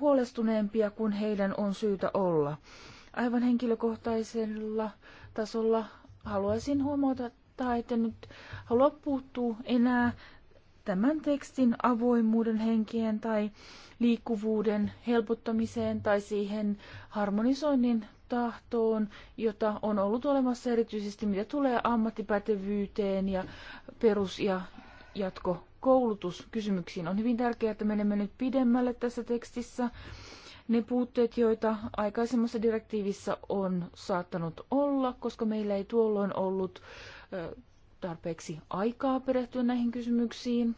huolestuneempia kuin heidän on syytä olla aivan henkilökohtaisella tasolla haluaisin huomata, että nyt halua puuttuu enää tämän tekstin avoimuuden henkien tai liikkuvuuden helpottamiseen tai siihen harmonisoinnin tahtoon, jota on ollut olemassa erityisesti mitä tulee ammattipätevyyteen ja perus- ja jatkokoulutuskysymyksiin. On hyvin tärkeää, että menemme nyt pidemmälle tässä tekstissä ne puutteet, joita aikaisemmassa direktiivissä on saattanut olla, koska meillä ei tuolloin ollut tarpeeksi aikaa perehtyä näihin kysymyksiin,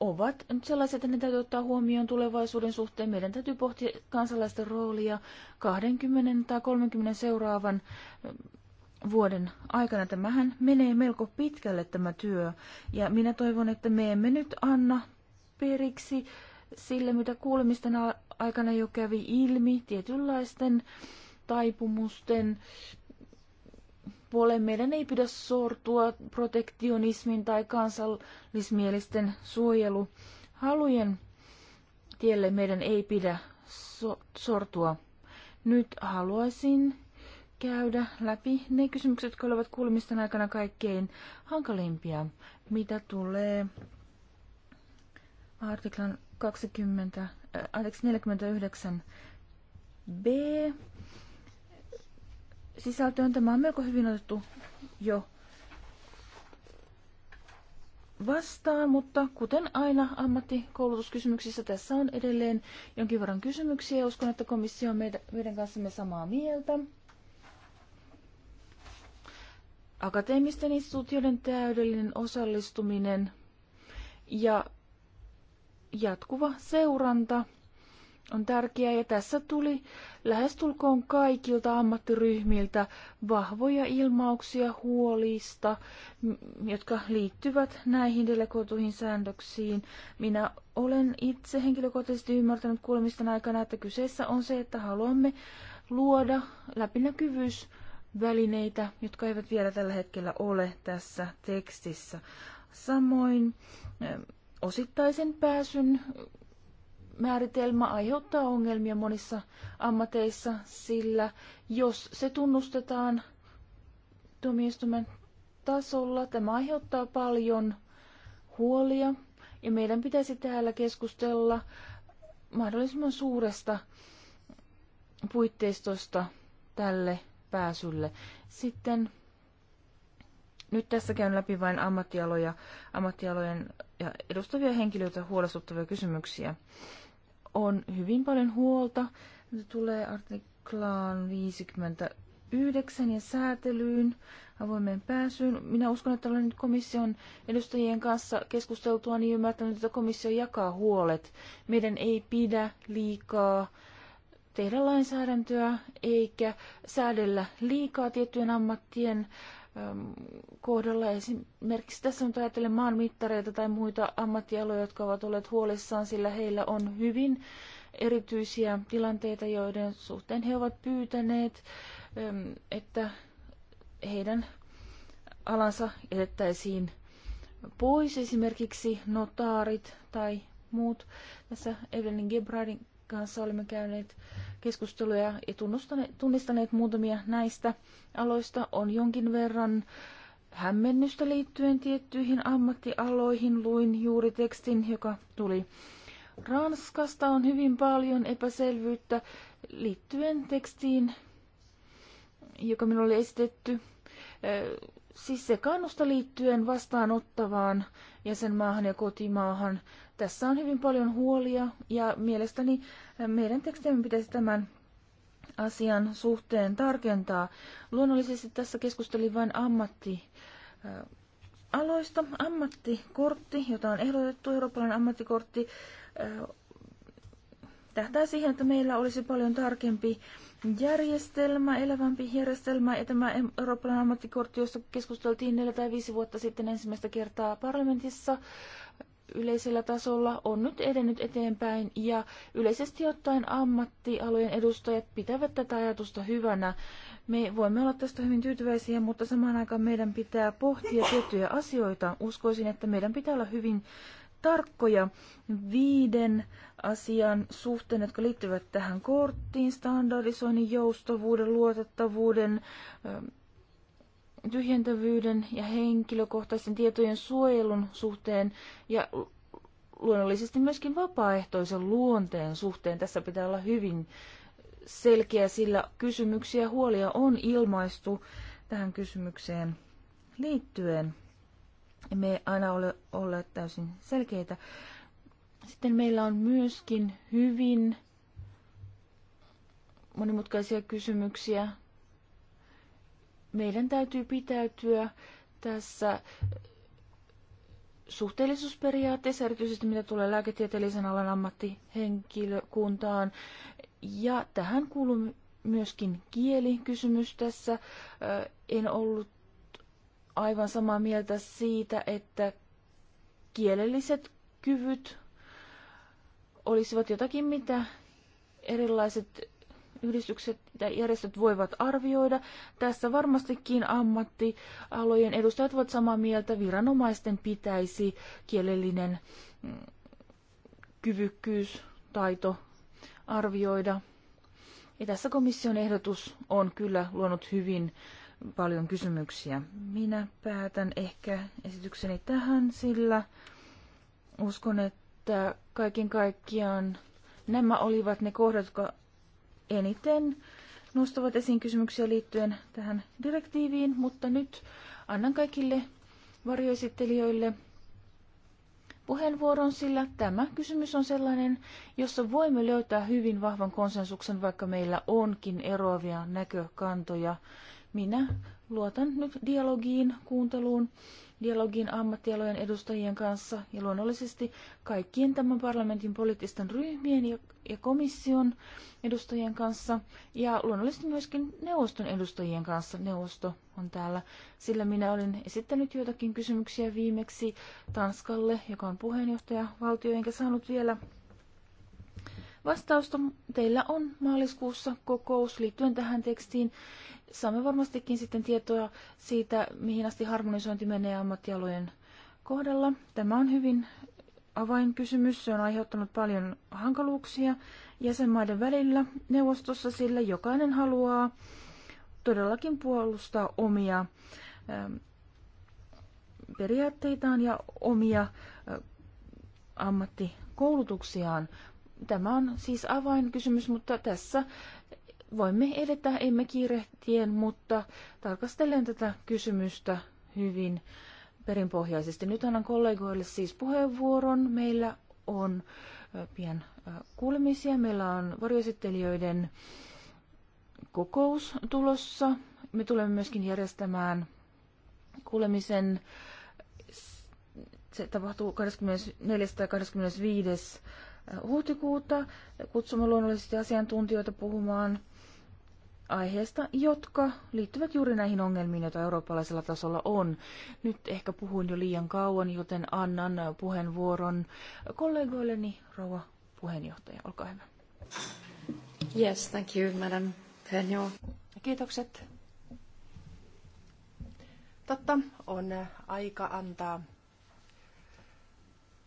ovat nyt sellaiset, että ne täytyy ottaa huomioon tulevaisuuden suhteen. Meidän täytyy pohtia kansalaisten roolia 20 tai 30 seuraavan vuoden aikana. Tämähän menee melko pitkälle tämä työ ja minä toivon, että me emme nyt anna periksi Sille, mitä kuulemisten aikana jo kävi ilmi, tietynlaisten taipumusten puoleen meidän ei pidä sortua protektionismin tai kansallismielisten suojeluhalujen tielle meidän ei pidä so- sortua. Nyt haluaisin käydä läpi ne kysymykset, jotka olivat kuulemisten aikana kaikkein hankalimpia, mitä tulee artiklan 20, äh, anteeksi, 49 B sisältöön. Tämä on melko hyvin otettu jo vastaan, mutta kuten aina ammattikoulutuskysymyksissä, tässä on edelleen jonkin verran kysymyksiä. Uskon, että komissio on meidän, meidän kanssamme samaa mieltä. Akateemisten instituutioiden täydellinen osallistuminen ja jatkuva seuranta on tärkeää ja tässä tuli lähestulkoon kaikilta ammattiryhmiltä vahvoja ilmauksia huolista, jotka liittyvät näihin delegoituihin säännöksiin. Minä olen itse henkilökohtaisesti ymmärtänyt kuulemisten aikana, että kyseessä on se, että haluamme luoda välineitä, jotka eivät vielä tällä hetkellä ole tässä tekstissä. Samoin osittaisen pääsyn määritelmä aiheuttaa ongelmia monissa ammateissa, sillä jos se tunnustetaan tuomioistuimen tasolla, tämä aiheuttaa paljon huolia ja meidän pitäisi täällä keskustella mahdollisimman suuresta puitteistosta tälle pääsylle. Sitten nyt tässä käyn läpi vain ammattialoja, ammattialojen ja edustavia henkilöitä huolestuttavia kysymyksiä. On hyvin paljon huolta. Se tulee artiklaan 59 ja säätelyyn, avoimeen pääsyyn. Minä uskon, että olen nyt komission edustajien kanssa keskusteltua niin ymmärtänyt, että komissio jakaa huolet. Meidän ei pidä liikaa tehdä lainsäädäntöä eikä säädellä liikaa tiettyjen ammattien kohdalla. Esimerkiksi tässä nyt ajattelen maanmittareita tai muita ammattialoja, jotka ovat olleet huolissaan, sillä heillä on hyvin erityisiä tilanteita, joiden suhteen he ovat pyytäneet, että heidän alansa jätettäisiin pois, esimerkiksi notaarit tai muut. Tässä Evelyn Gebradin kanssa olimme käyneet keskusteluja ja tunnistaneet muutamia näistä aloista. On jonkin verran hämmennystä liittyen tiettyihin ammattialoihin. Luin juuri tekstin, joka tuli Ranskasta. On hyvin paljon epäselvyyttä liittyen tekstiin, joka minulle oli esitetty. Siis sekaannusta liittyen vastaanottavaan jäsenmaahan ja kotimaahan. Tässä on hyvin paljon huolia ja mielestäni meidän tekstimme pitäisi tämän asian suhteen tarkentaa. Luonnollisesti tässä keskustelin vain ammatti aloista. Ammattikortti, jota on ehdotettu, eurooppalainen ammattikortti, tähtää siihen, että meillä olisi paljon tarkempi äh, järjestelmä, elävämpi järjestelmä ja tämä Euroopan ammattikortti, josta keskusteltiin neljä tai viisi vuotta sitten ensimmäistä kertaa parlamentissa yleisellä tasolla, on nyt edennyt eteenpäin ja yleisesti ottaen ammattialojen edustajat pitävät tätä ajatusta hyvänä. Me voimme olla tästä hyvin tyytyväisiä, mutta samaan aikaan meidän pitää pohtia tiettyjä asioita. Uskoisin, että meidän pitää olla hyvin tarkkoja viiden asian suhteen, jotka liittyvät tähän korttiin, standardisoinnin, joustavuuden, luotettavuuden, tyhjentävyyden ja henkilökohtaisen tietojen suojelun suhteen ja luonnollisesti myöskin vapaaehtoisen luonteen suhteen. Tässä pitää olla hyvin selkeä, sillä kysymyksiä ja huolia on ilmaistu tähän kysymykseen liittyen. Me aina ole olleet täysin selkeitä. Sitten meillä on myöskin hyvin monimutkaisia kysymyksiä. Meidän täytyy pitäytyä tässä suhteellisuusperiaatteessa, erityisesti mitä tulee lääketieteellisen alan ammattihenkilökuntaan. Ja tähän kuuluu myöskin kielikysymys tässä. En ollut aivan samaa mieltä siitä, että kielelliset kyvyt olisivat jotakin, mitä erilaiset yhdistykset ja järjestöt voivat arvioida. Tässä varmastikin ammattialojen edustajat ovat samaa mieltä. Viranomaisten pitäisi kielellinen mm, kyvykkyys, taito arvioida. Ja tässä komission ehdotus on kyllä luonut hyvin paljon kysymyksiä. Minä päätän ehkä esitykseni tähän, sillä uskon, että että kaiken kaikkiaan nämä olivat ne kohdat, jotka eniten nostavat esiin kysymyksiä liittyen tähän direktiiviin, mutta nyt annan kaikille varjoesittelijöille puheenvuoron, sillä tämä kysymys on sellainen, jossa voimme löytää hyvin vahvan konsensuksen, vaikka meillä onkin eroavia näkökantoja. Minä luotan nyt dialogiin, kuunteluun, dialogiin ammattialojen edustajien kanssa ja luonnollisesti kaikkien tämän parlamentin poliittisten ryhmien ja komission edustajien kanssa ja luonnollisesti myöskin neuvoston edustajien kanssa. Neuvosto on täällä, sillä minä olin esittänyt joitakin kysymyksiä viimeksi Tanskalle, joka on puheenjohtaja valtio, enkä saanut vielä vastausta. Teillä on maaliskuussa kokous liittyen tähän tekstiin saamme varmastikin sitten tietoa siitä, mihin asti harmonisointi menee ammattialojen kohdalla. Tämä on hyvin avainkysymys. Se on aiheuttanut paljon hankaluuksia jäsenmaiden välillä neuvostossa, sillä jokainen haluaa todellakin puolustaa omia ähm, periaatteitaan ja omia äh, ammattikoulutuksiaan. Tämä on siis avainkysymys, mutta tässä voimme edetä, emme kiirehtien, mutta tarkastelen tätä kysymystä hyvin perinpohjaisesti. Nyt annan kollegoille siis puheenvuoron. Meillä on pian kuulemisia. Meillä on varjoesittelijöiden kokous tulossa. Me tulemme myöskin järjestämään kuulemisen. Se tapahtuu 24. ja 25. huhtikuuta. Kutsumme luonnollisesti asiantuntijoita puhumaan aiheesta, jotka liittyvät juuri näihin ongelmiin, joita eurooppalaisella tasolla on. Nyt ehkä puhuin jo liian kauan, joten annan puheenvuoron kollegoilleni, rouva puheenjohtaja, olkaa hyvä. Yes, thank you, madam Penjo. Kiitokset. Totta, on aika antaa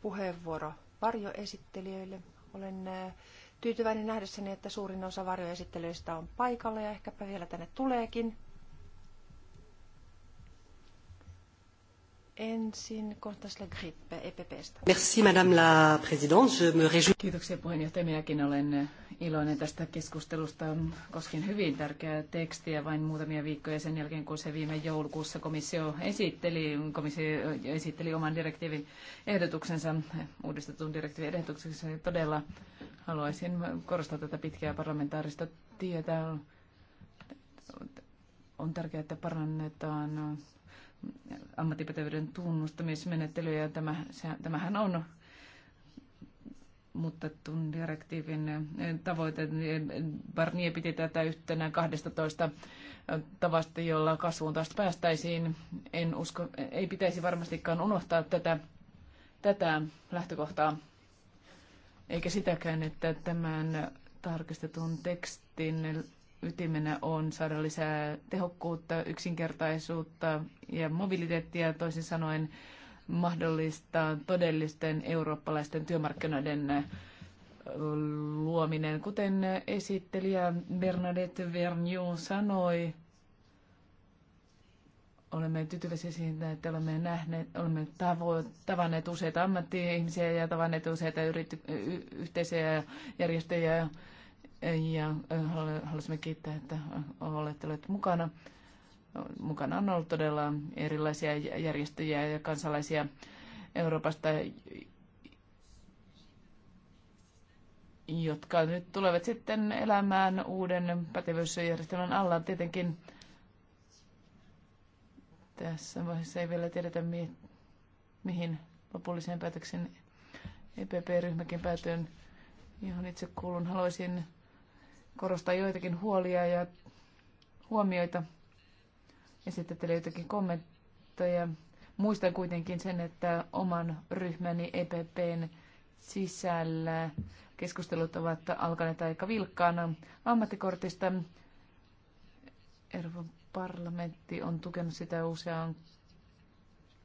puheenvuoro varjoesittelijöille. Olen äh, tyytyväinen nähdessäni, että suurin osa varjoesittelyistä on paikalla ja ehkäpä vielä tänne tuleekin. ensin Cortas Grippe EPPstä. Merci Madame la Présidente. Je me réjouis. Kiitoksia puheenjohtaja. Minäkin olen eh, iloinen tästä keskustelusta koskien hyvin tärkeää tekstiä vain muutamia viikkoja sen jälkeen, kun se viime joulukuussa komissio esitteli, komissio esitteli oman direktiivin ehdotuksensa, eh, uudistetun direktiivin ehdotuksensa. Todella haluaisin korostaa tätä pitkää parlamentaarista tietä. On tärkeää, että parannetaan ammattipätevyyden tunnustamismenettelyjä. Tämä, se, tämähän on muutetun direktiivin tavoite. Barnier piti tätä yhtenä 12 tavasta, jolla kasvuun taas päästäisiin. En usko, ei pitäisi varmastikaan unohtaa tätä, tätä lähtökohtaa, eikä sitäkään, että tämän tarkistetun tekstin ytimenä on saada lisää tehokkuutta, yksinkertaisuutta ja mobiliteettia, toisin sanoen mahdollistaa todellisten eurooppalaisten työmarkkinoiden äh, luominen. Kuten esittelijä Bernadette Vernieu sanoi, olemme tyytyväisiä siitä, että olemme, nähneet, olemme tavo- tavanneet useita ammatti-ihmisiä ja tavanneet useita yrity- y- yhteisöjä ja järjestöjä ja halusimme kiittää, että olette olleet mukana. Mukana on ollut todella erilaisia järjestöjä ja kansalaisia Euroopasta, jotka nyt tulevat sitten elämään uuden pätevyysjärjestelmän alla. Tietenkin tässä vaiheessa ei vielä tiedetä, mi- mihin lopulliseen päätöksen EPP-ryhmäkin päätyy, johon itse kuulun. Haluaisin korostaa joitakin huolia ja huomioita, esittää joitakin kommentteja. Muistan kuitenkin sen, että oman ryhmäni EPPn sisällä keskustelut ovat alkaneet aika vilkkaana ammattikortista. Euroopan parlamentti on tukenut sitä useaan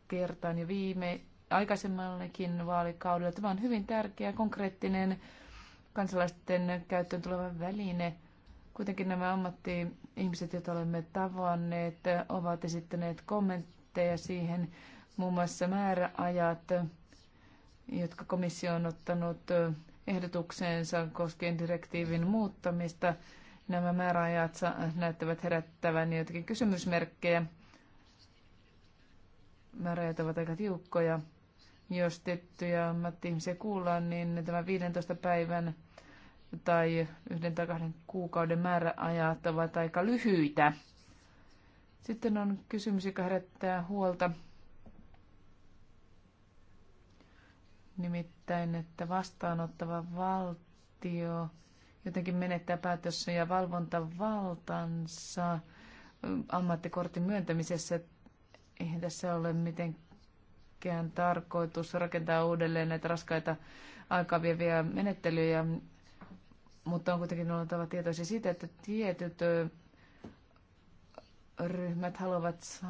kertaan ja viime aikaisemmallekin vaalikaudella. Tämä on hyvin tärkeä konkreettinen kansalaisten käyttöön tuleva väline. Kuitenkin nämä ammatti-ihmiset, joita olemme tavanneet, ovat esittäneet kommentteja siihen, muun muassa määräajat, jotka komissio on ottanut ehdotukseensa koskien direktiivin muuttamista. Nämä määräajat näyttävät herättävän joitakin kysymysmerkkejä. Määräajat ovat aika tiukkoja. Jos tiettyjä ammatti-ihmisiä kuullaan, niin tämä 15 päivän tai yhden tai kahden kuukauden määräajat ovat aika lyhyitä. Sitten on kysymys, joka herättää huolta. Nimittäin, että vastaanottava valtio jotenkin menettää päätössä ja valvontavaltansa ammattikortin myöntämisessä. Eihän tässä ole mitenkään tarkoitus rakentaa uudelleen näitä raskaita aikaa vieviä menettelyjä mutta on kuitenkin oltava tietoisia siitä, että tietyt ryhmät haluavat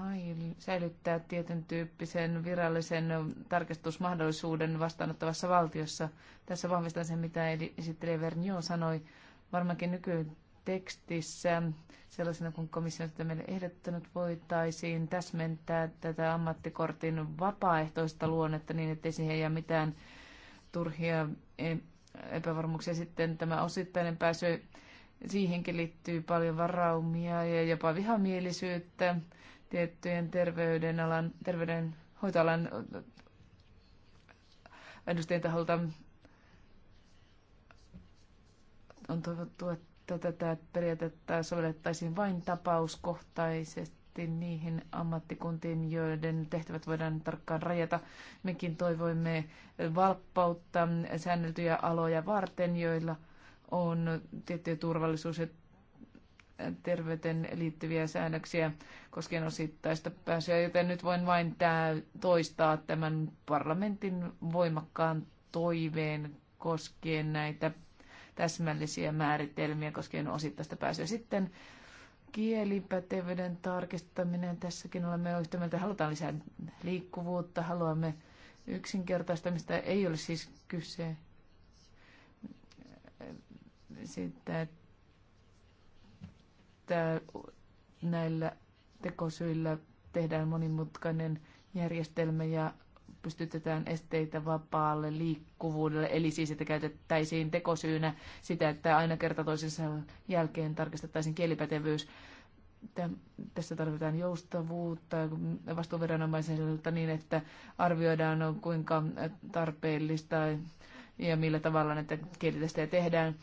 säilyttää tietyn tyyppisen virallisen tarkastusmahdollisuuden vastaanottavassa valtiossa. Tässä vahvistan sen, mitä esittelijä Vernio sanoi. Varmaankin nykytekstissä sellaisena kuin komissio sitä meille ehdottanut, voitaisiin täsmentää tätä ammattikortin vapaaehtoista luonnetta niin, ettei siihen jää mitään turhia epävarmuuksia. Sitten tämä osittainen pääsy, siihenkin liittyy paljon varaumia ja jopa vihamielisyyttä tiettyjen terveydenalan, terveydenhoitoalan edustajien taholta. On toivottu, että tätä periaatetta sovellettaisiin vain tapauskohtaisesti erityisesti niihin ammattikuntiin, joiden tehtävät voidaan tarkkaan rajata. Mekin toivoimme valppautta säänneltyjä aloja varten, joilla on tiettyjä turvallisuus- ja terveyteen liittyviä säännöksiä koskien osittaista pääsyä, joten nyt voin vain tää toistaa tämän parlamentin voimakkaan toiveen koskien näitä täsmällisiä määritelmiä koskien osittaista pääsyä. Sitten kielipätevyyden tarkistaminen. Tässäkin olemme yhtä mieltä, halutaan lisää liikkuvuutta, haluamme yksinkertaistamista. Ei ole siis kyse siitä, että näillä tekosyillä tehdään monimutkainen järjestelmä ja pystytetään esteitä vapaalle liikkuvuudelle, eli siis, että käytettäisiin tekosyynä sitä, että aina kerta toisensa jälkeen tarkistettaisiin kielipätevyys. Tässä tarvitaan joustavuutta vastuuviranomaiselta niin, että arvioidaan kuinka tarpeellista ja millä tavalla näitä kielitestejä tehdään.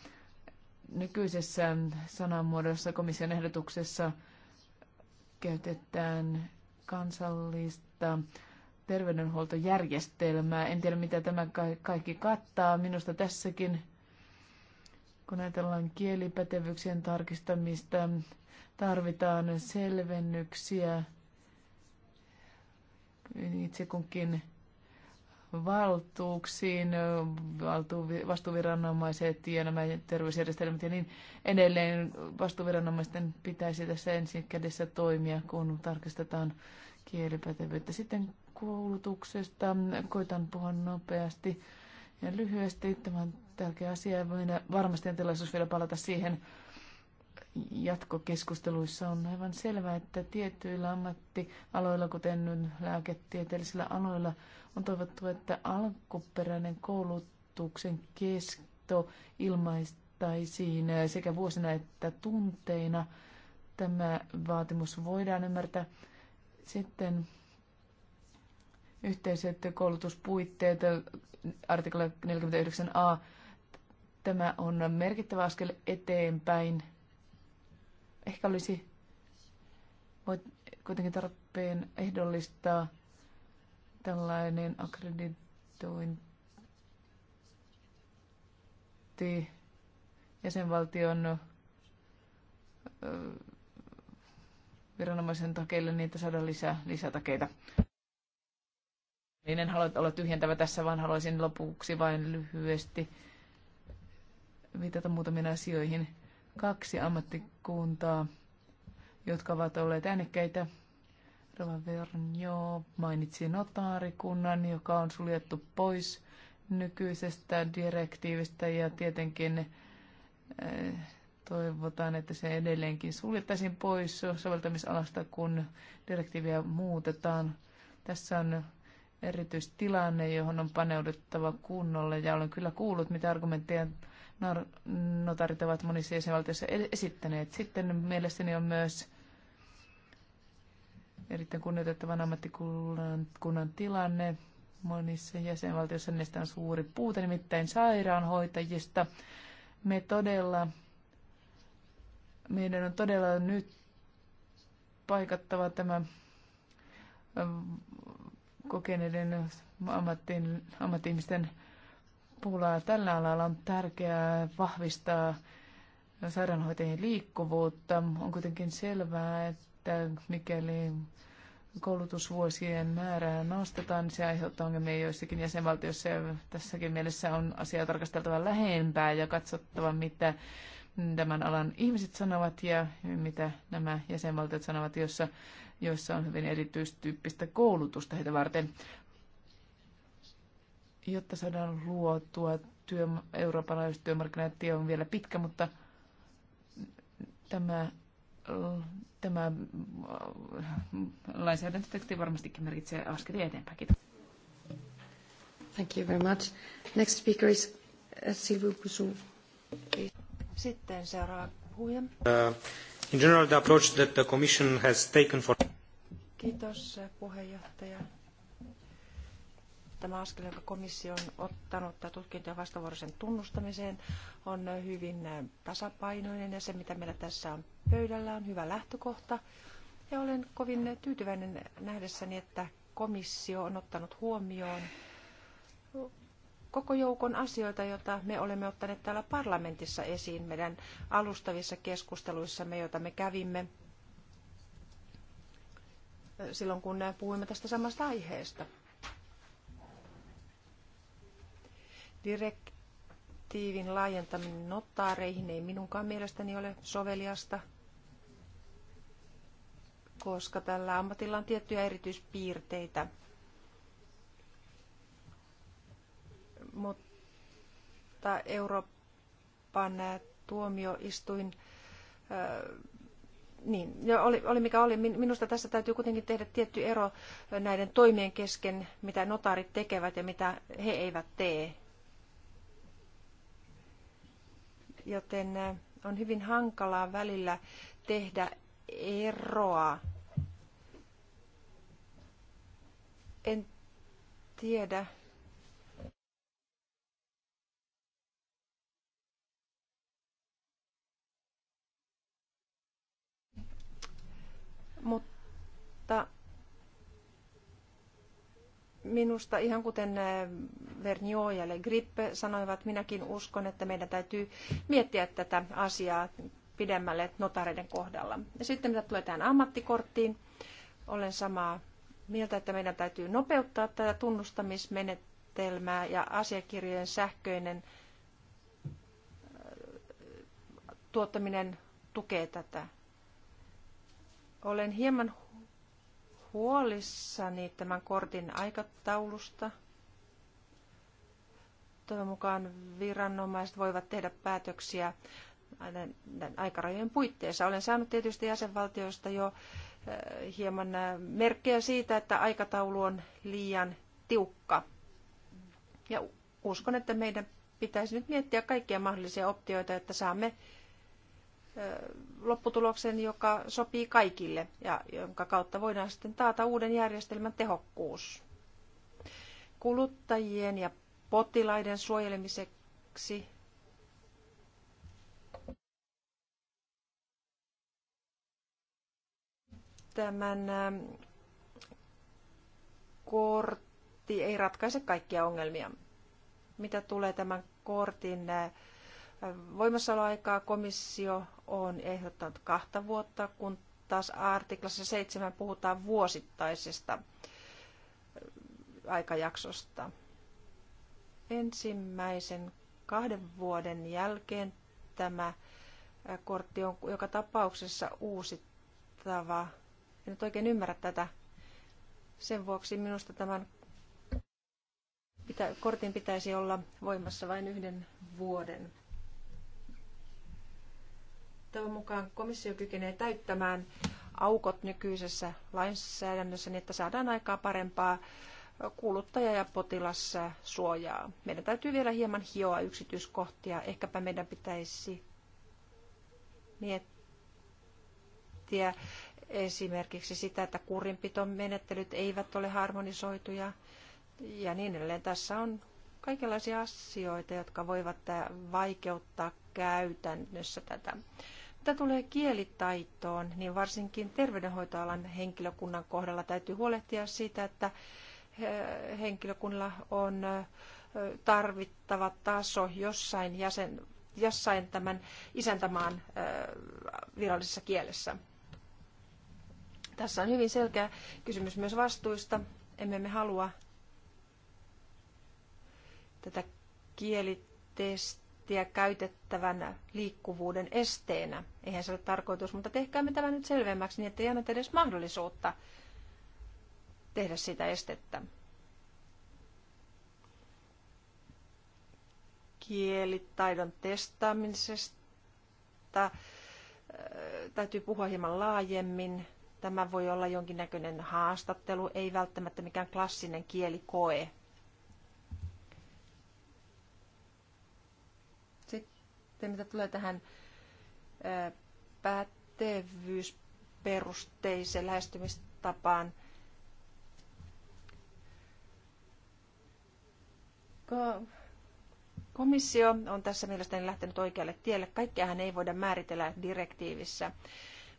Nykyisessä sanamuodossa komission ehdotuksessa käytetään kansallista terveydenhuoltojärjestelmää. En tiedä, mitä tämä kaikki kattaa. Minusta tässäkin, kun ajatellaan kielipätevyyksien tarkistamista, tarvitaan selvennyksiä itse kunkin valtuuksiin, valtu, vastuuviranomaiset ja nämä terveysjärjestelmät ja niin edelleen. Vastuuviranomaisten pitäisi tässä ensin kädessä toimia, kun tarkistetaan kielipätevyyttä. Sitten koulutuksesta koitan puhua nopeasti ja lyhyesti. Tämä on tärkeä asia. Minä varmasti on tilaisuus vielä palata siihen jatkokeskusteluissa. On aivan selvää, että tietyillä ammattialoilla, kuten lääketieteellisillä aloilla, on toivottu, että alkuperäinen koulutuksen kesto ilmaistaisiin sekä vuosina että tunteina. Tämä vaatimus voidaan ymmärtää sitten ja koulutuspuitteet, artikla 49a. Tämä on merkittävä askel eteenpäin. Ehkä olisi voit kuitenkin tarpeen ehdollistaa tällainen akkreditointi jäsenvaltion viranomaisen takeille, niin että saadaan lisää, lisätakeita. Niin en halua olla tyhjentävä tässä, vaan haluaisin lopuksi vain lyhyesti viitata muutamiin asioihin. Kaksi ammattikuntaa, jotka ovat olleet äänekkäitä. Rova Vernio mainitsi notaarikunnan, joka on suljettu pois nykyisestä direktiivistä ja tietenkin äh, Toivotaan, että se edelleenkin suljettaisiin pois soveltamisalasta, kun direktiiviä muutetaan. Tässä on erityistilanne, johon on paneuduttava kunnolle ja olen kyllä kuullut, mitä argumentteja notarit ovat monissa jäsenvaltioissa e-, esittäneet. Sitten mielestäni on myös erittäin kunnioitettavan ammattikunnan tilanne. Monissa jäsenvaltioissa niistä on suuri puute, nimittäin sairaanhoitajista. Me todella meidän on todella nyt paikattava tämä ähm, kokeneiden ammattiin, ammattiimisten pulaa. Tällä alalla on tärkeää vahvistaa sairaanhoitajien liikkuvuutta. On kuitenkin selvää, että mikäli koulutusvuosien määrää nostetaan, niin se aiheuttaa ongelmia joissakin jäsenvaltioissa. Ja tässäkin mielessä on asiaa tarkasteltava lähempää ja katsottava, mitä tämän alan ihmiset sanovat ja mitä nämä jäsenvaltiot sanovat, joissa, joissa on hyvin erityistyyppistä koulutusta heitä varten, jotta saadaan luotua työ, Euroopan laajuiset työmarkkinat. Tie on vielä pitkä, mutta tämä, tämä äh, lainsäädäntöteksti varmastikin merkitsee askelia eteenpäin. Kiitos. Thank you very much. Next speaker is äh, Silvio Pusu. Please. Sitten seuraava puhuja. Uh, in general, the approach that the Commission has taken for... Kiitos puheenjohtaja. Tämä askel, jonka komissio on ottanut tutkintojen vastavuoroisen tunnustamiseen, on hyvin tasapainoinen ja se, mitä meillä tässä on pöydällä, on hyvä lähtökohta. Ja olen kovin tyytyväinen nähdessäni, että komissio on ottanut huomioon koko joukon asioita, joita me olemme ottaneet täällä parlamentissa esiin meidän alustavissa keskusteluissamme, joita me kävimme silloin, kun puhuimme tästä samasta aiheesta. Direktiivin laajentaminen notaareihin ei minunkaan mielestäni ole soveliasta, koska tällä ammatilla on tiettyjä erityispiirteitä – mutta Euroopan äh, tuomioistuin äh, niin, oli, oli mikä oli. Minusta tässä täytyy kuitenkin tehdä tietty ero näiden toimien kesken, mitä notaarit tekevät ja mitä he eivät tee. Joten äh, on hyvin hankalaa välillä tehdä eroa. En tiedä. Mutta minusta ihan kuten eh, Vernio ja Le Grip sanoivat, minäkin uskon, että meidän täytyy miettiä tätä asiaa pidemmälle notareiden kohdalla. Ja sitten mitä tulee tähän ammattikorttiin, olen samaa mieltä, että meidän täytyy nopeuttaa tätä tunnustamismenetelmää ja asiakirjojen sähköinen eh, tuottaminen tukee tätä. Olen hieman huolissani tämän kortin aikataulusta. Toivon mukaan viranomaiset voivat tehdä päätöksiä aikarajojen puitteissa. Olen saanut tietysti jäsenvaltioista jo eh, hieman eh, merkkejä siitä, että aikataulu on liian tiukka. Ja uskon, että meidän pitäisi nyt miettiä kaikkia mahdollisia optioita, että saamme lopputuloksen, joka sopii kaikille ja jonka kautta voidaan sitten taata uuden järjestelmän tehokkuus. Kuluttajien ja potilaiden suojelemiseksi tämän kortti ei ratkaise kaikkia ongelmia. Mitä tulee tämän kortin voimassaoloaikaa komissio on ehdottanut kahta vuotta, kun taas artiklassa 7 puhutaan vuosittaisesta äh, aikajaksosta. Ensimmäisen kahden vuoden jälkeen tämä äh, kortti on joka tapauksessa uusittava. En nyt oikein ymmärrä tätä. Sen vuoksi minusta tämän kortin pitäisi olla voimassa vain yhden vuoden. Toivon mukaan komissio kykenee täyttämään aukot nykyisessä lainsäädännössä niin, että saadaan aikaa parempaa kuluttaja- ja potilassuojaa. Meidän täytyy vielä hieman hioa yksityiskohtia. Ehkäpä meidän pitäisi miettiä esimerkiksi sitä, että kurinpitomenettelyt eivät ole harmonisoituja ja niin edelleen. Tässä on kaikenlaisia asioita, jotka voivat vaikeuttaa käytännössä tätä. Mitä tulee kielitaitoon, niin varsinkin terveydenhoitoalan henkilökunnan kohdalla täytyy huolehtia siitä, että henkilökunnalla on tarvittava taso jossain, jäsen, jossain tämän isäntämaan virallisessa kielessä. Tässä on hyvin selkeä kysymys myös vastuista. Emme me halua tätä kielitestiä prosenttia käytettävän liikkuvuuden esteenä. Eihän se ole tarkoitus, mutta tehkäämme tämä nyt selvemmäksi niin, että ei anneta edes mahdollisuutta tehdä sitä estettä. Kielitaidon testaamisesta äh, täytyy puhua hieman laajemmin. Tämä voi olla jonkinnäköinen haastattelu, ei välttämättä mikään klassinen kielikoe, Sitten mitä tulee tähän pätevyysperusteiseen lähestymistapaan, Komissio on tässä mielestäni lähtenyt oikealle tielle. Kaikkeahan ei voida määritellä direktiivissä,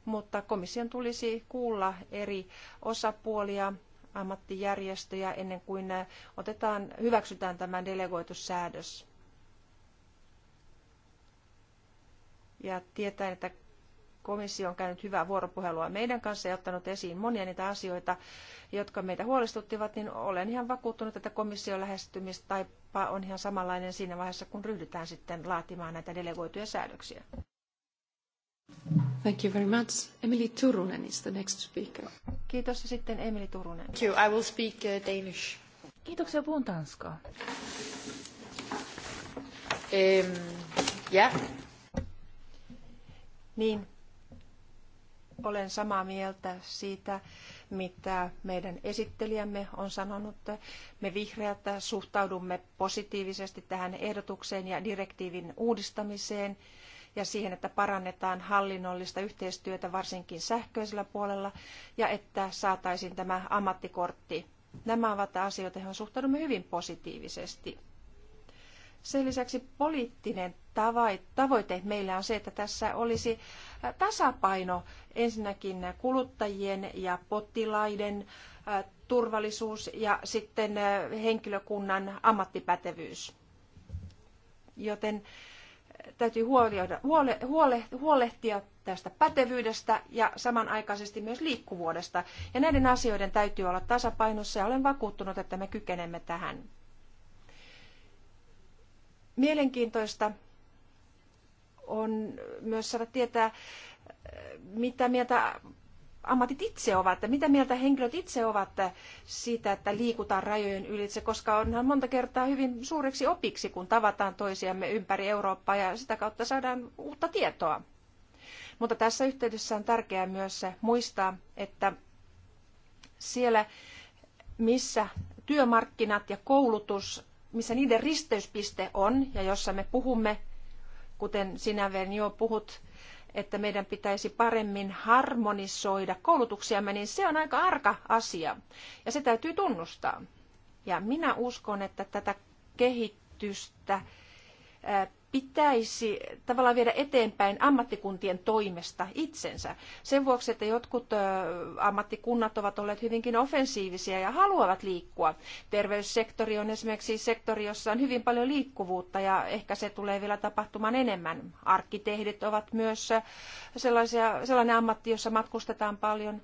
mutta komission tulisi kuulla eri osapuolia, ammattijärjestöjä ennen kuin otetaan, hyväksytään tämä delegoitussäädös. ja tietää, että komissio on käynyt hyvää vuoropuhelua meidän kanssa ja ottanut esiin monia niitä asioita, jotka meitä huolestuttivat, niin olen ihan vakuuttunut, että komission lähestymistapa on ihan samanlainen siinä vaiheessa, kun ryhdytään sitten laatimaan näitä delegoituja säädöksiä. Thank you very much. Emily Turunen is the next speaker. Kiitos sitten Emily Turunen. Thank you. I will speak uh, Danish. Kiitoksia, puhun tanskaa. Um, yeah. Niin, olen samaa mieltä siitä, mitä meidän esittelijämme on sanonut. Me vihreät suhtaudumme positiivisesti tähän ehdotukseen ja direktiivin uudistamiseen ja siihen, että parannetaan hallinnollista yhteistyötä varsinkin sähköisellä puolella ja että saataisiin tämä ammattikortti. Nämä ovat asioita, joihin suhtaudumme hyvin positiivisesti. Sen lisäksi poliittinen tavoite meillä on se, että tässä olisi tasapaino ensinnäkin kuluttajien ja potilaiden turvallisuus ja sitten henkilökunnan ammattipätevyys. Joten täytyy huolehtia tästä pätevyydestä ja samanaikaisesti myös liikkuvuudesta. Ja näiden asioiden täytyy olla tasapainossa ja olen vakuuttunut, että me kykenemme tähän. Mielenkiintoista on myös saada tietää, mitä mieltä ammatit itse ovat, että mitä mieltä henkilöt itse ovat siitä, että liikutaan rajojen ylitse, koska onhan monta kertaa hyvin suureksi opiksi, kun tavataan toisiamme ympäri Eurooppaa ja sitä kautta saadaan uutta tietoa. Mutta tässä yhteydessä on tärkeää myös muistaa, että siellä missä työmarkkinat ja koulutus missä niiden risteyspiste on ja jossa me puhumme, kuten sinä jo puhut, että meidän pitäisi paremmin harmonisoida koulutuksiamme, niin se on aika arka asia ja se täytyy tunnustaa. Ja minä uskon, että tätä kehitystä pitäisi tavallaan viedä eteenpäin ammattikuntien toimesta itsensä. Sen vuoksi, että jotkut ammattikunnat ovat olleet hyvinkin offensiivisia ja haluavat liikkua. Terveyssektori on esimerkiksi sektori, jossa on hyvin paljon liikkuvuutta ja ehkä se tulee vielä tapahtumaan enemmän. Arkkitehdit ovat myös sellaisia, sellainen ammatti, jossa matkustetaan paljon.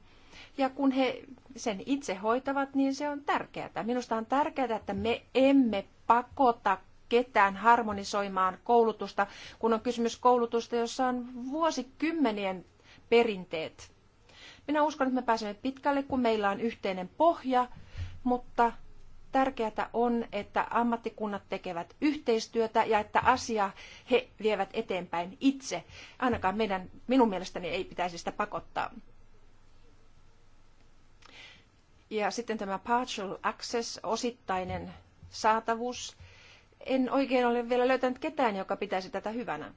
Ja kun he sen itse hoitavat, niin se on tärkeää. Minusta on tärkeää, että me emme pakota ketään harmonisoimaan koulutusta, kun on kysymys koulutusta, jossa on vuosikymmenien perinteet. Minä uskon, että me pääsemme pitkälle, kun meillä on yhteinen pohja, mutta tärkeää on, että ammattikunnat tekevät yhteistyötä ja että asiaa he vievät eteenpäin itse. Ainakaan meidän, minun mielestäni ei pitäisi sitä pakottaa. Ja sitten tämä partial access, osittainen saatavuus en oikein ole vielä löytänyt ketään, joka pitäisi tätä hyvänä.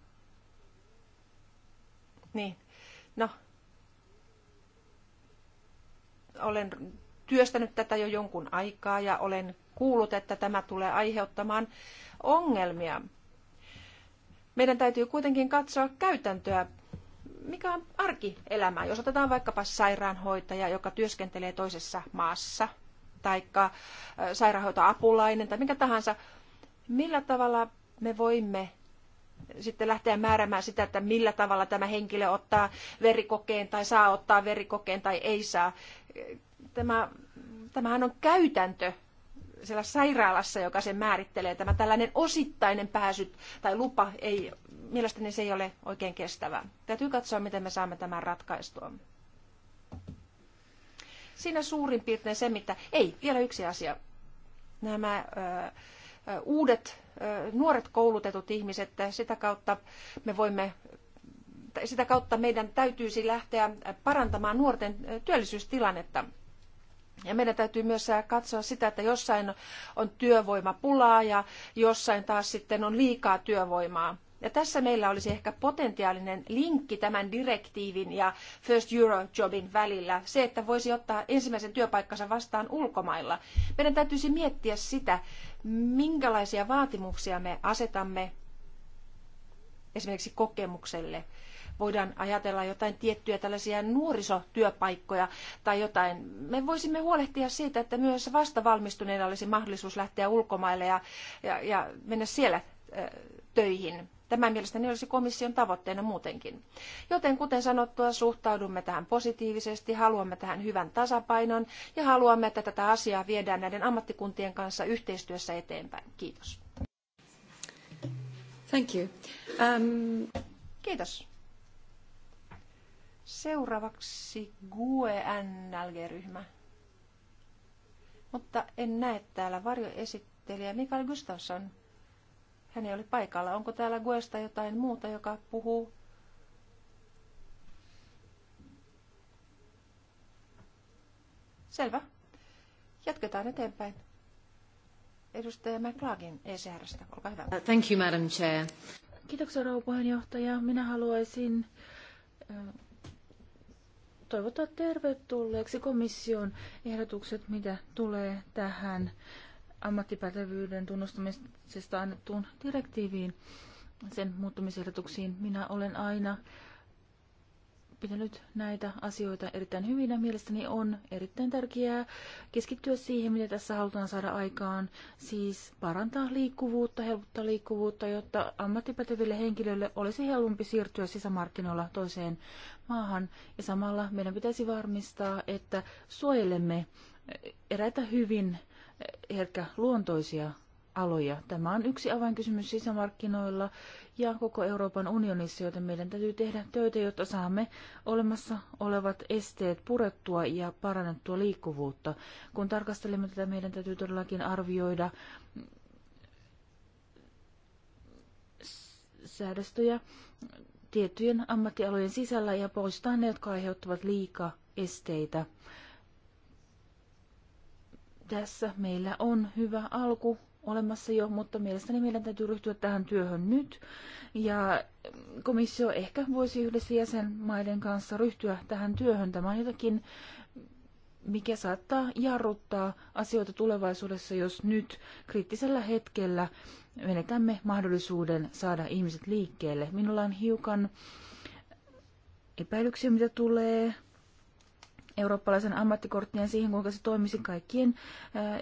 Niin, no. Olen työstänyt tätä jo jonkun aikaa ja olen kuullut, että tämä tulee aiheuttamaan ongelmia. Meidän täytyy kuitenkin katsoa käytäntöä, mikä on arkielämää. Jos otetaan vaikkapa sairaanhoitaja, joka työskentelee toisessa maassa, tai sairaanhoitoapulainen tai mikä tahansa, Millä tavalla me voimme sitten lähteä määräämään sitä, että millä tavalla tämä henkilö ottaa verikokeen tai saa ottaa verikokeen tai ei saa. Tämä, tämähän on käytäntö siellä sairaalassa, joka sen määrittelee. Tämä tällainen osittainen pääsy tai lupa, ei, mielestäni se ei ole oikein kestävää. Täytyy katsoa, miten me saamme tämän ratkaistua. Siinä suurin piirtein se, mitä... Ei, vielä yksi asia. Nämä... Öö, uudet nuoret koulutetut ihmiset, sitä kautta me voimme sitä kautta meidän täytyisi lähteä parantamaan nuorten työllisyystilannetta. Ja meidän täytyy myös katsoa sitä, että jossain on työvoimapulaa ja jossain taas sitten on liikaa työvoimaa. Ja tässä meillä olisi ehkä potentiaalinen linkki tämän direktiivin ja First Euro-jobin välillä. Se, että voisi ottaa ensimmäisen työpaikkansa vastaan ulkomailla. Meidän täytyisi miettiä sitä, minkälaisia vaatimuksia me asetamme esimerkiksi kokemukselle. Voidaan ajatella jotain tiettyjä tällaisia nuorisotyöpaikkoja tai jotain. Me voisimme huolehtia siitä, että myös vastavalmistuneilla olisi mahdollisuus lähteä ulkomaille ja, ja, ja mennä siellä töihin. Tämä mielestäni olisi komission tavoitteena muutenkin. Joten kuten sanottua, suhtaudumme tähän positiivisesti, haluamme tähän hyvän tasapainon ja haluamme, että tätä asiaa viedään näiden ammattikuntien kanssa yhteistyössä eteenpäin. Kiitos. Thank you. Um... Kiitos. Seuraavaksi GUE NLG-ryhmä. Mutta en näe täällä varjoesittelijä Mikael Gustafsson. Hän ei ole paikalla. Onko täällä Guesta jotain muuta, joka puhuu? Selvä. Jatketaan eteenpäin. Edustaja McLaughlin ECRstä, olkaa hyvä. Uh, thank you, Madam Chair. Kiitoksia, rouva puheenjohtaja. Minä haluaisin uh, toivottaa tervetulleeksi komission ehdotukset, mitä tulee tähän ammattipätevyyden tunnustamisesta annettuun direktiiviin, sen muuttumisehdotuksiin. Minä olen aina pitänyt näitä asioita erittäin hyvinä. Mielestäni on erittäin tärkeää keskittyä siihen, mitä tässä halutaan saada aikaan. Siis parantaa liikkuvuutta, helpottaa liikkuvuutta, jotta ammattipäteville henkilöille olisi helpompi siirtyä sisämarkkinoilla toiseen maahan. Ja samalla meidän pitäisi varmistaa, että suojelemme eräitä hyvin herkkä luontoisia aloja. Tämä on yksi avainkysymys sisämarkkinoilla ja koko Euroopan unionissa, joten meidän täytyy tehdä töitä, jotta saamme olemassa olevat esteet purettua ja parannettua liikkuvuutta. Kun tarkastelemme tätä, meidän täytyy todellakin arvioida säädöstöjä tiettyjen ammattialojen sisällä ja poistaa ne, jotka aiheuttavat liikaa esteitä. Tässä meillä on hyvä alku olemassa jo, mutta mielestäni meidän täytyy ryhtyä tähän työhön nyt. Ja komissio ehkä voisi yhdessä jäsenmaiden kanssa ryhtyä tähän työhön. Tämä on jotakin, mikä saattaa jarruttaa asioita tulevaisuudessa, jos nyt kriittisellä hetkellä menetämme mahdollisuuden saada ihmiset liikkeelle. Minulla on hiukan epäilyksiä, mitä tulee eurooppalaisen ammattikorttien siihen, kuinka se toimisi kaikkien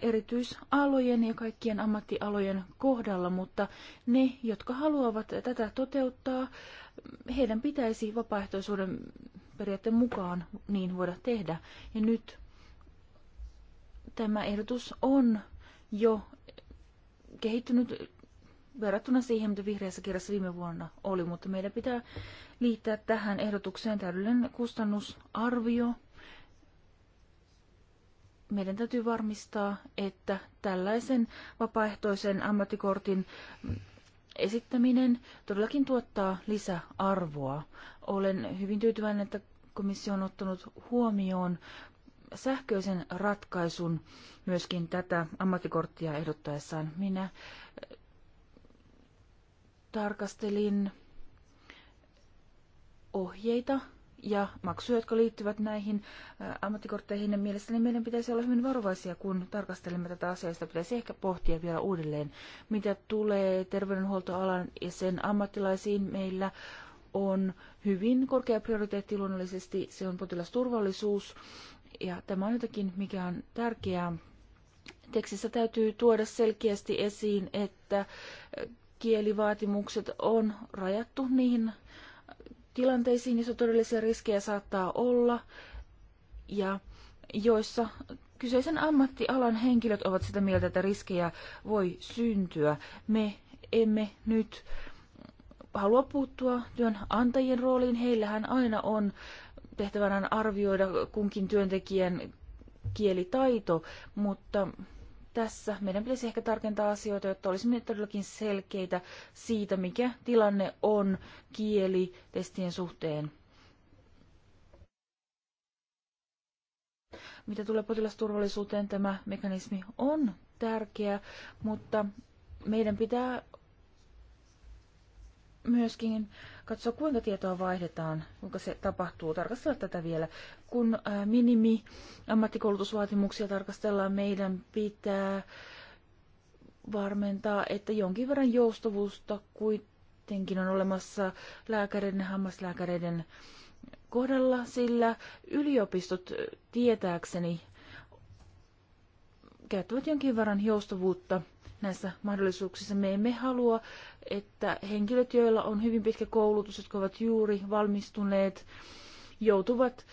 erityisalojen ja kaikkien ammattialojen kohdalla, mutta ne, jotka haluavat tätä toteuttaa, heidän pitäisi vapaaehtoisuuden periaatteen mukaan niin voida tehdä. Ja nyt tämä ehdotus on jo kehittynyt verrattuna siihen, mitä vihreässä kirjassa viime vuonna oli, mutta meidän pitää liittää tähän ehdotukseen täydellinen kustannusarvio, meidän täytyy varmistaa, että tällaisen vapaaehtoisen ammattikortin esittäminen todellakin tuottaa lisäarvoa. Olen hyvin tyytyväinen, että komissio on ottanut huomioon sähköisen ratkaisun myöskin tätä ammattikorttia ehdottaessaan. Minä äh, tarkastelin ohjeita ja maksuja, jotka liittyvät näihin äh, ammattikortteihin, niin mielestäni meidän pitäisi olla hyvin varovaisia, kun tarkastelemme tätä asiaa. Sitä pitäisi ehkä pohtia vielä uudelleen, mitä tulee terveydenhuoltoalan ja sen ammattilaisiin meillä on hyvin korkea prioriteetti luonnollisesti, se on potilasturvallisuus, ja tämä on jotakin, mikä on tärkeää. Tekstissä täytyy tuoda selkeästi esiin, että kielivaatimukset on rajattu niihin tilanteisiin, joissa todellisia riskejä saattaa olla ja joissa kyseisen ammattialan henkilöt ovat sitä mieltä, että riskejä voi syntyä. Me emme nyt halua puuttua työnantajien rooliin. Heillähän aina on tehtävänään arvioida kunkin työntekijän kielitaito, mutta tässä meidän pitäisi ehkä tarkentaa asioita, jotta olisimme todellakin selkeitä siitä, mikä tilanne on kieli testien suhteen. Mitä tulee potilasturvallisuuteen, tämä mekanismi on tärkeä, mutta meidän pitää myöskin katsoa, kuinka tietoa vaihdetaan, kuinka se tapahtuu, tarkastella tätä vielä. Kun minimi ammattikoulutusvaatimuksia tarkastellaan, meidän pitää varmentaa, että jonkin verran joustavuutta kuitenkin on olemassa lääkäreiden ja hammaslääkäreiden kohdalla, sillä yliopistot tietääkseni käyttävät jonkin verran joustavuutta – näissä mahdollisuuksissa. Me emme halua, että henkilöt, joilla on hyvin pitkä koulutus, jotka ovat juuri valmistuneet, joutuvat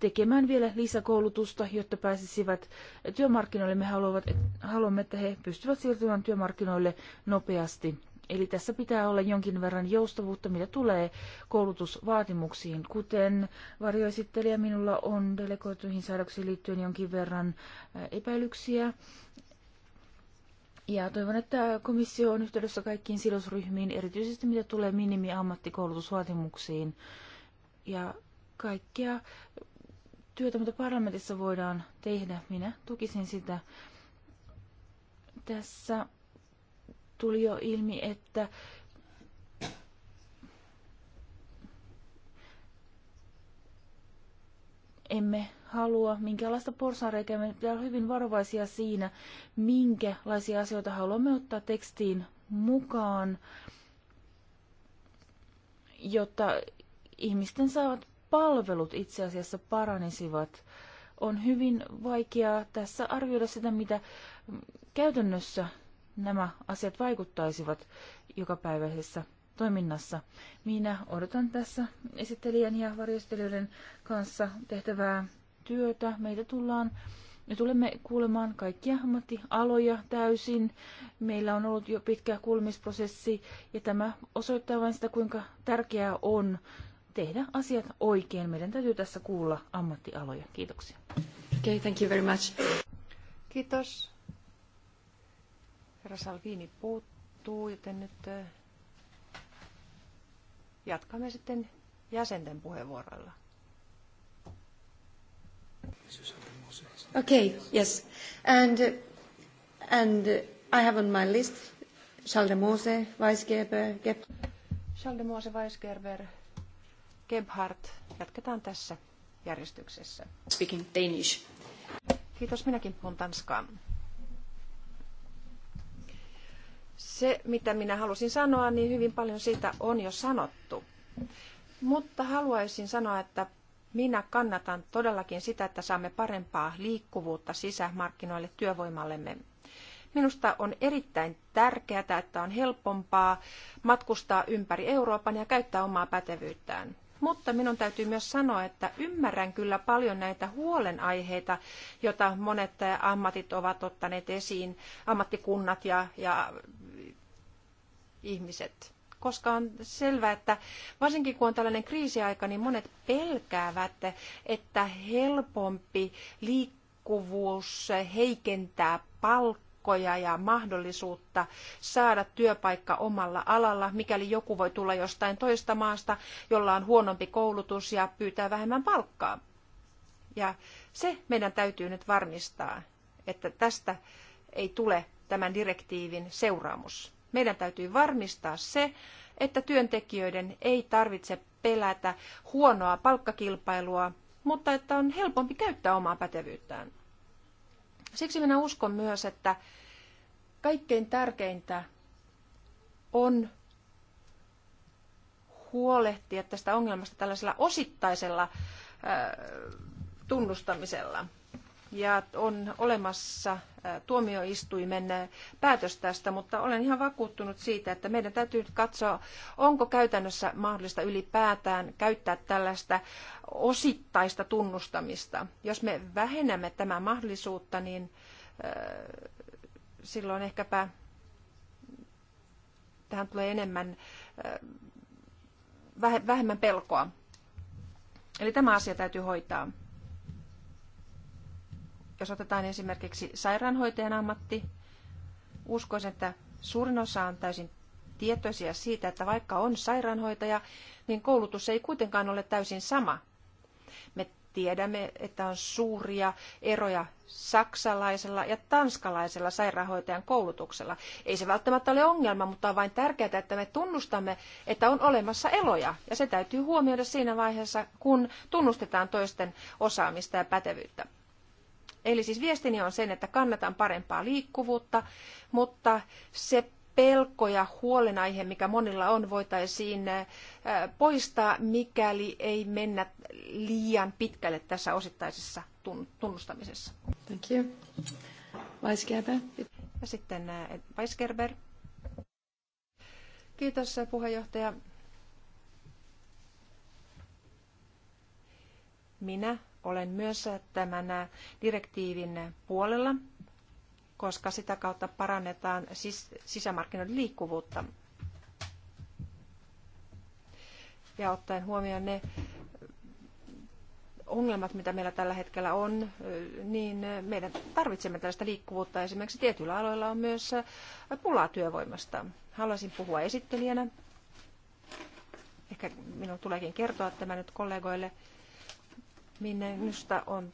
tekemään vielä lisäkoulutusta, jotta pääsisivät työmarkkinoille. Me haluavat, haluamme, että he pystyvät siirtymään työmarkkinoille nopeasti. Eli tässä pitää olla jonkin verran joustavuutta, mitä tulee koulutusvaatimuksiin. Kuten varjoesittelijä, minulla on delegoituihin säädöksiin liittyen jonkin verran epäilyksiä. Ja toivon, että komissio on yhteydessä kaikkiin sidosryhmiin, erityisesti mitä tulee minimiammattikoulutusvaatimuksiin ja kaikkea työtä, mitä parlamentissa voidaan tehdä. Minä tukisin sitä. Tässä tuli jo ilmi, että emme halua minkäänlaista porsaanreikää. Me pitää olla hyvin varovaisia siinä, minkälaisia asioita haluamme ottaa tekstiin mukaan, jotta ihmisten saavat palvelut itse asiassa paranisivat. On hyvin vaikeaa tässä arvioida sitä, mitä käytännössä nämä asiat vaikuttaisivat jokapäiväisessä toiminnassa. Minä odotan tässä esittelijän ja varjostelijoiden kanssa tehtävää työtä. Meitä tullaan me tulemme kuulemaan kaikkia ammattialoja täysin. Meillä on ollut jo pitkä kuulemisprosessi ja tämä osoittaa vain sitä, kuinka tärkeää on tehdä asiat oikein. Meidän täytyy tässä kuulla ammattialoja. Kiitoksia. Okay, thank you very much. Kiitos. Herra Salvini puuttuu, joten nyt Jatkamme sitten jäsenten puheenvuoroilla. Okay, yes. And, and I have on my list Charles de Mose, Weisgerber, Gebhardt. Charles de Mose, Weisgerber, Gebhardt. Jatketaan tässä järjestyksessä. Speaking Danish. Kiitos, minäkin puhun tanskaa se, mitä minä halusin sanoa, niin hyvin paljon siitä on jo sanottu. Mutta haluaisin sanoa, että minä kannatan todellakin sitä, että saamme parempaa liikkuvuutta sisämarkkinoille työvoimallemme. Minusta on erittäin tärkeää, että on helpompaa matkustaa ympäri Euroopan ja käyttää omaa pätevyyttään. Mutta minun täytyy myös sanoa, että ymmärrän kyllä paljon näitä huolenaiheita, joita monet ammatit ovat ottaneet esiin, ammattikunnat ja, ja ihmiset koska on selvää, että varsinkin kun on tällainen kriisiaika, niin monet pelkäävät, että helpompi liikkuvuus heikentää palkkaa paikkoja ja mahdollisuutta saada työpaikka omalla alalla, mikäli joku voi tulla jostain toista maasta, jolla on huonompi koulutus ja pyytää vähemmän palkkaa. Ja se meidän täytyy nyt varmistaa, että tästä ei tule tämän direktiivin seuraamus. Meidän täytyy varmistaa se, että työntekijöiden ei tarvitse pelätä huonoa palkkakilpailua, mutta että on helpompi käyttää omaa pätevyyttään. Siksi minä uskon myös, että kaikkein tärkeintä on huolehtia tästä ongelmasta tällaisella osittaisella tunnustamisella ja on olemassa äh, tuomioistuimen äh, päätös tästä, mutta olen ihan vakuuttunut siitä, että meidän täytyy nyt katsoa, onko käytännössä mahdollista ylipäätään käyttää tällaista osittaista tunnustamista. Jos me vähennämme tämä mahdollisuutta, niin äh, silloin ehkäpä tähän tulee enemmän vähemmän pelkoa. Eli tämä asia täytyy hoitaa jos otetaan esimerkiksi sairaanhoitajan ammatti, uskoisin, että suurin osa on täysin tietoisia siitä, että vaikka on sairaanhoitaja, niin koulutus ei kuitenkaan ole täysin sama. Me tiedämme, että on suuria eroja saksalaisella ja tanskalaisella sairaanhoitajan koulutuksella. Ei se välttämättä ole ongelma, mutta on vain tärkeää, että me tunnustamme, että on olemassa eloja. Ja se täytyy huomioida siinä vaiheessa, kun tunnustetaan toisten osaamista ja pätevyyttä. Eli siis viestini on sen, että kannatan parempaa liikkuvuutta, mutta se pelko ja huolenaihe, mikä monilla on, voitaisiin poistaa, mikäli ei mennä liian pitkälle tässä osittaisessa tunnustamisessa. Thank you. Weisgerber. Ja sitten Weisgerber. Kiitos puheenjohtaja. Minä olen myös tämän direktiivin puolella, koska sitä kautta parannetaan sis- sisämarkkinoiden liikkuvuutta. Ja ottaen huomioon ne ongelmat, mitä meillä tällä hetkellä on, niin meidän tarvitsemme tällaista liikkuvuutta. Esimerkiksi tietyillä aloilla on myös pulaa työvoimasta. Haluaisin puhua esittelijänä. Ehkä minun tuleekin kertoa tämä nyt kollegoille minusta on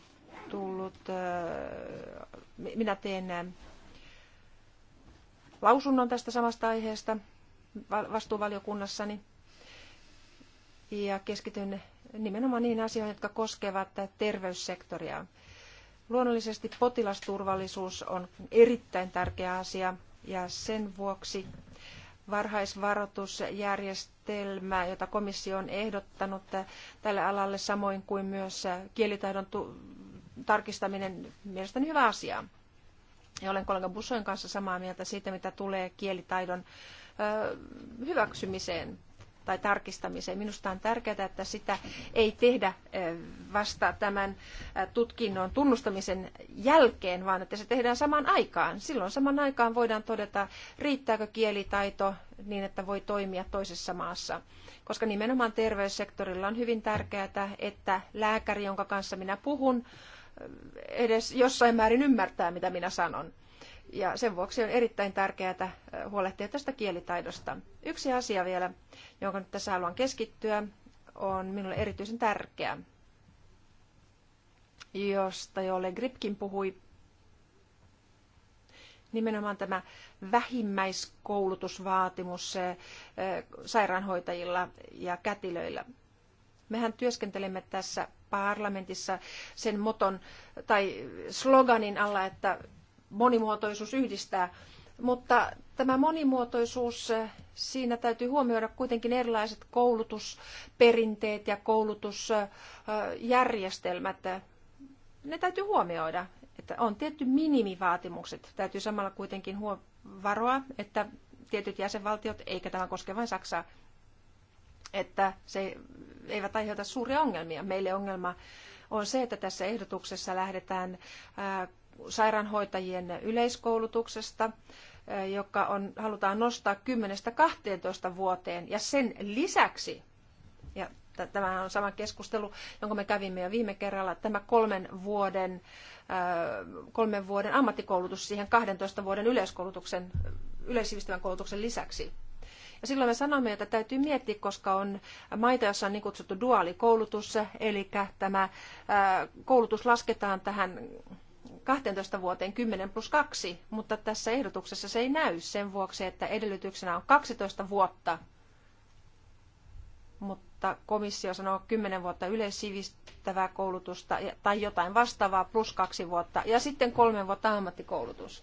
tullut, äh, minä teen äh, lausunnon tästä samasta aiheesta vastuuvaliokunnassani ja keskityn nimenomaan niihin asioihin, jotka koskevat terveyssektoria. Luonnollisesti potilasturvallisuus on erittäin tärkeä asia ja sen vuoksi varhaisvaroitusjärjestelmä, jota komissio on ehdottanut tälle alalle, samoin kuin myös kielitaidon tarkistaminen, mielestäni hyvä asia. Ja olen kollega Bussoin kanssa samaa mieltä siitä, mitä tulee kielitaidon hyväksymiseen tai tarkistamiseen. Minusta on tärkeää, että sitä ei tehdä eh, vasta tämän eh, tutkinnon tunnustamisen jälkeen, vaan että se tehdään samaan aikaan. Silloin samaan aikaan voidaan todeta, riittääkö kielitaito niin, että voi toimia toisessa maassa. Koska nimenomaan terveyssektorilla on hyvin tärkeää, että lääkäri, jonka kanssa minä puhun, eh, edes jossain määrin ymmärtää, mitä minä sanon. Ja sen vuoksi on erittäin tärkeää äh, huolehtia tästä kielitaidosta. Yksi asia vielä, jonka nyt tässä haluan keskittyä, on minulle erityisen tärkeä, josta jolle Gripkin puhui. Nimenomaan tämä vähimmäiskoulutusvaatimus äh, sairaanhoitajilla ja kätilöillä. Mehän työskentelemme tässä parlamentissa sen moton tai sloganin alla, että monimuotoisuus yhdistää. Mutta tämä monimuotoisuus, eh, siinä täytyy huomioida kuitenkin erilaiset koulutusperinteet ja koulutusjärjestelmät. Ne täytyy huomioida, että on tietty minimivaatimukset. Täytyy samalla kuitenkin varoa, että tietyt jäsenvaltiot, eikä tämä koske vain Saksaa, että se eivät aiheuta suuria ongelmia. Meille ongelma on se, että tässä ehdotuksessa lähdetään sairaanhoitajien yleiskoulutuksesta, eh, joka on, halutaan nostaa 10-12 vuoteen. Ja sen lisäksi, ja tämä on sama keskustelu, jonka me kävimme jo viime kerralla, tämä kolmen vuoden, eh, kolmen vuoden ammattikoulutus siihen 12 vuoden yleiskoulutuksen, yleissivistävän koulutuksen lisäksi. Ja silloin me sanoimme, että täytyy miettiä, koska on maita, jossa on niin kutsuttu duaalikoulutus, eli tämä eh, koulutus lasketaan tähän 12 vuoteen 10 plus 2, mutta tässä ehdotuksessa se ei näy sen vuoksi, että edellytyksenä on 12 vuotta, mutta komissio sanoo 10 vuotta yleissivistävää koulutusta tai jotain vastaavaa plus kaksi vuotta ja sitten kolme vuotta ammattikoulutus.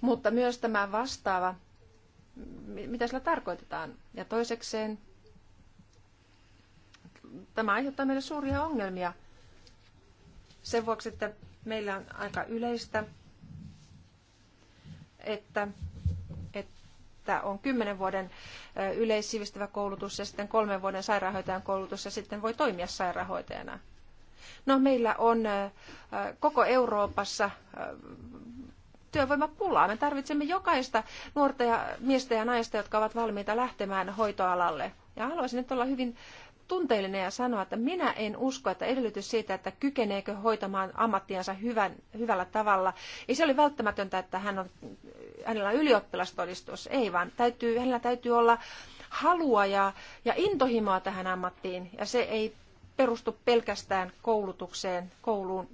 Mutta myös tämä vastaava, mitä sillä tarkoitetaan? Ja toisekseen, tämä aiheuttaa meille suuria ongelmia sen vuoksi, että meillä on aika yleistä, että, että on kymmenen vuoden yleissivistävä koulutus ja sitten kolmen vuoden sairaanhoitajan koulutus ja sitten voi toimia sairaanhoitajana. No meillä on koko Euroopassa työvoimapulaa. Me tarvitsemme jokaista nuorta ja miestä ja naista, jotka ovat valmiita lähtemään hoitoalalle. Ja haluaisin nyt olla hyvin tunteellinen ja sanoa, että minä en usko, että edellytys siitä, että kykeneekö hoitamaan ammattiansa hyvän, hyvällä tavalla, ei se ole välttämätöntä, että hän on, hänellä on ylioppilastodistus, ei vaan täytyy, hänellä täytyy olla halua ja, ja intohimoa tähän ammattiin ja se ei perustu pelkästään koulutukseen, kouluun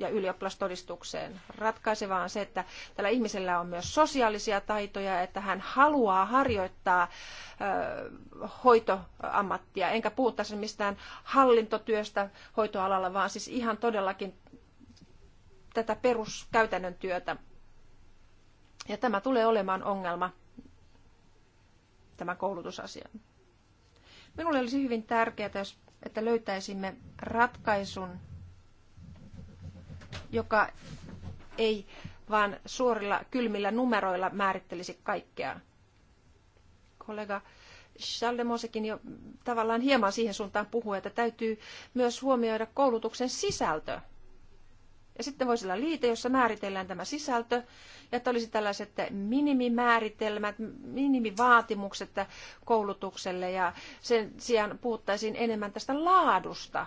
ja ylioppilastodistukseen. Ratkaisevaa on se, että tällä ihmisellä on myös sosiaalisia taitoja, että hän haluaa harjoittaa hoitoammattia. Enkä puhu tässä mistään hallintotyöstä hoitoalalla, vaan siis ihan todellakin tätä peruskäytännön työtä. Ja tämä tulee olemaan ongelma, tämä koulutusasia. Minulle olisi hyvin tärkeää, että löytäisimme ratkaisun joka ei vaan suorilla kylmillä numeroilla määrittelisi kaikkea. Kollega Schaldemosekin jo tavallaan hieman siihen suuntaan puhuu, että täytyy myös huomioida koulutuksen sisältö. Ja sitten voisi olla liite, jossa määritellään tämä sisältö, ja että olisi tällaiset minimimääritelmät, minimivaatimukset koulutukselle, ja sen sijaan puhuttaisiin enemmän tästä laadusta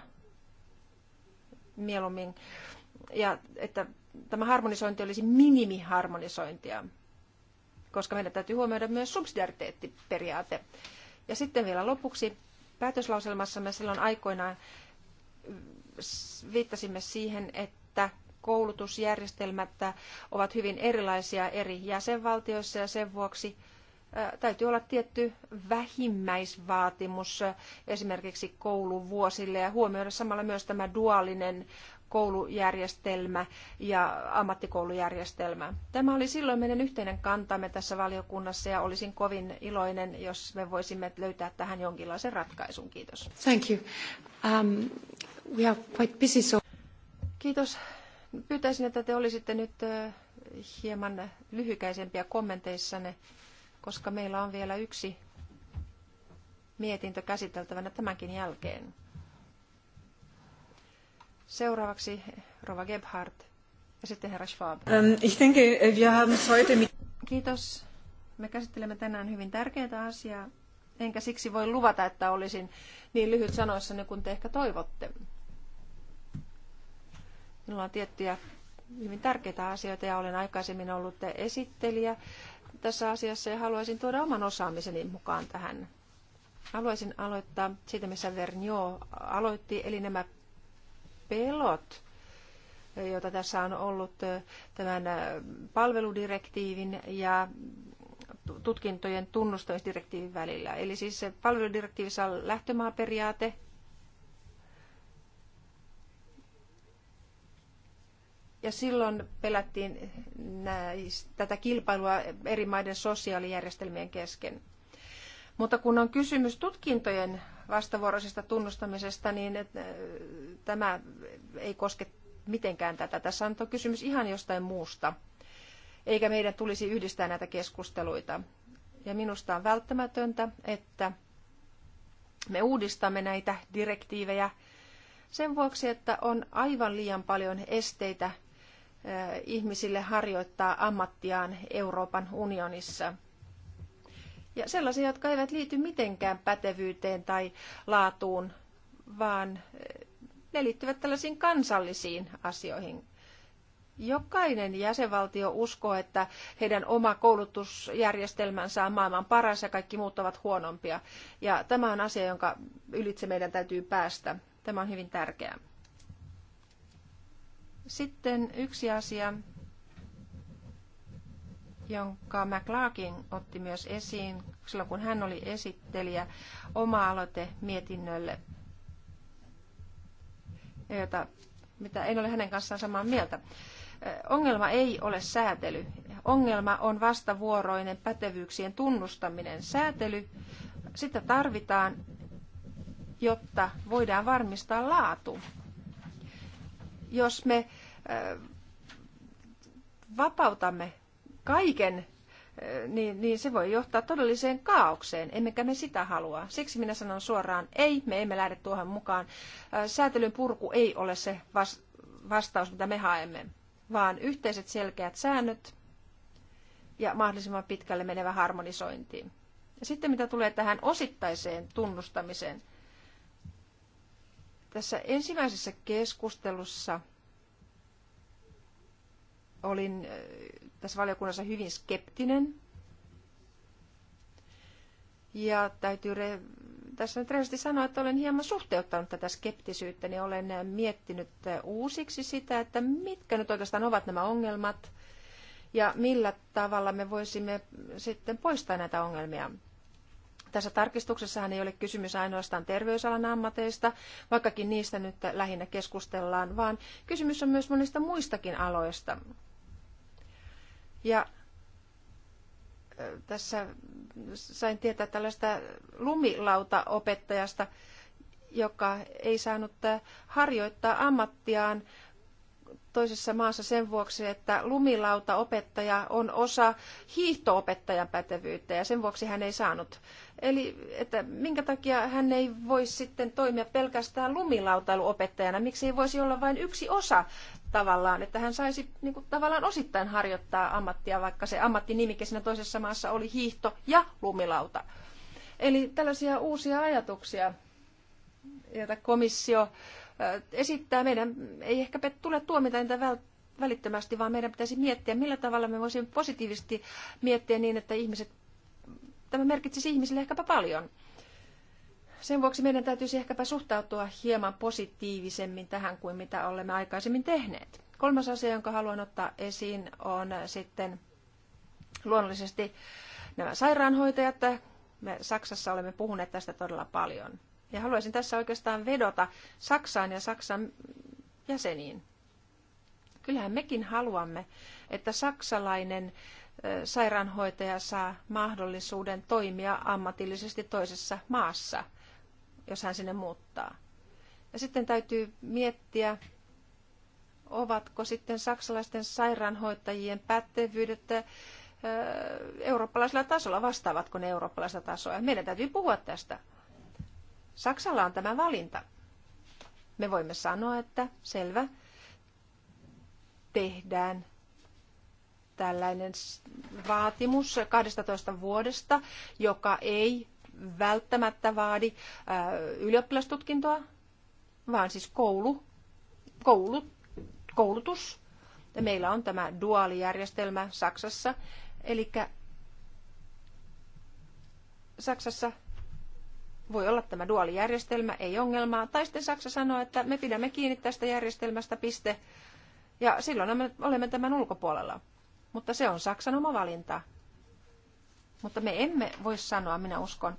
mieluummin ja että tämä harmonisointi olisi minimiharmonisointia, koska meidän täytyy huomioida myös subsidiariteettiperiaate. Ja sitten vielä lopuksi päätöslauselmassa me silloin aikoinaan viittasimme siihen, että koulutusjärjestelmät ovat hyvin erilaisia eri jäsenvaltioissa ja sen vuoksi täytyy olla tietty vähimmäisvaatimus esimerkiksi kouluvuosille ja huomioida samalla myös tämä duaalinen koulujärjestelmä ja ammattikoulujärjestelmä. Tämä oli silloin meidän yhteinen kantamme tässä valiokunnassa ja olisin kovin iloinen, jos me voisimme löytää tähän jonkinlaisen ratkaisun. Kiitos. Thank you. Um, we are quite busy, so... Kiitos. Pyytäisin, että te olisitte nyt hieman lyhykäisempiä kommenteissanne, koska meillä on vielä yksi mietintö käsiteltävänä tämänkin jälkeen. Seuraavaksi Rova Gebhardt ja sitten herra Schwab. Ähm, äh, Kiitos. Me käsittelemme tänään hyvin tärkeää asiaa, enkä siksi voi luvata, että olisin niin lyhyt sanoissa, kuin te ehkä toivotte. Minulla on tiettyjä hyvin tärkeitä asioita ja olen aikaisemmin ollut esittelijä tässä asiassa ja haluaisin tuoda oman osaamiseni mukaan tähän. Haluaisin aloittaa siitä, missä Vernio aloitti, eli nämä pelot, joita tässä on ollut tämän palveludirektiivin ja tutkintojen tunnustamisdirektiivin välillä. Eli siis palveludirektiivissä on lähtömaaperiaate, ja silloin pelättiin näistä, tätä kilpailua eri maiden sosiaalijärjestelmien kesken. Mutta kun on kysymys tutkintojen vastavuoroisesta tunnustamisesta, niin tämä ei koske mitenkään tätä. Tässä on kysymys ihan jostain muusta, eikä meidän tulisi yhdistää näitä keskusteluita. Ja minusta on välttämätöntä, että me uudistamme näitä direktiivejä sen vuoksi, että on aivan liian paljon esteitä ihmisille harjoittaa ammattiaan Euroopan unionissa ja sellaisia, jotka eivät liity mitenkään pätevyyteen tai laatuun, vaan eh, ne liittyvät tällaisiin kansallisiin asioihin. Jokainen jäsenvaltio uskoo, että heidän oma koulutusjärjestelmänsä on maailman paras ja kaikki muut ovat huonompia. Ja tämä on asia, jonka ylitse meidän täytyy päästä. Tämä on hyvin tärkeää. Sitten yksi asia, jonka McLaughlin otti myös esiin silloin, kun hän oli esittelijä oma-aloite mietinnölle, jota, mitä en ole hänen kanssaan samaa mieltä. Ongelma ei ole säätely. Ongelma on vastavuoroinen pätevyyksien tunnustaminen. Säätely, sitä tarvitaan, jotta voidaan varmistaa laatu. Jos me vapautamme kaiken, niin, niin se voi johtaa todelliseen kaaukseen, emmekä me sitä halua. Siksi minä sanon suoraan, ei, me emme lähde tuohon mukaan. Säätelyn purku ei ole se vastaus, mitä me haemme, vaan yhteiset selkeät säännöt ja mahdollisimman pitkälle menevä harmonisointi. Ja sitten mitä tulee tähän osittaiseen tunnustamiseen. Tässä ensimmäisessä keskustelussa – olin äh, tässä valiokunnassa hyvin skeptinen. Ja täytyy re- tässä nyt rehellisesti sanoa, että olen hieman suhteuttanut tätä skeptisyyttä, niin olen äh, miettinyt äh, uusiksi sitä, että mitkä nyt oikeastaan ovat nämä ongelmat ja millä tavalla me voisimme sitten poistaa näitä ongelmia. Tässä tarkistuksessahan ei ole kysymys ainoastaan terveysalan ammateista, vaikkakin niistä nyt lähinnä keskustellaan, vaan kysymys on myös monista muistakin aloista. Ja tässä sain tietää tällaista lumilautaopettajasta, joka ei saanut harjoittaa ammattiaan toisessa maassa sen vuoksi, että lumilautaopettaja on osa hiihtoopettajan pätevyyttä ja sen vuoksi hän ei saanut. Eli että minkä takia hän ei voisi sitten toimia pelkästään lumilautailuopettajana, miksi ei voisi olla vain yksi osa tavallaan, että hän saisi niin kuin, tavallaan osittain harjoittaa ammattia, vaikka se ammattinimike siinä toisessa maassa oli hiihto ja lumilauta. Eli tällaisia uusia ajatuksia, joita komissio esittää, meidän ei ehkä tule tuomita niitä välittömästi, vaan meidän pitäisi miettiä, millä tavalla me voisimme positiivisesti miettiä niin, että ihmiset, tämä merkitsisi ihmisille ehkäpä paljon. Sen vuoksi meidän täytyisi ehkäpä suhtautua hieman positiivisemmin tähän kuin mitä olemme aikaisemmin tehneet. Kolmas asia, jonka haluan ottaa esiin, on sitten luonnollisesti nämä sairaanhoitajat. Me Saksassa olemme puhuneet tästä todella paljon. Ja haluaisin tässä oikeastaan vedota Saksaan ja Saksan jäseniin. Kyllähän mekin haluamme, että saksalainen sairaanhoitaja saa mahdollisuuden toimia ammatillisesti toisessa maassa, jos hän sinne muuttaa. Ja sitten täytyy miettiä, ovatko sitten saksalaisten sairaanhoitajien pätevyydet eurooppalaisella tasolla, vastaavatko ne eurooppalaista tasoa. Meidän täytyy puhua tästä. Saksalla on tämä valinta. Me voimme sanoa, että selvä, tehdään tällainen vaatimus 12 vuodesta, joka ei välttämättä vaadi äh, ylioppilastutkintoa, vaan siis koulu, koulu, koulutus. Meillä on tämä duaalijärjestelmä Saksassa, eli Saksassa voi olla tämä duaalijärjestelmä, ei ongelmaa. Tai sitten Saksa sanoo, että me pidämme kiinni tästä järjestelmästä, piste. Ja silloin me olemme tämän ulkopuolella. Mutta se on Saksan oma valinta. Mutta me emme voi sanoa, minä uskon,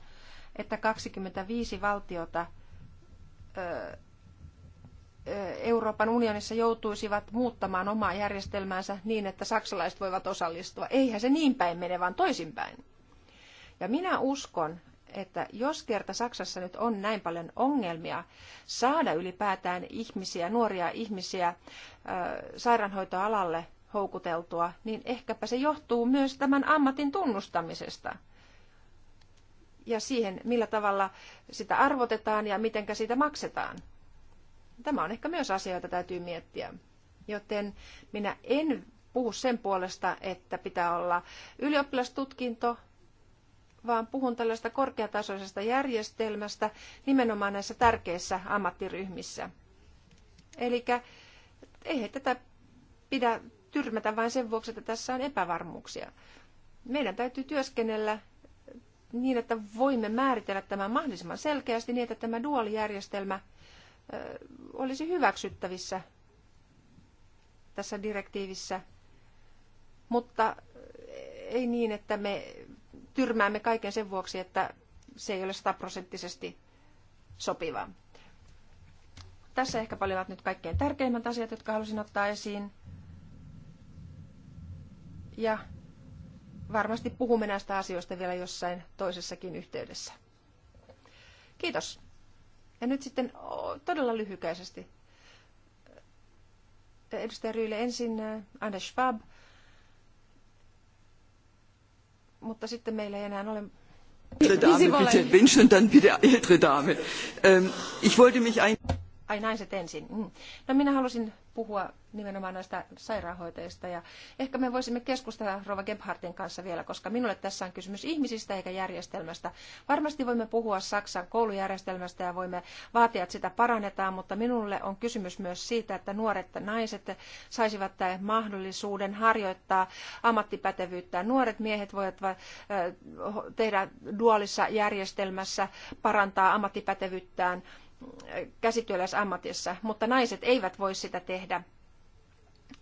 että 25 valtiota Euroopan unionissa joutuisivat muuttamaan omaa järjestelmäänsä niin, että saksalaiset voivat osallistua. Eihän se niin päin mene, vaan toisinpäin. Ja minä uskon, että jos kerta Saksassa nyt on näin paljon ongelmia saada ylipäätään ihmisiä, nuoria ihmisiä sairaanhoitoalalle houkuteltua, niin ehkäpä se johtuu myös tämän ammatin tunnustamisesta ja siihen, millä tavalla sitä arvotetaan ja miten sitä maksetaan. Tämä on ehkä myös asia, jota täytyy miettiä. Joten minä en puhu sen puolesta, että pitää olla ylioppilastutkinto vaan puhun tällaista korkeatasoisesta järjestelmästä nimenomaan näissä tärkeissä ammattiryhmissä. Eli ei tätä pidä tyrmätä vain sen vuoksi, että tässä on epävarmuuksia. Meidän täytyy työskennellä niin, että voimme määritellä tämän mahdollisimman selkeästi niin, että tämä duaalijärjestelmä olisi hyväksyttävissä tässä direktiivissä, mutta ei niin, että me tyrmäämme kaiken sen vuoksi, että se ei ole sataprosenttisesti sopiva. Tässä ehkä olivat nyt kaikkein tärkeimmät asiat, jotka halusin ottaa esiin. Ja varmasti puhumme näistä asioista vielä jossain toisessakin yhteydessä. Kiitos. Ja nyt sitten todella lyhykäisesti. Edustaja Ryyle ensin, äh, Anne Schwab mutta sitten meillä ei enää ole Dame, bitte, wenn schon, dann bitte ältere Dame. Ähm, ich wollte mich ein... Ai naiset ensin. Mm. No minä halusin puhua nimenomaan näistä sairaanhoitajista ja ehkä me voisimme keskustella Rova Gebhardin kanssa vielä, koska minulle tässä on kysymys ihmisistä eikä järjestelmästä. Varmasti voimme puhua Saksan koulujärjestelmästä ja voimme vaatia, että sitä parannetaan, mutta minulle on kysymys myös siitä, että nuoret naiset saisivat mahdollisuuden harjoittaa ammattipätevyyttä. Nuoret miehet voivat tehdä dualissa järjestelmässä parantaa ammattipätevyyttään käsityöläisammatissa, mutta naiset eivät voi sitä tehdä.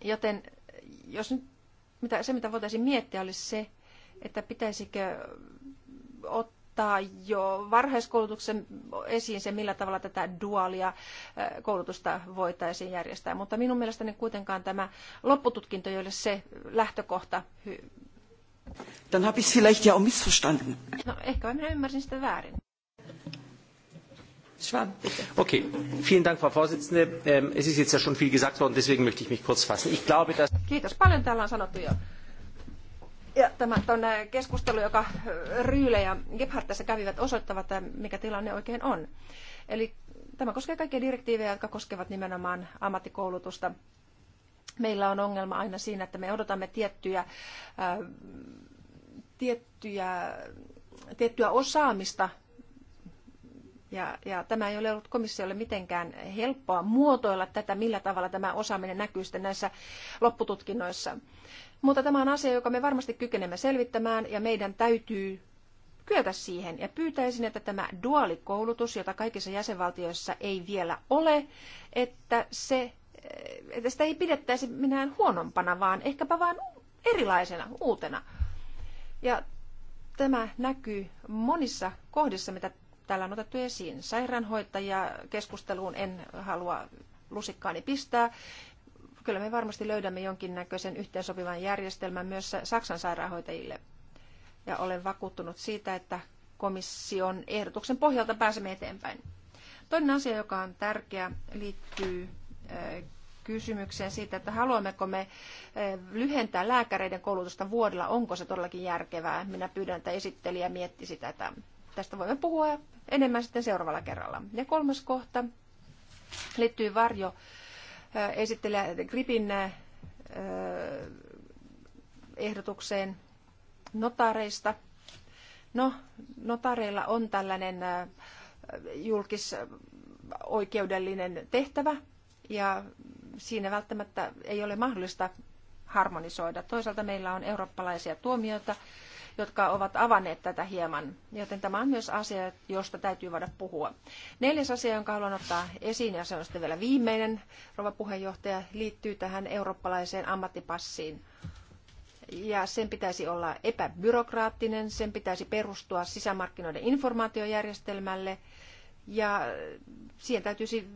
Joten jos nyt, mitä, se, mitä voitaisiin miettiä, olisi se, että pitäisikö ottaa jo varhaiskoulutuksen esiin se, millä tavalla tätä duaalia koulutusta voitaisiin järjestää. Mutta minun mielestäni kuitenkaan tämä loppututkinto ei ole se lähtökohta. Dann habe ich vielleicht ja missverstanden. No, ehkä minä ymmärsin sitä väärin. Schwamm, bitte. Okay, vielen Dank, Frau Vorsitzende. Ähm, es ist jetzt ja schon viel gesagt worden, deswegen möchte ich mich kurz fassen. Ich glaube, dass... Kiitos paljon, täällä on sanottu jo. Ja tämä on äh, keskustelu, joka äh, Ryyle ja Gebhardt tässä kävivät, osoittavat, äh, mikä tilanne oikein on. Eli tämä koskee kaikkia direktiivejä, jotka koskevat nimenomaan ammattikoulutusta. Meillä on ongelma aina siinä, että me odotamme tiettyjä, äh, tiettyjä, tiettyä osaamista ja, ja tämä ei ole ollut komissiolle mitenkään helppoa muotoilla tätä, millä tavalla tämä osaaminen näkyy sitten näissä loppututkinnoissa. Mutta tämä on asia, joka me varmasti kykenemme selvittämään ja meidän täytyy kyetä siihen. Ja pyytäisin, että tämä duaalikoulutus, jota kaikissa jäsenvaltioissa ei vielä ole, että, se, että sitä ei pidettäisi minään huonompana, vaan ehkäpä vain erilaisena, uutena. Ja tämä näkyy monissa kohdissa, mitä täällä on otettu esiin. Sairaanhoitajia keskusteluun en halua lusikkaani pistää. Kyllä me varmasti löydämme jonkinnäköisen yhteensopivan järjestelmän myös Saksan sairaanhoitajille. Ja olen vakuuttunut siitä, että komission ehdotuksen pohjalta pääsemme eteenpäin. Toinen asia, joka on tärkeä, liittyy kysymykseen siitä, että haluammeko me lyhentää lääkäreiden koulutusta vuodella, onko se todellakin järkevää. Minä pyydän, että esittelijä miettisi tätä tästä voimme puhua enemmän sitten seuraavalla kerralla. Ja kolmas kohta liittyy varjo äh, esittelijä Gripin äh, ehdotukseen notareista. No, notareilla on tällainen äh, julkisoikeudellinen tehtävä ja siinä välttämättä ei ole mahdollista harmonisoida. Toisaalta meillä on eurooppalaisia tuomioita, jotka ovat avanneet tätä hieman. Joten tämä on myös asia, josta täytyy voida puhua. Neljäs asia, jonka haluan ottaa esiin, ja se on sitten vielä viimeinen, rouva puheenjohtaja, liittyy tähän eurooppalaiseen ammattipassiin ja sen pitäisi olla epäbyrokraattinen, sen pitäisi perustua sisämarkkinoiden informaatiojärjestelmälle ja siihen täytyisi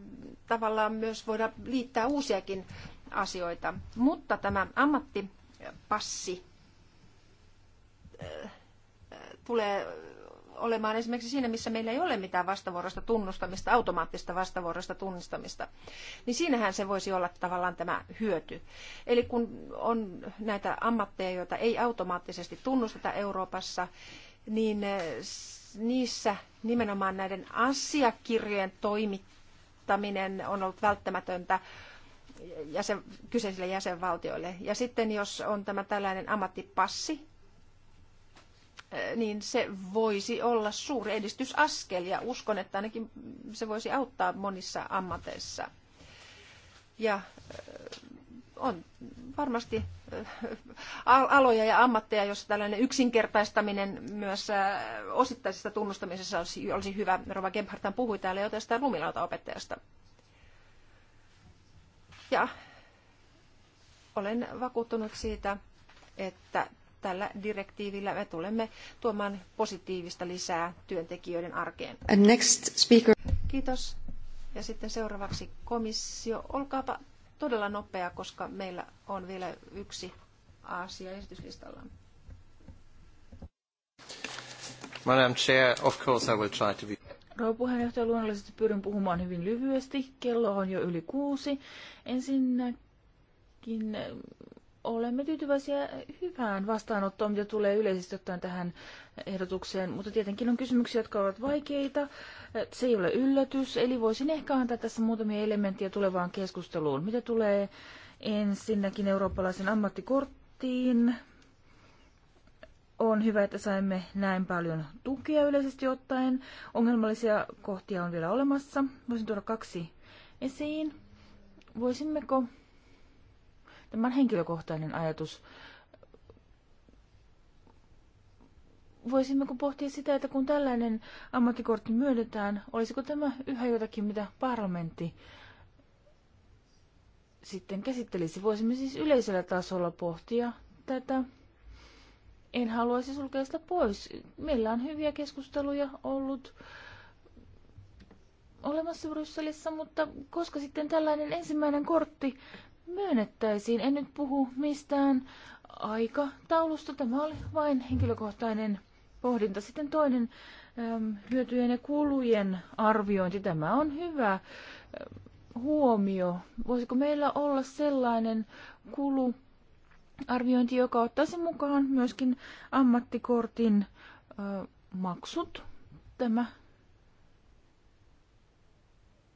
tavallaan myös voida liittää uusiakin asioita. Mutta tämä ammattipassi Äh, tulee olemaan esimerkiksi siinä, missä meillä ei ole mitään vastavuorosta tunnustamista, automaattista vastavuorosta tunnistamista, niin siinähän se voisi olla tavallaan tämä hyöty. Eli kun on näitä ammatteja, joita ei automaattisesti tunnusteta Euroopassa, niin äh, niissä nimenomaan näiden asiakirjojen toimittaminen on ollut välttämätöntä jäsen, kyseisille jäsenvaltioille. Ja sitten jos on tämä tällainen ammattipassi, niin se voisi olla suuri edistysaskel ja uskon, että ainakin se voisi auttaa monissa ammateissa. Ja on varmasti aloja ja ammatteja, joissa tällainen yksinkertaistaminen myös osittaisessa tunnustamisessa olisi, olisi hyvä. Rova Gebhardtan puhui täällä jo tästä lumilautaopettajasta. Ja olen vakuuttunut siitä, että tällä direktiivillä me tulemme tuomaan positiivista lisää työntekijöiden arkeen. And next speaker. Kiitos. Ja sitten seuraavaksi komissio. Olkaapa todella nopea, koska meillä on vielä yksi asia esityslistalla. Madam Chair, of course I will try to be... Rouva puheenjohtaja, luonnollisesti pyydän puhumaan hyvin lyhyesti. Kello on jo yli kuusi. Ensinnäkin olemme tyytyväisiä hyvään vastaanottoon, mitä tulee yleisesti ottaen tähän ehdotukseen, mutta tietenkin on kysymyksiä, jotka ovat vaikeita. Se ei ole yllätys, eli voisin ehkä antaa tässä muutamia elementtejä tulevaan keskusteluun. Mitä tulee ensinnäkin eurooppalaisen ammattikorttiin, on hyvä, että saimme näin paljon tukea yleisesti ottaen. Ongelmallisia kohtia on vielä olemassa. Voisin tuoda kaksi esiin. Voisimmeko Tämä on henkilökohtainen ajatus. Voisimmeko pohtia sitä, että kun tällainen ammattikortti myönnetään, olisiko tämä yhä jotakin, mitä parlamentti sitten käsittelisi? Voisimme siis yleisellä tasolla pohtia tätä en haluaisi sulkea sitä pois. Meillä on hyviä keskusteluja ollut olemassa Brysselissä, mutta koska sitten tällainen ensimmäinen kortti myönnettäisiin. En nyt puhu mistään aikataulusta. Tämä oli vain henkilökohtainen pohdinta. Sitten toinen ähm, hyötyjen ja kulujen arviointi. Tämä on hyvä ähm, huomio. Voisiko meillä olla sellainen kulu, arviointi, joka ottaisi mukaan myöskin ammattikortin ö, äh, maksut. Tämä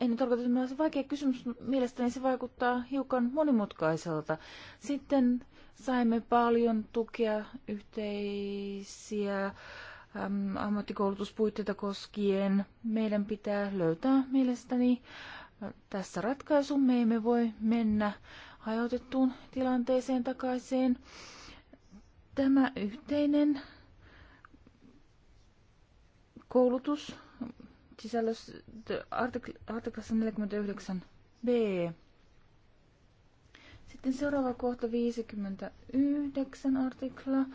en tarkoita, että se vaikea kysymys. Mielestäni se vaikuttaa hiukan monimutkaiselta. Sitten saimme paljon tukea yhteisiä äm, ammattikoulutuspuitteita koskien. Meidän pitää löytää mielestäni tässä ratkaisu. Me emme voi mennä hajautettuun tilanteeseen takaisin. Tämä yhteinen koulutus sisällös artikla artiklassa 49 b. Sitten seuraava kohta 59 artikla äh,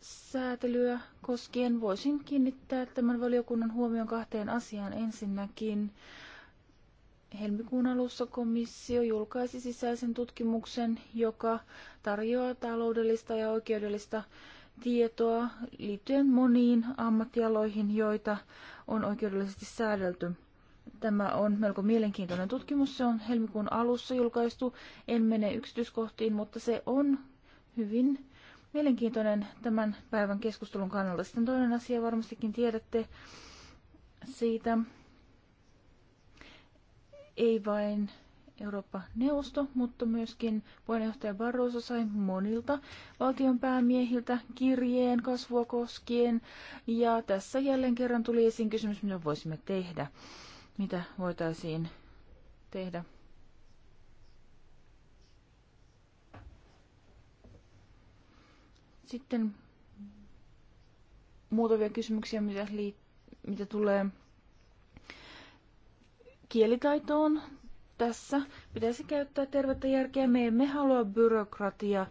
säätelyä koskien voisin kiinnittää tämän valiokunnan huomion kahteen asiaan. Ensinnäkin helmikuun alussa komissio julkaisi sisäisen tutkimuksen, joka tarjoaa taloudellista ja oikeudellista tietoa liittyen moniin ammattialoihin, joita on oikeudellisesti säädelty. Tämä on melko mielenkiintoinen tutkimus. Se on helmikuun alussa julkaistu. En mene yksityiskohtiin, mutta se on hyvin mielenkiintoinen tämän päivän keskustelun kannalta. Sitten toinen asia, varmastikin tiedätte siitä, ei vain Eurooppa-neuvosto, mutta myöskin puheenjohtaja Barroso sai monilta valtionpäämiehiltä kirjeen kasvua koskien. Ja tässä jälleen kerran tuli esiin kysymys, mitä voisimme tehdä, mitä voitaisiin tehdä. Sitten muutamia kysymyksiä, mitä, liit- mitä tulee kielitaitoon tässä pitäisi käyttää tervettä järkeä. Me emme halua byrokratia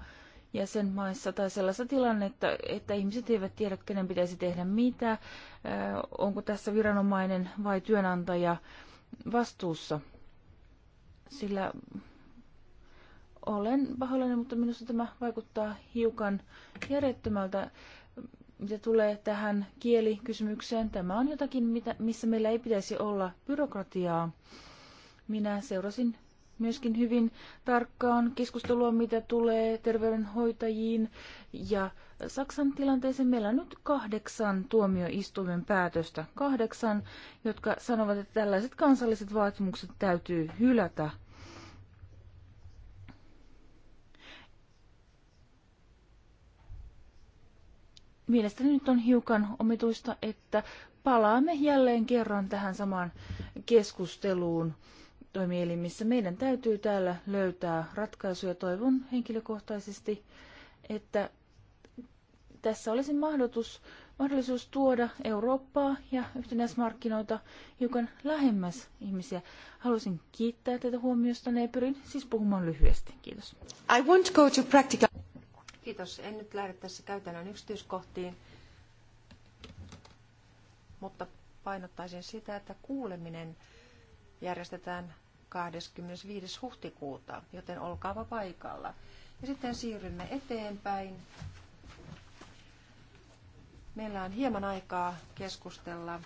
jäsenmaissa tai sellaista tilannetta, että ihmiset eivät tiedä, kenen pitäisi tehdä mitä, onko tässä viranomainen vai työnantaja vastuussa. Sillä olen pahoillani, mutta minusta tämä vaikuttaa hiukan järjettömältä. Mitä tulee tähän kielikysymykseen, tämä on jotakin, mitä, missä meillä ei pitäisi olla byrokratiaa. Minä seurasin myöskin hyvin tarkkaan keskustelua, mitä tulee terveydenhoitajiin ja Saksan tilanteeseen. Meillä on nyt kahdeksan tuomioistuimen päätöstä, kahdeksan, jotka sanovat, että tällaiset kansalliset vaatimukset täytyy hylätä. Mielestäni nyt on hiukan omituista, että palaamme jälleen kerran tähän samaan keskusteluun toimielimissä. Meidän täytyy täällä löytää ratkaisuja. Toivon henkilökohtaisesti, että tässä olisi mahdotus, mahdollisuus tuoda Eurooppaa ja yhtenäismarkkinoita hiukan lähemmäs ihmisiä. Haluaisin kiittää tätä huomiosta ja pyrin siis puhumaan lyhyesti. Kiitos. I won't go to practical... Kiitos. En nyt lähde tässä käytännön yksityiskohtiin, mutta painottaisin sitä, että kuuleminen järjestetään 25. huhtikuuta, joten olkaapa paikalla. Ja sitten siirrymme eteenpäin. Meillä on hieman aikaa keskustella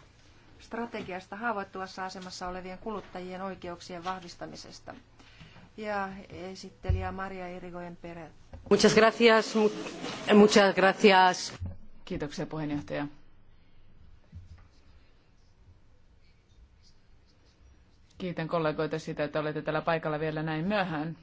strategiasta haavoittuvassa asemassa olevien kuluttajien oikeuksien vahvistamisesta. Ja esittelijä Maria Irigoyen Perez. Muchas gracias. Muchas gracias. Kiitoksia puheenjohtaja. Kiitän kollegoita siitä, että olette täällä paikalla vielä näin myöhään.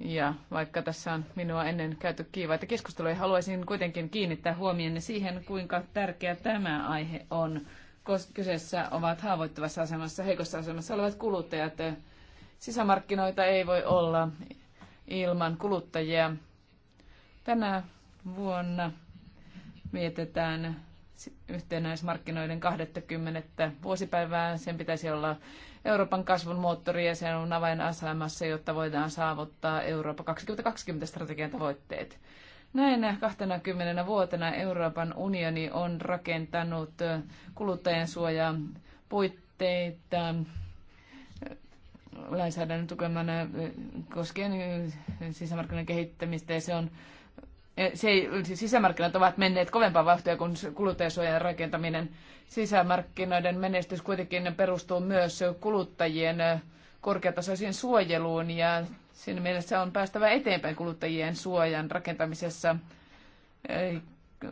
Ja vaikka tässä on minua ennen käyty kiivaita keskusteluja, haluaisin kuitenkin kiinnittää huomioon siihen, kuinka tärkeä tämä aihe on. Koska kyseessä ovat haavoittuvassa asemassa, heikossa asemassa olevat kuluttajat. Sisämarkkinoita ei voi olla ilman kuluttajia. Tänä vuonna mietitään yhtenäismarkkinoiden 20. vuosipäivää. Sen pitäisi olla Euroopan kasvun moottori ja se on avainasemassa, jotta voidaan saavuttaa Eurooppa 2020 strategian tavoitteet. Näinä 20 vuotena Euroopan unioni on rakentanut kuluttajan suojaa puitteita lainsäädännön tukemana koskien sisämarkkinoiden kehittämistä ja se on E, se ei, siis sisämarkkinat ovat menneet kovempaa vauhtia kuin kuluttajasuojan rakentaminen. Sisämarkkinoiden menestys kuitenkin perustuu myös kuluttajien e, korkeatasoisiin suojeluun ja siinä mielessä on päästävä eteenpäin kuluttajien suojan rakentamisessa. E,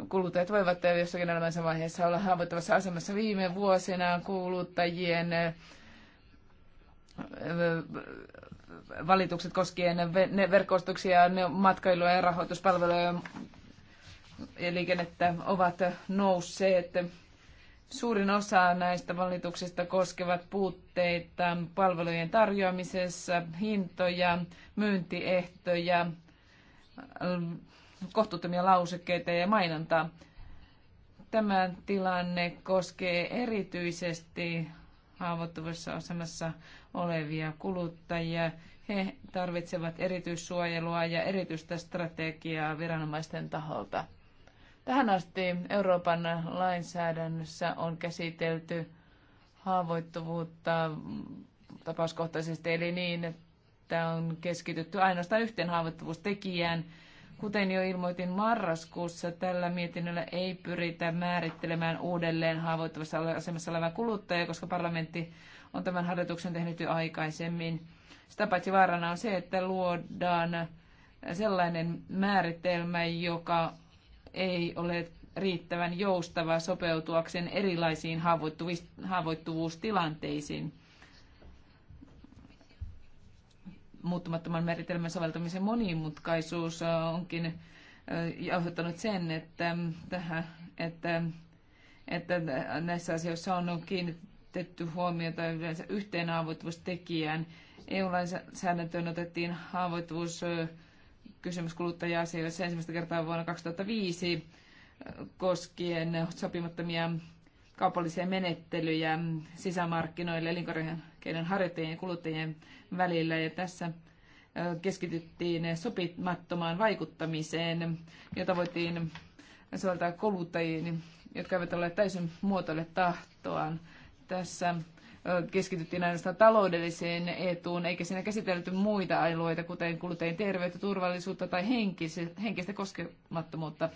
kuluttajat voivat jossakin elämänsä vaiheessa olla haavoittuvassa asemassa viime vuosina kuluttajien valitukset koskien ne verkostuksia, ne matkailua ja rahoituspalveluja ja liikennettä ovat nousseet. Suurin osa näistä valituksista koskevat puutteita palvelujen tarjoamisessa, hintoja, myyntiehtoja, kohtuuttomia lausekkeita ja mainontaa. Tämä tilanne koskee erityisesti haavoittuvassa asemassa olevia kuluttajia. He tarvitsevat erityissuojelua ja erityistä strategiaa viranomaisten taholta. Tähän asti Euroopan lainsäädännössä on käsitelty haavoittuvuutta tapauskohtaisesti, eli niin, että on keskitytty ainoastaan yhteen haavoittuvuustekijään. Kuten jo ilmoitin marraskuussa, tällä mietinnöllä ei pyritä määrittelemään uudelleen haavoittuvassa asemassa olevaa kuluttajaa, koska parlamentti on tämän harjoituksen tehnyt jo aikaisemmin. Sitä paitsi vaarana on se, että luodaan sellainen määritelmä, joka ei ole riittävän joustava sopeutuakseen erilaisiin haavoittuvuustilanteisiin. Muuttumattoman määritelmän soveltamisen monimutkaisuus onkin johtanut sen, että, tähän, että, että näissä asioissa on kiinnitetty kiinnitetty huomiota yleensä yhteen haavoittuvuustekijään. EU-lainsäädäntöön otettiin haavoittuvuus kysymys kuluttaja-asioissa ensimmäistä kertaa vuonna 2005 koskien sopimattomia kaupallisia menettelyjä sisämarkkinoille elinkeinoiden harjoittajien ja kuluttajien välillä. Ja tässä keskityttiin sopimattomaan vaikuttamiseen, jota voitiin soveltaa kuluttajiin, jotka eivät ole täysin muotoille tahtoaan tässä keskityttiin ainoastaan taloudelliseen etuun, eikä siinä käsitelty muita alueita, kuten kuluttajien terveyttä, turvallisuutta tai henkistä koskemattomuutta.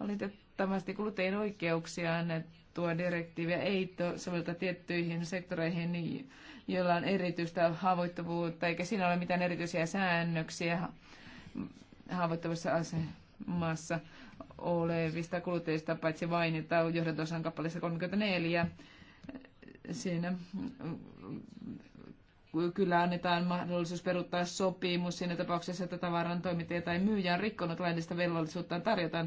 Valitettavasti kuluttajien oikeuksia annettua direktiiviä ei sovelta tiettyihin sektoreihin, joilla on erityistä haavoittuvuutta, eikä siinä ole mitään erityisiä säännöksiä haavoittuvassa asemassa olevista kuluttajista, paitsi vain, että johdantosan kappaleessa 34 Siinä mm, kyllä annetaan mahdollisuus peruuttaa sopimus siinä tapauksessa, että tavaran toimittaja tai myyjä on rikkonut laillista velvollisuuttaan tarjota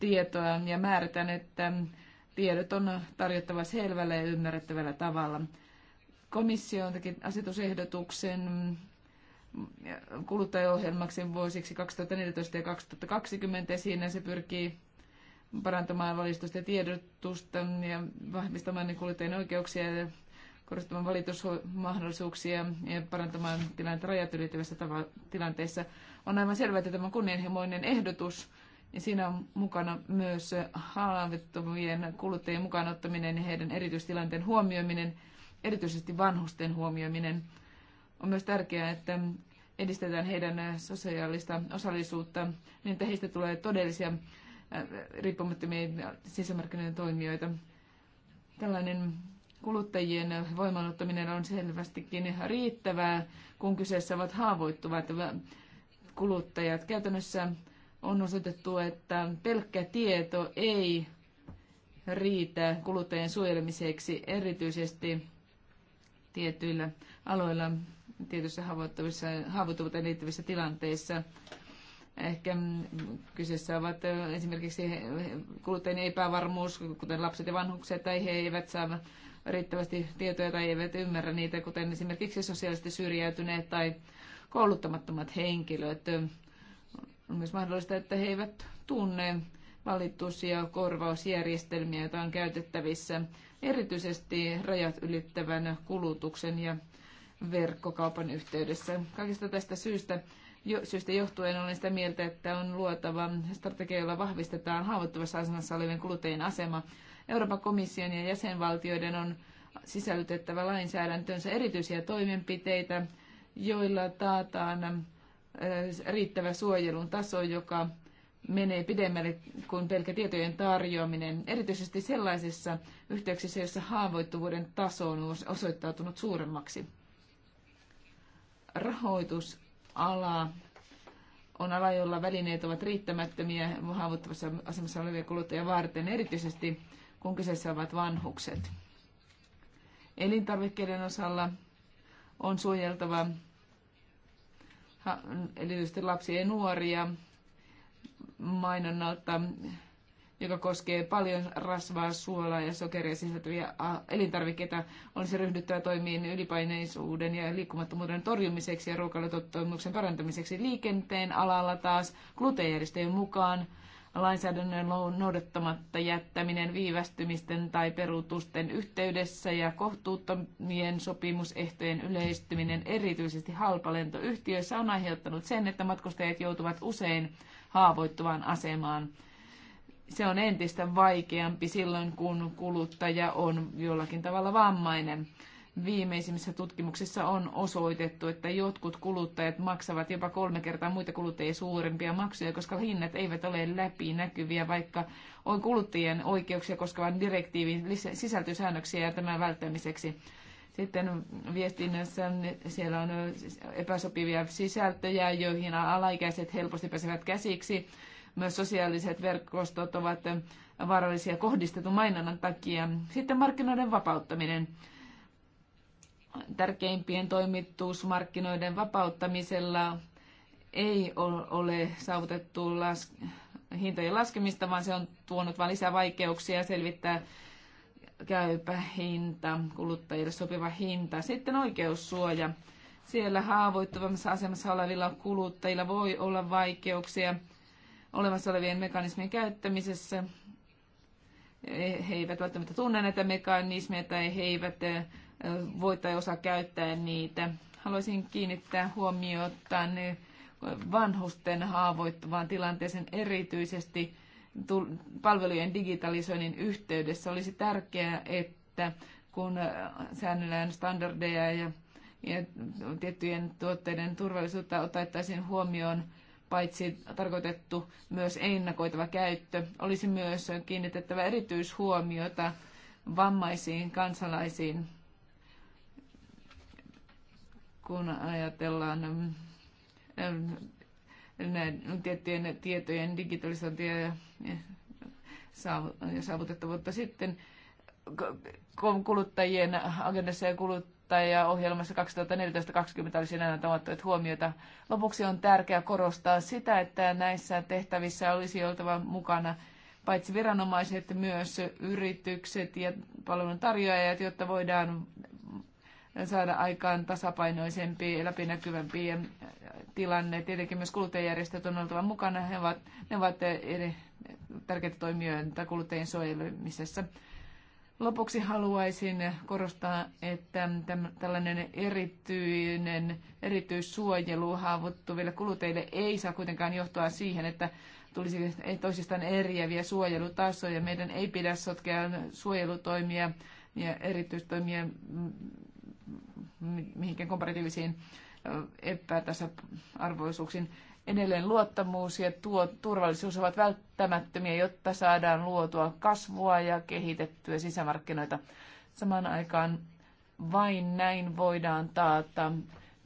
tietoa ja määritän, että tiedot on tarjottava selvällä ja ymmärrettävällä tavalla. Komissio on teki asetusehdotuksen kuluttajaohjelmaksi vuosiksi 2014 ja 2020 ja siinä se pyrkii parantamaan valistusta ja tiedotusta ja vahvistamaan niin kuluttajien oikeuksia ja korostamaan valitusmahdollisuuksia ja parantamaan tilannetta rajat ylittävässä tilanteissa. On aivan selvää, että tämä kunnianhimoinen ehdotus ja siinä on mukana myös haavoittuvien kuluttajien mukaan ottaminen ja heidän erityistilanteen huomioiminen, erityisesti vanhusten huomioiminen. On myös tärkeää, että edistetään heidän sosiaalista osallisuutta niin, että heistä tulee todellisia Äh, riippumattomia sisämarkkinoiden toimijoita. Tällainen kuluttajien voimannuttaminen on selvästikin ihan riittävää, kun kyseessä ovat haavoittuvat kuluttajat. Käytännössä on osoitettu, että pelkkä tieto ei riitä kuluttajien suojelemiseksi erityisesti tietyillä aloilla tietyissä haavoittuvuuteen liittyvissä tilanteissa. Ehkä kyseessä ovat esimerkiksi kuluttajien epävarmuus, kuten lapset ja vanhukset, tai he eivät saa riittävästi tietoja tai eivät ymmärrä niitä, kuten esimerkiksi sosiaalisesti syrjäytyneet tai kouluttamattomat henkilöt. On myös mahdollista, että he eivät tunne valitus- ja korvausjärjestelmiä, joita on käytettävissä erityisesti rajat ylittävän kulutuksen ja verkkokaupan yhteydessä. Kaikista tästä syystä syystä johtuen olen sitä mieltä, että on luotava strategia, jolla vahvistetaan haavoittuvassa asemassa olevien kuluttajien asema. Euroopan komission ja jäsenvaltioiden on sisällytettävä lainsäädäntöönsä erityisiä toimenpiteitä, joilla taataan riittävä suojelun taso, joka menee pidemmälle kuin pelkä tietojen tarjoaminen, erityisesti sellaisissa yhteyksissä, joissa haavoittuvuuden taso on osoittautunut suuremmaksi. Rahoitus ala on ala, jolla välineet ovat riittämättömiä haavoittuvassa asemassa olevia kuluttajia varten, erityisesti kun kyseessä ovat vanhukset. Elintarvikkeiden osalla on suojeltava erityisesti lapsia ja nuoria mainonnalta joka koskee paljon rasvaa, suolaa ja sokeria sisältäviä elintarvikkeita, olisi ryhdyttävä toimiin ylipaineisuuden ja liikkumattomuuden torjumiseksi ja ruokailutottumuksen parantamiseksi liikenteen alalla taas gluteenjärjestöjen mukaan lainsäädännön noudattamatta jättäminen viivästymisten tai peruutusten yhteydessä ja kohtuuttomien sopimusehtojen yleistyminen erityisesti halpalentoyhtiöissä on aiheuttanut sen, että matkustajat joutuvat usein haavoittuvaan asemaan se on entistä vaikeampi silloin, kun kuluttaja on jollakin tavalla vammainen. Viimeisimmissä tutkimuksissa on osoitettu, että jotkut kuluttajat maksavat jopa kolme kertaa muita kuluttajia suurempia maksuja, koska hinnat eivät ole läpinäkyviä, vaikka on kuluttajien oikeuksia koskevan direktiivin sisältyy ja tämän välttämiseksi. Sitten viestinnässä siellä on epäsopivia sisältöjä, joihin alaikäiset helposti pääsevät käsiksi myös sosiaaliset verkostot ovat vaarallisia kohdistetun mainonnan takia. Sitten markkinoiden vapauttaminen. Tärkeimpien toimitusmarkkinoiden vapauttamisella ei ole saavutettu las- hintojen laskemista, vaan se on tuonut vain lisää vaikeuksia selvittää käypä hinta, kuluttajille sopiva hinta. Sitten oikeussuoja. Siellä haavoittuvassa asemassa olevilla kuluttajilla voi olla vaikeuksia olemassa olevien mekanismien käyttämisessä. He eivät välttämättä tunne näitä mekanismeja tai he eivät eh, voi tai osaa käyttää niitä. Haluaisin kiinnittää huomiota vanhusten haavoittuvaan tilanteeseen erityisesti palvelujen digitalisoinnin yhteydessä. Olisi tärkeää, että kun eh, säännellään standardeja ja, ja tiettyjen tuotteiden turvallisuutta otettaisiin huomioon paitsi tarkoitettu myös ennakoitava käyttö. Olisi myös kiinnitettävä erityishuomiota vammaisiin kansalaisiin, kun ajatellaan mm, mm, näiden tiettyjen tietojen digitalisointia ja saavutettavuutta sitten kuluttajien agendassa ja kulut ja ohjelmassa 2014-2020 olisi tavattu, että huomiota. Lopuksi on tärkeää korostaa sitä, että näissä tehtävissä olisi oltava mukana paitsi viranomaiset, myös yritykset ja palveluntarjoajat, jotta voidaan saada aikaan tasapainoisempi, läpinäkyvämpi tilanne. Tietenkin myös kuluttajajärjestöt on oltava mukana. He ovat, ne ovat tärkeitä toimijoita kuluttajien suojelemisessa. Lopuksi haluaisin korostaa, että tällainen erityinen, erityissuojelu haavoittuville kuluteille ei saa kuitenkaan johtua siihen, että tulisi toisistaan eriäviä suojelutasoja. Meidän ei pidä sotkea suojelutoimia ja erityistoimia mihinkään komparatiivisiin epätasa-arvoisuuksiin. Edelleen luottamus ja tuo, turvallisuus ovat välttämättömiä, jotta saadaan luotua kasvua ja kehitettyä sisämarkkinoita. Samaan aikaan vain näin voidaan taata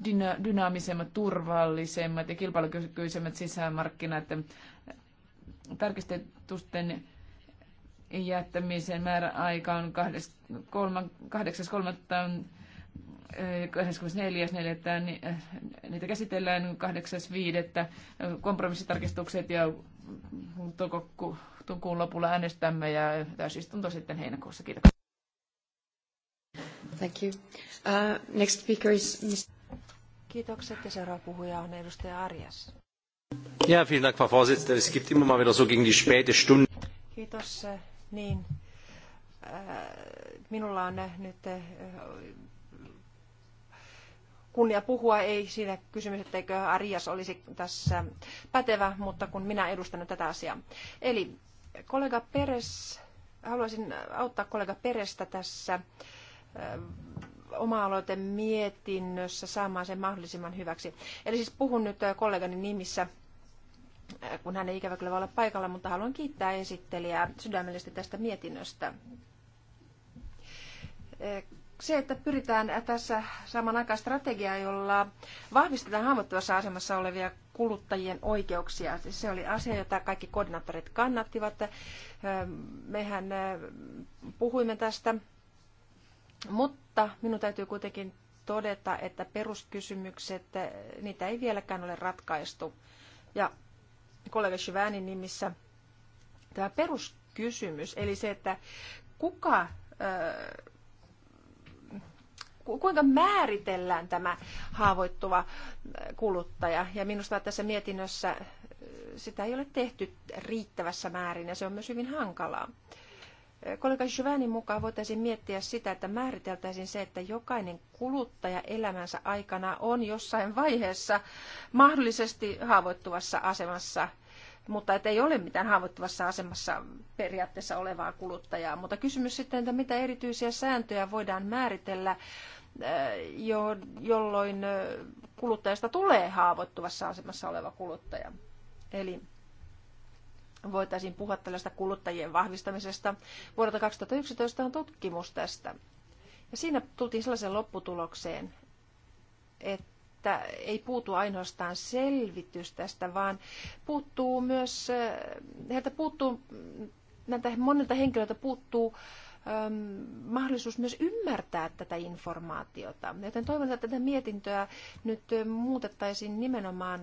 dyna- dynaamisemmat, turvallisemmat ja kilpailukykyisemmät sisämarkkinat. Tarkistetusten jättämisen määräaika on 8.3. 24.4. Äh, niitä käsitellään 8.5. kompromissitarkistukset ja toukokuun lopulla äänestämme ja täysistunto sitten heinäkuussa. Kiitoksia. Thank you. Uh, next speaker is Mr. Kiitokset ja seuraava puhuja on edustaja Arias. Ja, vielen Dank, Frau Vorsitzende. Es gibt immer mal wieder so gegen die späte Stunde. Kiitos. Äh, niin, äh, minulla on nyt kunnia puhua, ei siinä kysymys, etteikö Arias olisi tässä pätevä, mutta kun minä edustan tätä asiaa. Eli kollega Peres, haluaisin auttaa kollega Perestä tässä oma-aloite mietinnössä saamaan sen mahdollisimman hyväksi. Eli siis puhun nyt kollegani nimissä, kun hän ei ikävä kyllä voi olla paikalla, mutta haluan kiittää esittelijää sydämellisesti tästä mietinnöstä se, että pyritään tässä saman aikaan strategiaa, jolla vahvistetaan haavoittuvassa asemassa olevia kuluttajien oikeuksia. Siis se oli asia, jota kaikki koordinaattorit kannattivat. Mehän puhuimme tästä, mutta minun täytyy kuitenkin todeta, että peruskysymykset, niitä ei vieläkään ole ratkaistu. Ja kollega Shivanin nimissä tämä peruskysymys, eli se, että kuka kuinka määritellään tämä haavoittuva kuluttaja. Ja minusta tässä mietinnössä äh, sitä ei ole tehty riittävässä määrin ja se on myös hyvin hankalaa. Äh, kollega Jyvänin mukaan voitaisiin miettiä sitä, että määriteltäisiin se, että jokainen kuluttaja elämänsä aikana on jossain vaiheessa mahdollisesti haavoittuvassa asemassa, mutta että ei ole mitään haavoittuvassa asemassa periaatteessa olevaa kuluttajaa. Mutta kysymys sitten, että mitä erityisiä sääntöjä voidaan määritellä Äh, jo, jolloin äh, kuluttajasta tulee haavoittuvassa asemassa oleva kuluttaja. Eli voitaisiin puhua tällaista kuluttajien vahvistamisesta. Vuodelta 2011 on tutkimus tästä. Ja siinä tultiin sellaiseen lopputulokseen, että ei puutu ainoastaan selvitys tästä, vaan puuttuu myös, äh, heiltä puuttuu, näiltä monilta henkilöiltä puuttuu äh, Ähm, mahdollisuus myös ymmärtää tätä informaatiota. Joten toivon, että tätä mietintöä nyt muutettaisiin nimenomaan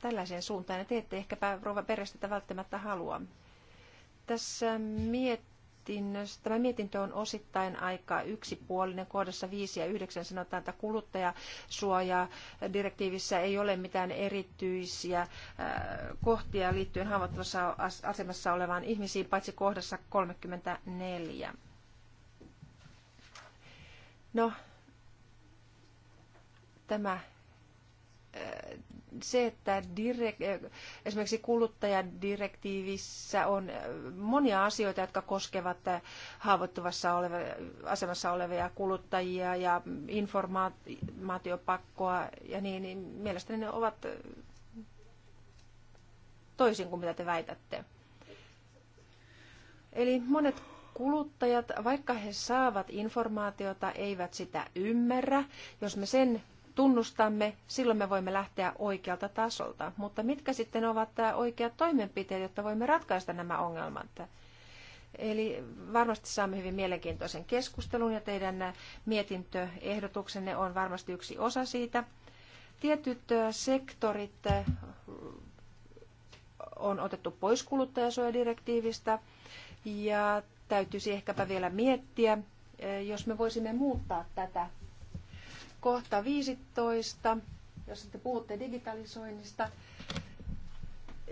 tällaiseen suuntaan, ja te ette ehkäpä rouva perestä välttämättä halua. Tässä miet mietinnöstä. Tämä mietintö on osittain aika yksipuolinen. Kohdassa 5 ja 9 sanotaan, että kuluttajasuojaa direktiivissä ei ole mitään erityisiä äh, kohtia liittyen haavoittuvassa asemassa olevaan ihmisiin, paitsi kohdassa 34. No, tämä se, että direk, eh, esimerkiksi kuluttajadirektiivissä on eh, monia asioita, jotka koskevat eh, haavoittuvassa oleva, asemassa olevia kuluttajia ja informaatiopakkoa ja niin, niin mielestäni ne ovat toisin kuin mitä te väitätte. Eli monet kuluttajat, vaikka he saavat informaatiota, eivät sitä ymmärrä. Jos me sen tunnustamme, silloin me voimme lähteä oikealta tasolta. Mutta mitkä sitten ovat tämä äh, oikeat toimenpiteet, jotta voimme ratkaista nämä ongelmat? Eli varmasti saamme hyvin mielenkiintoisen keskustelun ja teidän äh, mietintöehdotuksenne on varmasti yksi osa siitä. Tietyt äh, sektorit on otettu pois kuluttajasuojadirektiivistä ja täytyisi ehkäpä vielä miettiä, jos me voisimme muuttaa tätä kohta 15, jos te puhutte digitalisoinnista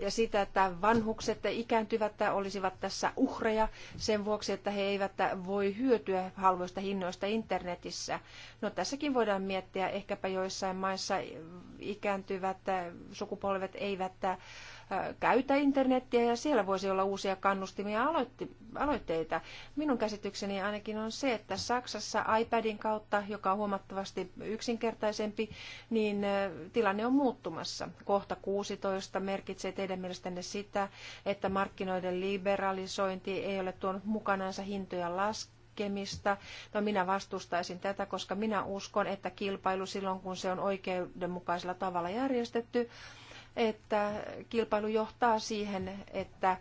ja sitä, että vanhukset ikääntyvät olisivat tässä uhreja sen vuoksi, että he eivät voi hyötyä halvoista hinnoista internetissä. No tässäkin voidaan miettiä, ehkäpä joissain maissa ikääntyvät sukupolvet eivät käytä internettiä ja siellä voisi olla uusia kannustimia aloitteita. Minun käsitykseni ainakin on se, että Saksassa iPadin kautta, joka on huomattavasti yksinkertaisempi, niin tilanne on muuttumassa. Kohta 16 merkitsee teidän mielestänne sitä, että markkinoiden liberalisointi ei ole tuonut mukanansa hintoja laskemaan. No minä vastustaisin tätä, koska minä uskon, että kilpailu silloin, kun se on oikeudenmukaisella tavalla järjestetty, että kilpailu johtaa siihen, että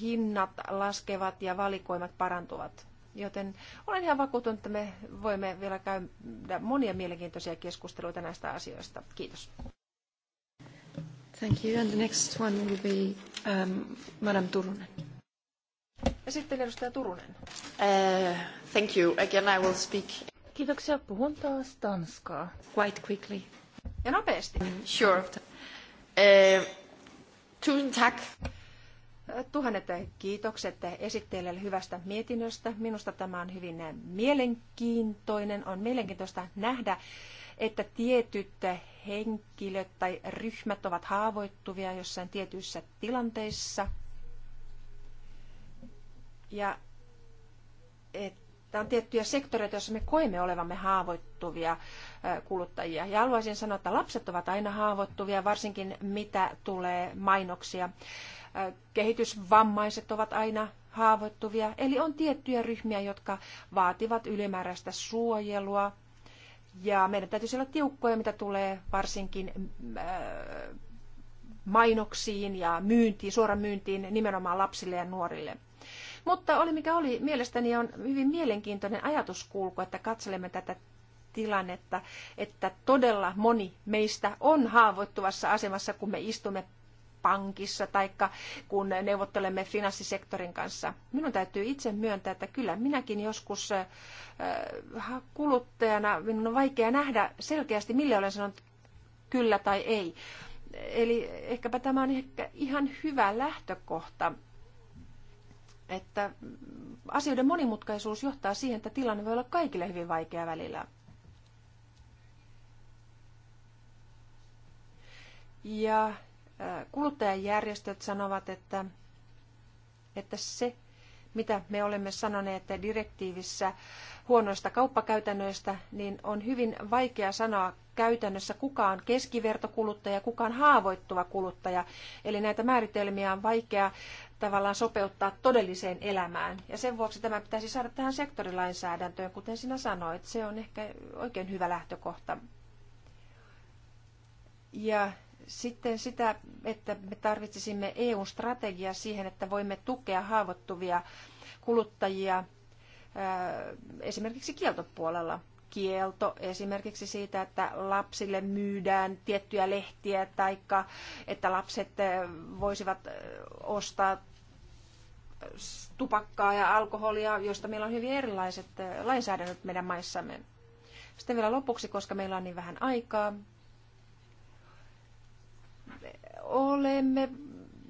hinnat laskevat ja valikoimat parantuvat. Joten olen ihan vakuutunut, että me voimme vielä käydä monia mielenkiintoisia keskusteluita näistä asioista. Kiitos. Thank you. And the next one will be um, Madame Turunen. Ja sitten edustaja Turunen. Uh, thank you. Again I will speak. Kiitoksia. Puhun taas tanskaa. Quite quickly. Ja nopeasti. Sure. Eh, tusen tak. Tuhannet kiitokset esittelijälle hyvästä mietinnöstä. Minusta tämä on hyvin mielenkiintoinen. On mielenkiintoista nähdä, että tietyt henkilöt tai ryhmät ovat haavoittuvia jossain tietyissä tilanteissa. Ja että että on tiettyjä sektoreita, joissa me koemme olevamme haavoittuvia kuluttajia. Ja haluaisin sanoa, että lapset ovat aina haavoittuvia, varsinkin mitä tulee mainoksia. Kehitysvammaiset ovat aina haavoittuvia, eli on tiettyjä ryhmiä, jotka vaativat ylimääräistä suojelua. Ja meidän täytyisi olla tiukkoja, mitä tulee varsinkin mainoksiin ja myyntiin, suoramyyntiin nimenomaan lapsille ja nuorille. Mutta oli mikä oli, mielestäni on hyvin mielenkiintoinen ajatuskulku, että katselemme tätä tilannetta, että todella moni meistä on haavoittuvassa asemassa, kun me istumme pankissa tai kun neuvottelemme finanssisektorin kanssa. Minun täytyy itse myöntää, että kyllä minäkin joskus kuluttajana minun on vaikea nähdä selkeästi, mille olen sanonut kyllä tai ei. Eli ehkäpä tämä on ehkä ihan hyvä lähtökohta että asioiden monimutkaisuus johtaa siihen, että tilanne voi olla kaikille hyvin vaikea välillä. Ja äh, kuluttajajärjestöt sanovat, että, että se, mitä me olemme sanoneet direktiivissä huonoista kauppakäytännöistä, niin on hyvin vaikea sanoa käytännössä kukaan keskivertokuluttaja, kukaan haavoittuva kuluttaja. Eli näitä määritelmiä on vaikea tavallaan sopeuttaa todelliseen elämään. Ja sen vuoksi tämä pitäisi saada tähän sektorilainsäädäntöön, kuten sinä sanoit. Se on ehkä oikein hyvä lähtökohta. Ja sitten sitä, että me tarvitsisimme EU-strategia siihen, että voimme tukea haavoittuvia kuluttajia esimerkiksi kieltopuolella kielto esimerkiksi siitä, että lapsille myydään tiettyjä lehtiä tai että lapset voisivat ostaa tupakkaa ja alkoholia, josta meillä on hyvin erilaiset lainsäädännöt meidän maissamme. Sitten vielä lopuksi, koska meillä on niin vähän aikaa, olemme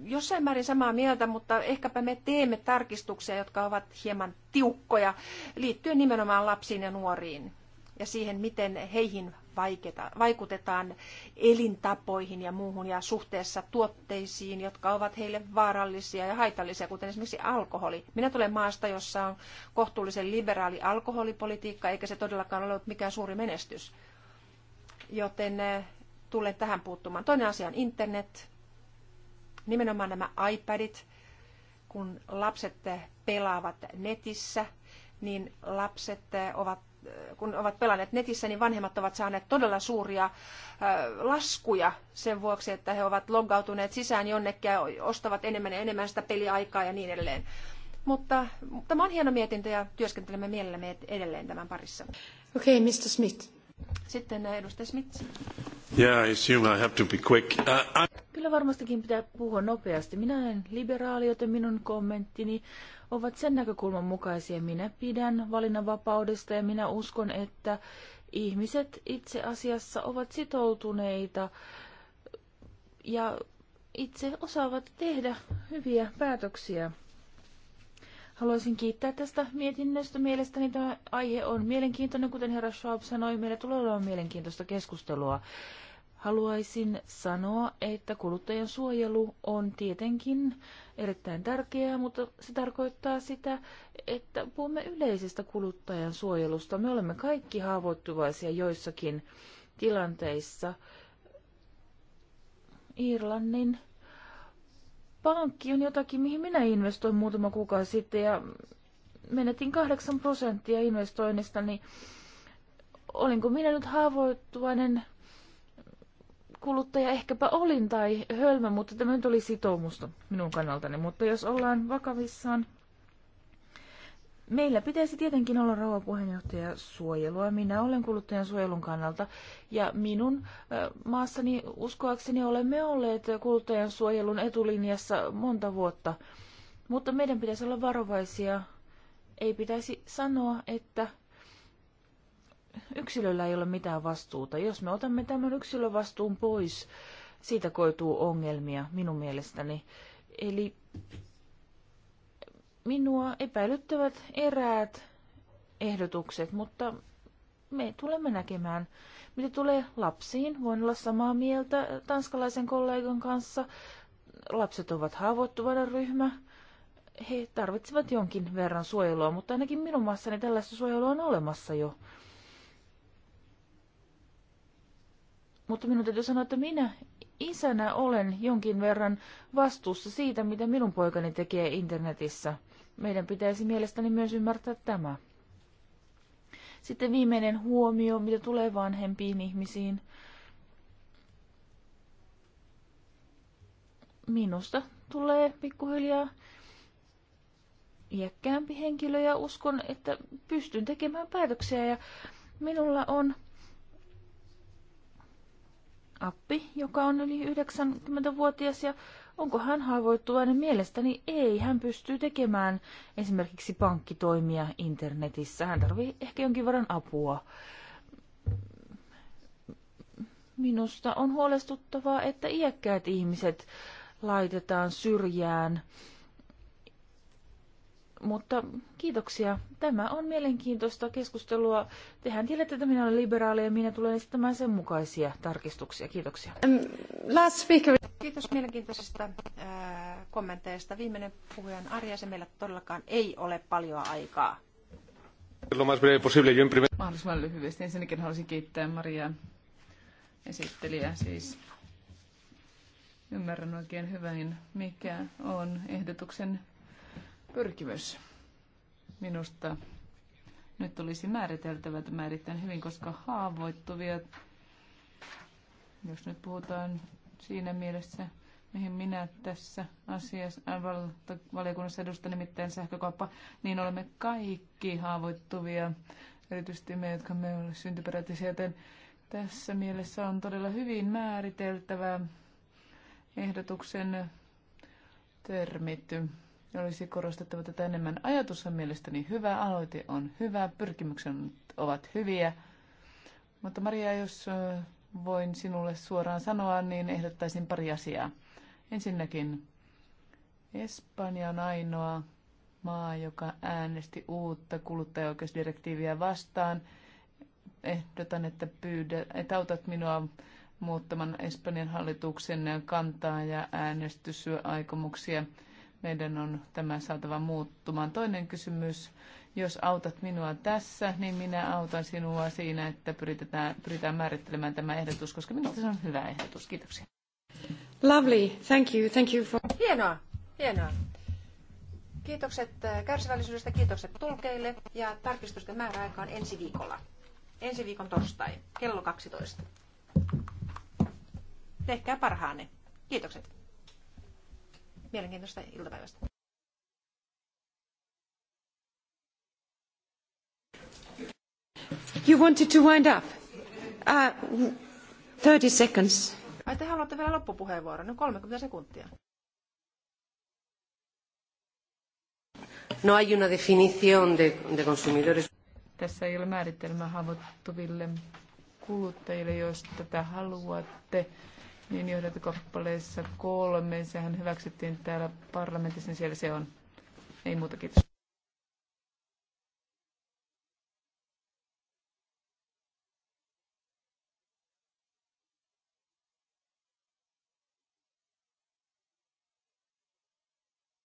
jossain määrin samaa mieltä, mutta ehkäpä me teemme tarkistuksia, jotka ovat hieman tiukkoja liittyen nimenomaan lapsiin ja nuoriin ja siihen, miten heihin vaiketa, vaikutetaan elintapoihin ja muuhun ja suhteessa tuotteisiin, jotka ovat heille vaarallisia ja haitallisia, kuten esimerkiksi alkoholi. Minä tulen maasta, jossa on kohtuullisen liberaali alkoholipolitiikka, eikä se todellakaan ole ollut mikään suuri menestys. Joten eh, tulen tähän puuttumaan. Toinen asia on internet, nimenomaan nämä iPadit, kun lapset eh, pelaavat netissä, niin lapset eh, ovat kun ovat pelanneet netissä, niin vanhemmat ovat saaneet todella suuria laskuja sen vuoksi, että he ovat loggautuneet sisään jonnekin ja ostavat enemmän ja enemmän sitä peliaikaa ja niin edelleen. Mutta tämä on hieno mietintö ja työskentelemme mielellämme edelleen tämän parissa. Okei, okay, Mr. Smith. Sitten eh, edustaja Smits. Yeah, I assume I have to be quick. Uh, I... Kyllä varmastikin pitää puhua nopeasti. Minä olen liberaali, joten minun kommenttini ovat sen näkökulman mukaisia. Minä pidän valinnanvapaudesta ja minä uskon, että ihmiset itse asiassa ovat sitoutuneita ja itse osaavat tehdä hyviä päätöksiä. Haluaisin kiittää tästä mietinnöstä. Mielestäni tämä aihe on mielenkiintoinen, kuten herra Schwab sanoi. Meillä tulee olemaan mielenkiintoista keskustelua. Haluaisin sanoa, että kuluttajan suojelu on tietenkin erittäin tärkeää, mutta se tarkoittaa sitä, että puhumme yleisestä kuluttajan suojelusta. Me olemme kaikki haavoittuvaisia joissakin tilanteissa. Irlannin pankki on jotakin, mihin minä investoin muutama kuukausi sitten ja menetin 8 prosenttia investoinnista, niin olinko minä nyt haavoittuvainen kuluttaja ehkäpä olin tai hölmö, mutta tämä nyt oli sitoumusta minun kannaltani. Mutta jos ollaan vakavissaan, Meillä pitäisi tietenkin olla rouva puheenjohtaja suojelua. Minä olen kuluttajan suojelun kannalta ja minun maassani uskoakseni olemme olleet kuluttajan suojelun etulinjassa monta vuotta. Mutta meidän pitäisi olla varovaisia. Ei pitäisi sanoa, että yksilöllä ei ole mitään vastuuta. Jos me otamme tämän yksilövastuun pois, siitä koituu ongelmia minun mielestäni. Eli minua epäilyttävät eräät ehdotukset, mutta me tulemme näkemään. Mitä tulee lapsiin, voin olla samaa mieltä tanskalaisen kollegan kanssa. Lapset ovat haavoittuvainen ryhmä. He tarvitsevat jonkin verran suojelua, mutta ainakin minun maassani tällaista suojelua on olemassa jo. Mutta minun täytyy sanoa, että minä isänä olen jonkin verran vastuussa siitä, mitä minun poikani tekee internetissä – meidän pitäisi mielestäni myös ymmärtää tämä. Sitten viimeinen huomio, mitä tulee vanhempiin ihmisiin. Minusta tulee pikkuhiljaa iäkkäämpi henkilö ja uskon, että pystyn tekemään päätöksiä ja minulla on appi, joka on yli 90-vuotias ja Onko hän haavoittuvainen? Mielestäni ei. Hän pystyy tekemään esimerkiksi pankkitoimia internetissä. Hän tarvitsee ehkä jonkin verran apua. Minusta on huolestuttavaa, että iäkkäät ihmiset laitetaan syrjään mutta kiitoksia. Tämä on mielenkiintoista keskustelua. Tehän tiedätte, että minä olen liberaali ja minä tulen esittämään sen mukaisia tarkistuksia. Kiitoksia. Um, last speaker. Kiitos mielenkiintoisista äh, kommenteista. Viimeinen puhuja on Arja, se meillä todellakaan ei ole paljon aikaa. Mahdollisimman lyhyesti. Ensinnäkin haluaisin kiittää Maria esittelijää siis ymmärrän oikein hyvin, mikä on ehdotuksen pyrkimys minusta. Nyt olisi määriteltävä tämä erittäin hyvin, koska haavoittuvia, jos nyt puhutaan siinä mielessä, mihin minä tässä asiassa äh, valiokunnassa edustan, nimittäin sähkökauppa, niin olemme kaikki haavoittuvia, erityisesti me, jotka me olemme syntyperäisiä, joten tässä mielessä on todella hyvin määriteltävä ehdotuksen termitty olisi korostettava tätä enemmän. Ajatus on mielestäni hyvä, aloite on hyvä, pyrkimykset ovat hyviä. Mutta Maria, jos voin sinulle suoraan sanoa, niin ehdottaisin pari asiaa. Ensinnäkin Espanja on ainoa maa, joka äänesti uutta kuluttajaoikeusdirektiiviä vastaan. Ehdotan, että, pyydä, että autat minua muuttamaan Espanjan hallituksen kantaa ja äänestysaikomuksia. aikomuksia meidän on tämä saatava muuttumaan. Toinen kysymys, jos autat minua tässä, niin minä autan sinua siinä, että pyritään määrittelemään tämä ehdotus, koska minusta se on hyvä ehdotus. Kiitoksia. Lovely. Thank you. Thank you for... Hienoa. Hienoa. Kiitokset äh, kärsivällisyydestä, kiitokset tulkeille ja tarkistusten määräaika on ensi viikolla. Ensi viikon torstai, kello 12. Tehkää parhaanne. Kiitokset. Mielenkiintoista iltapäivästä. You wanted to wind up. Uh, 30 seconds. Ai te haluatte vielä loppupuheenvuoron, no 30 sekuntia. No hay una definición de, de consumidores. Tässä ei ole määritelmää haavoittuville kuluttajille, jos tätä haluatte niin johdantokappaleessa kolme. Sehän hyväksyttiin täällä parlamentissa, niin siellä se on. Ei muuta, kiitos.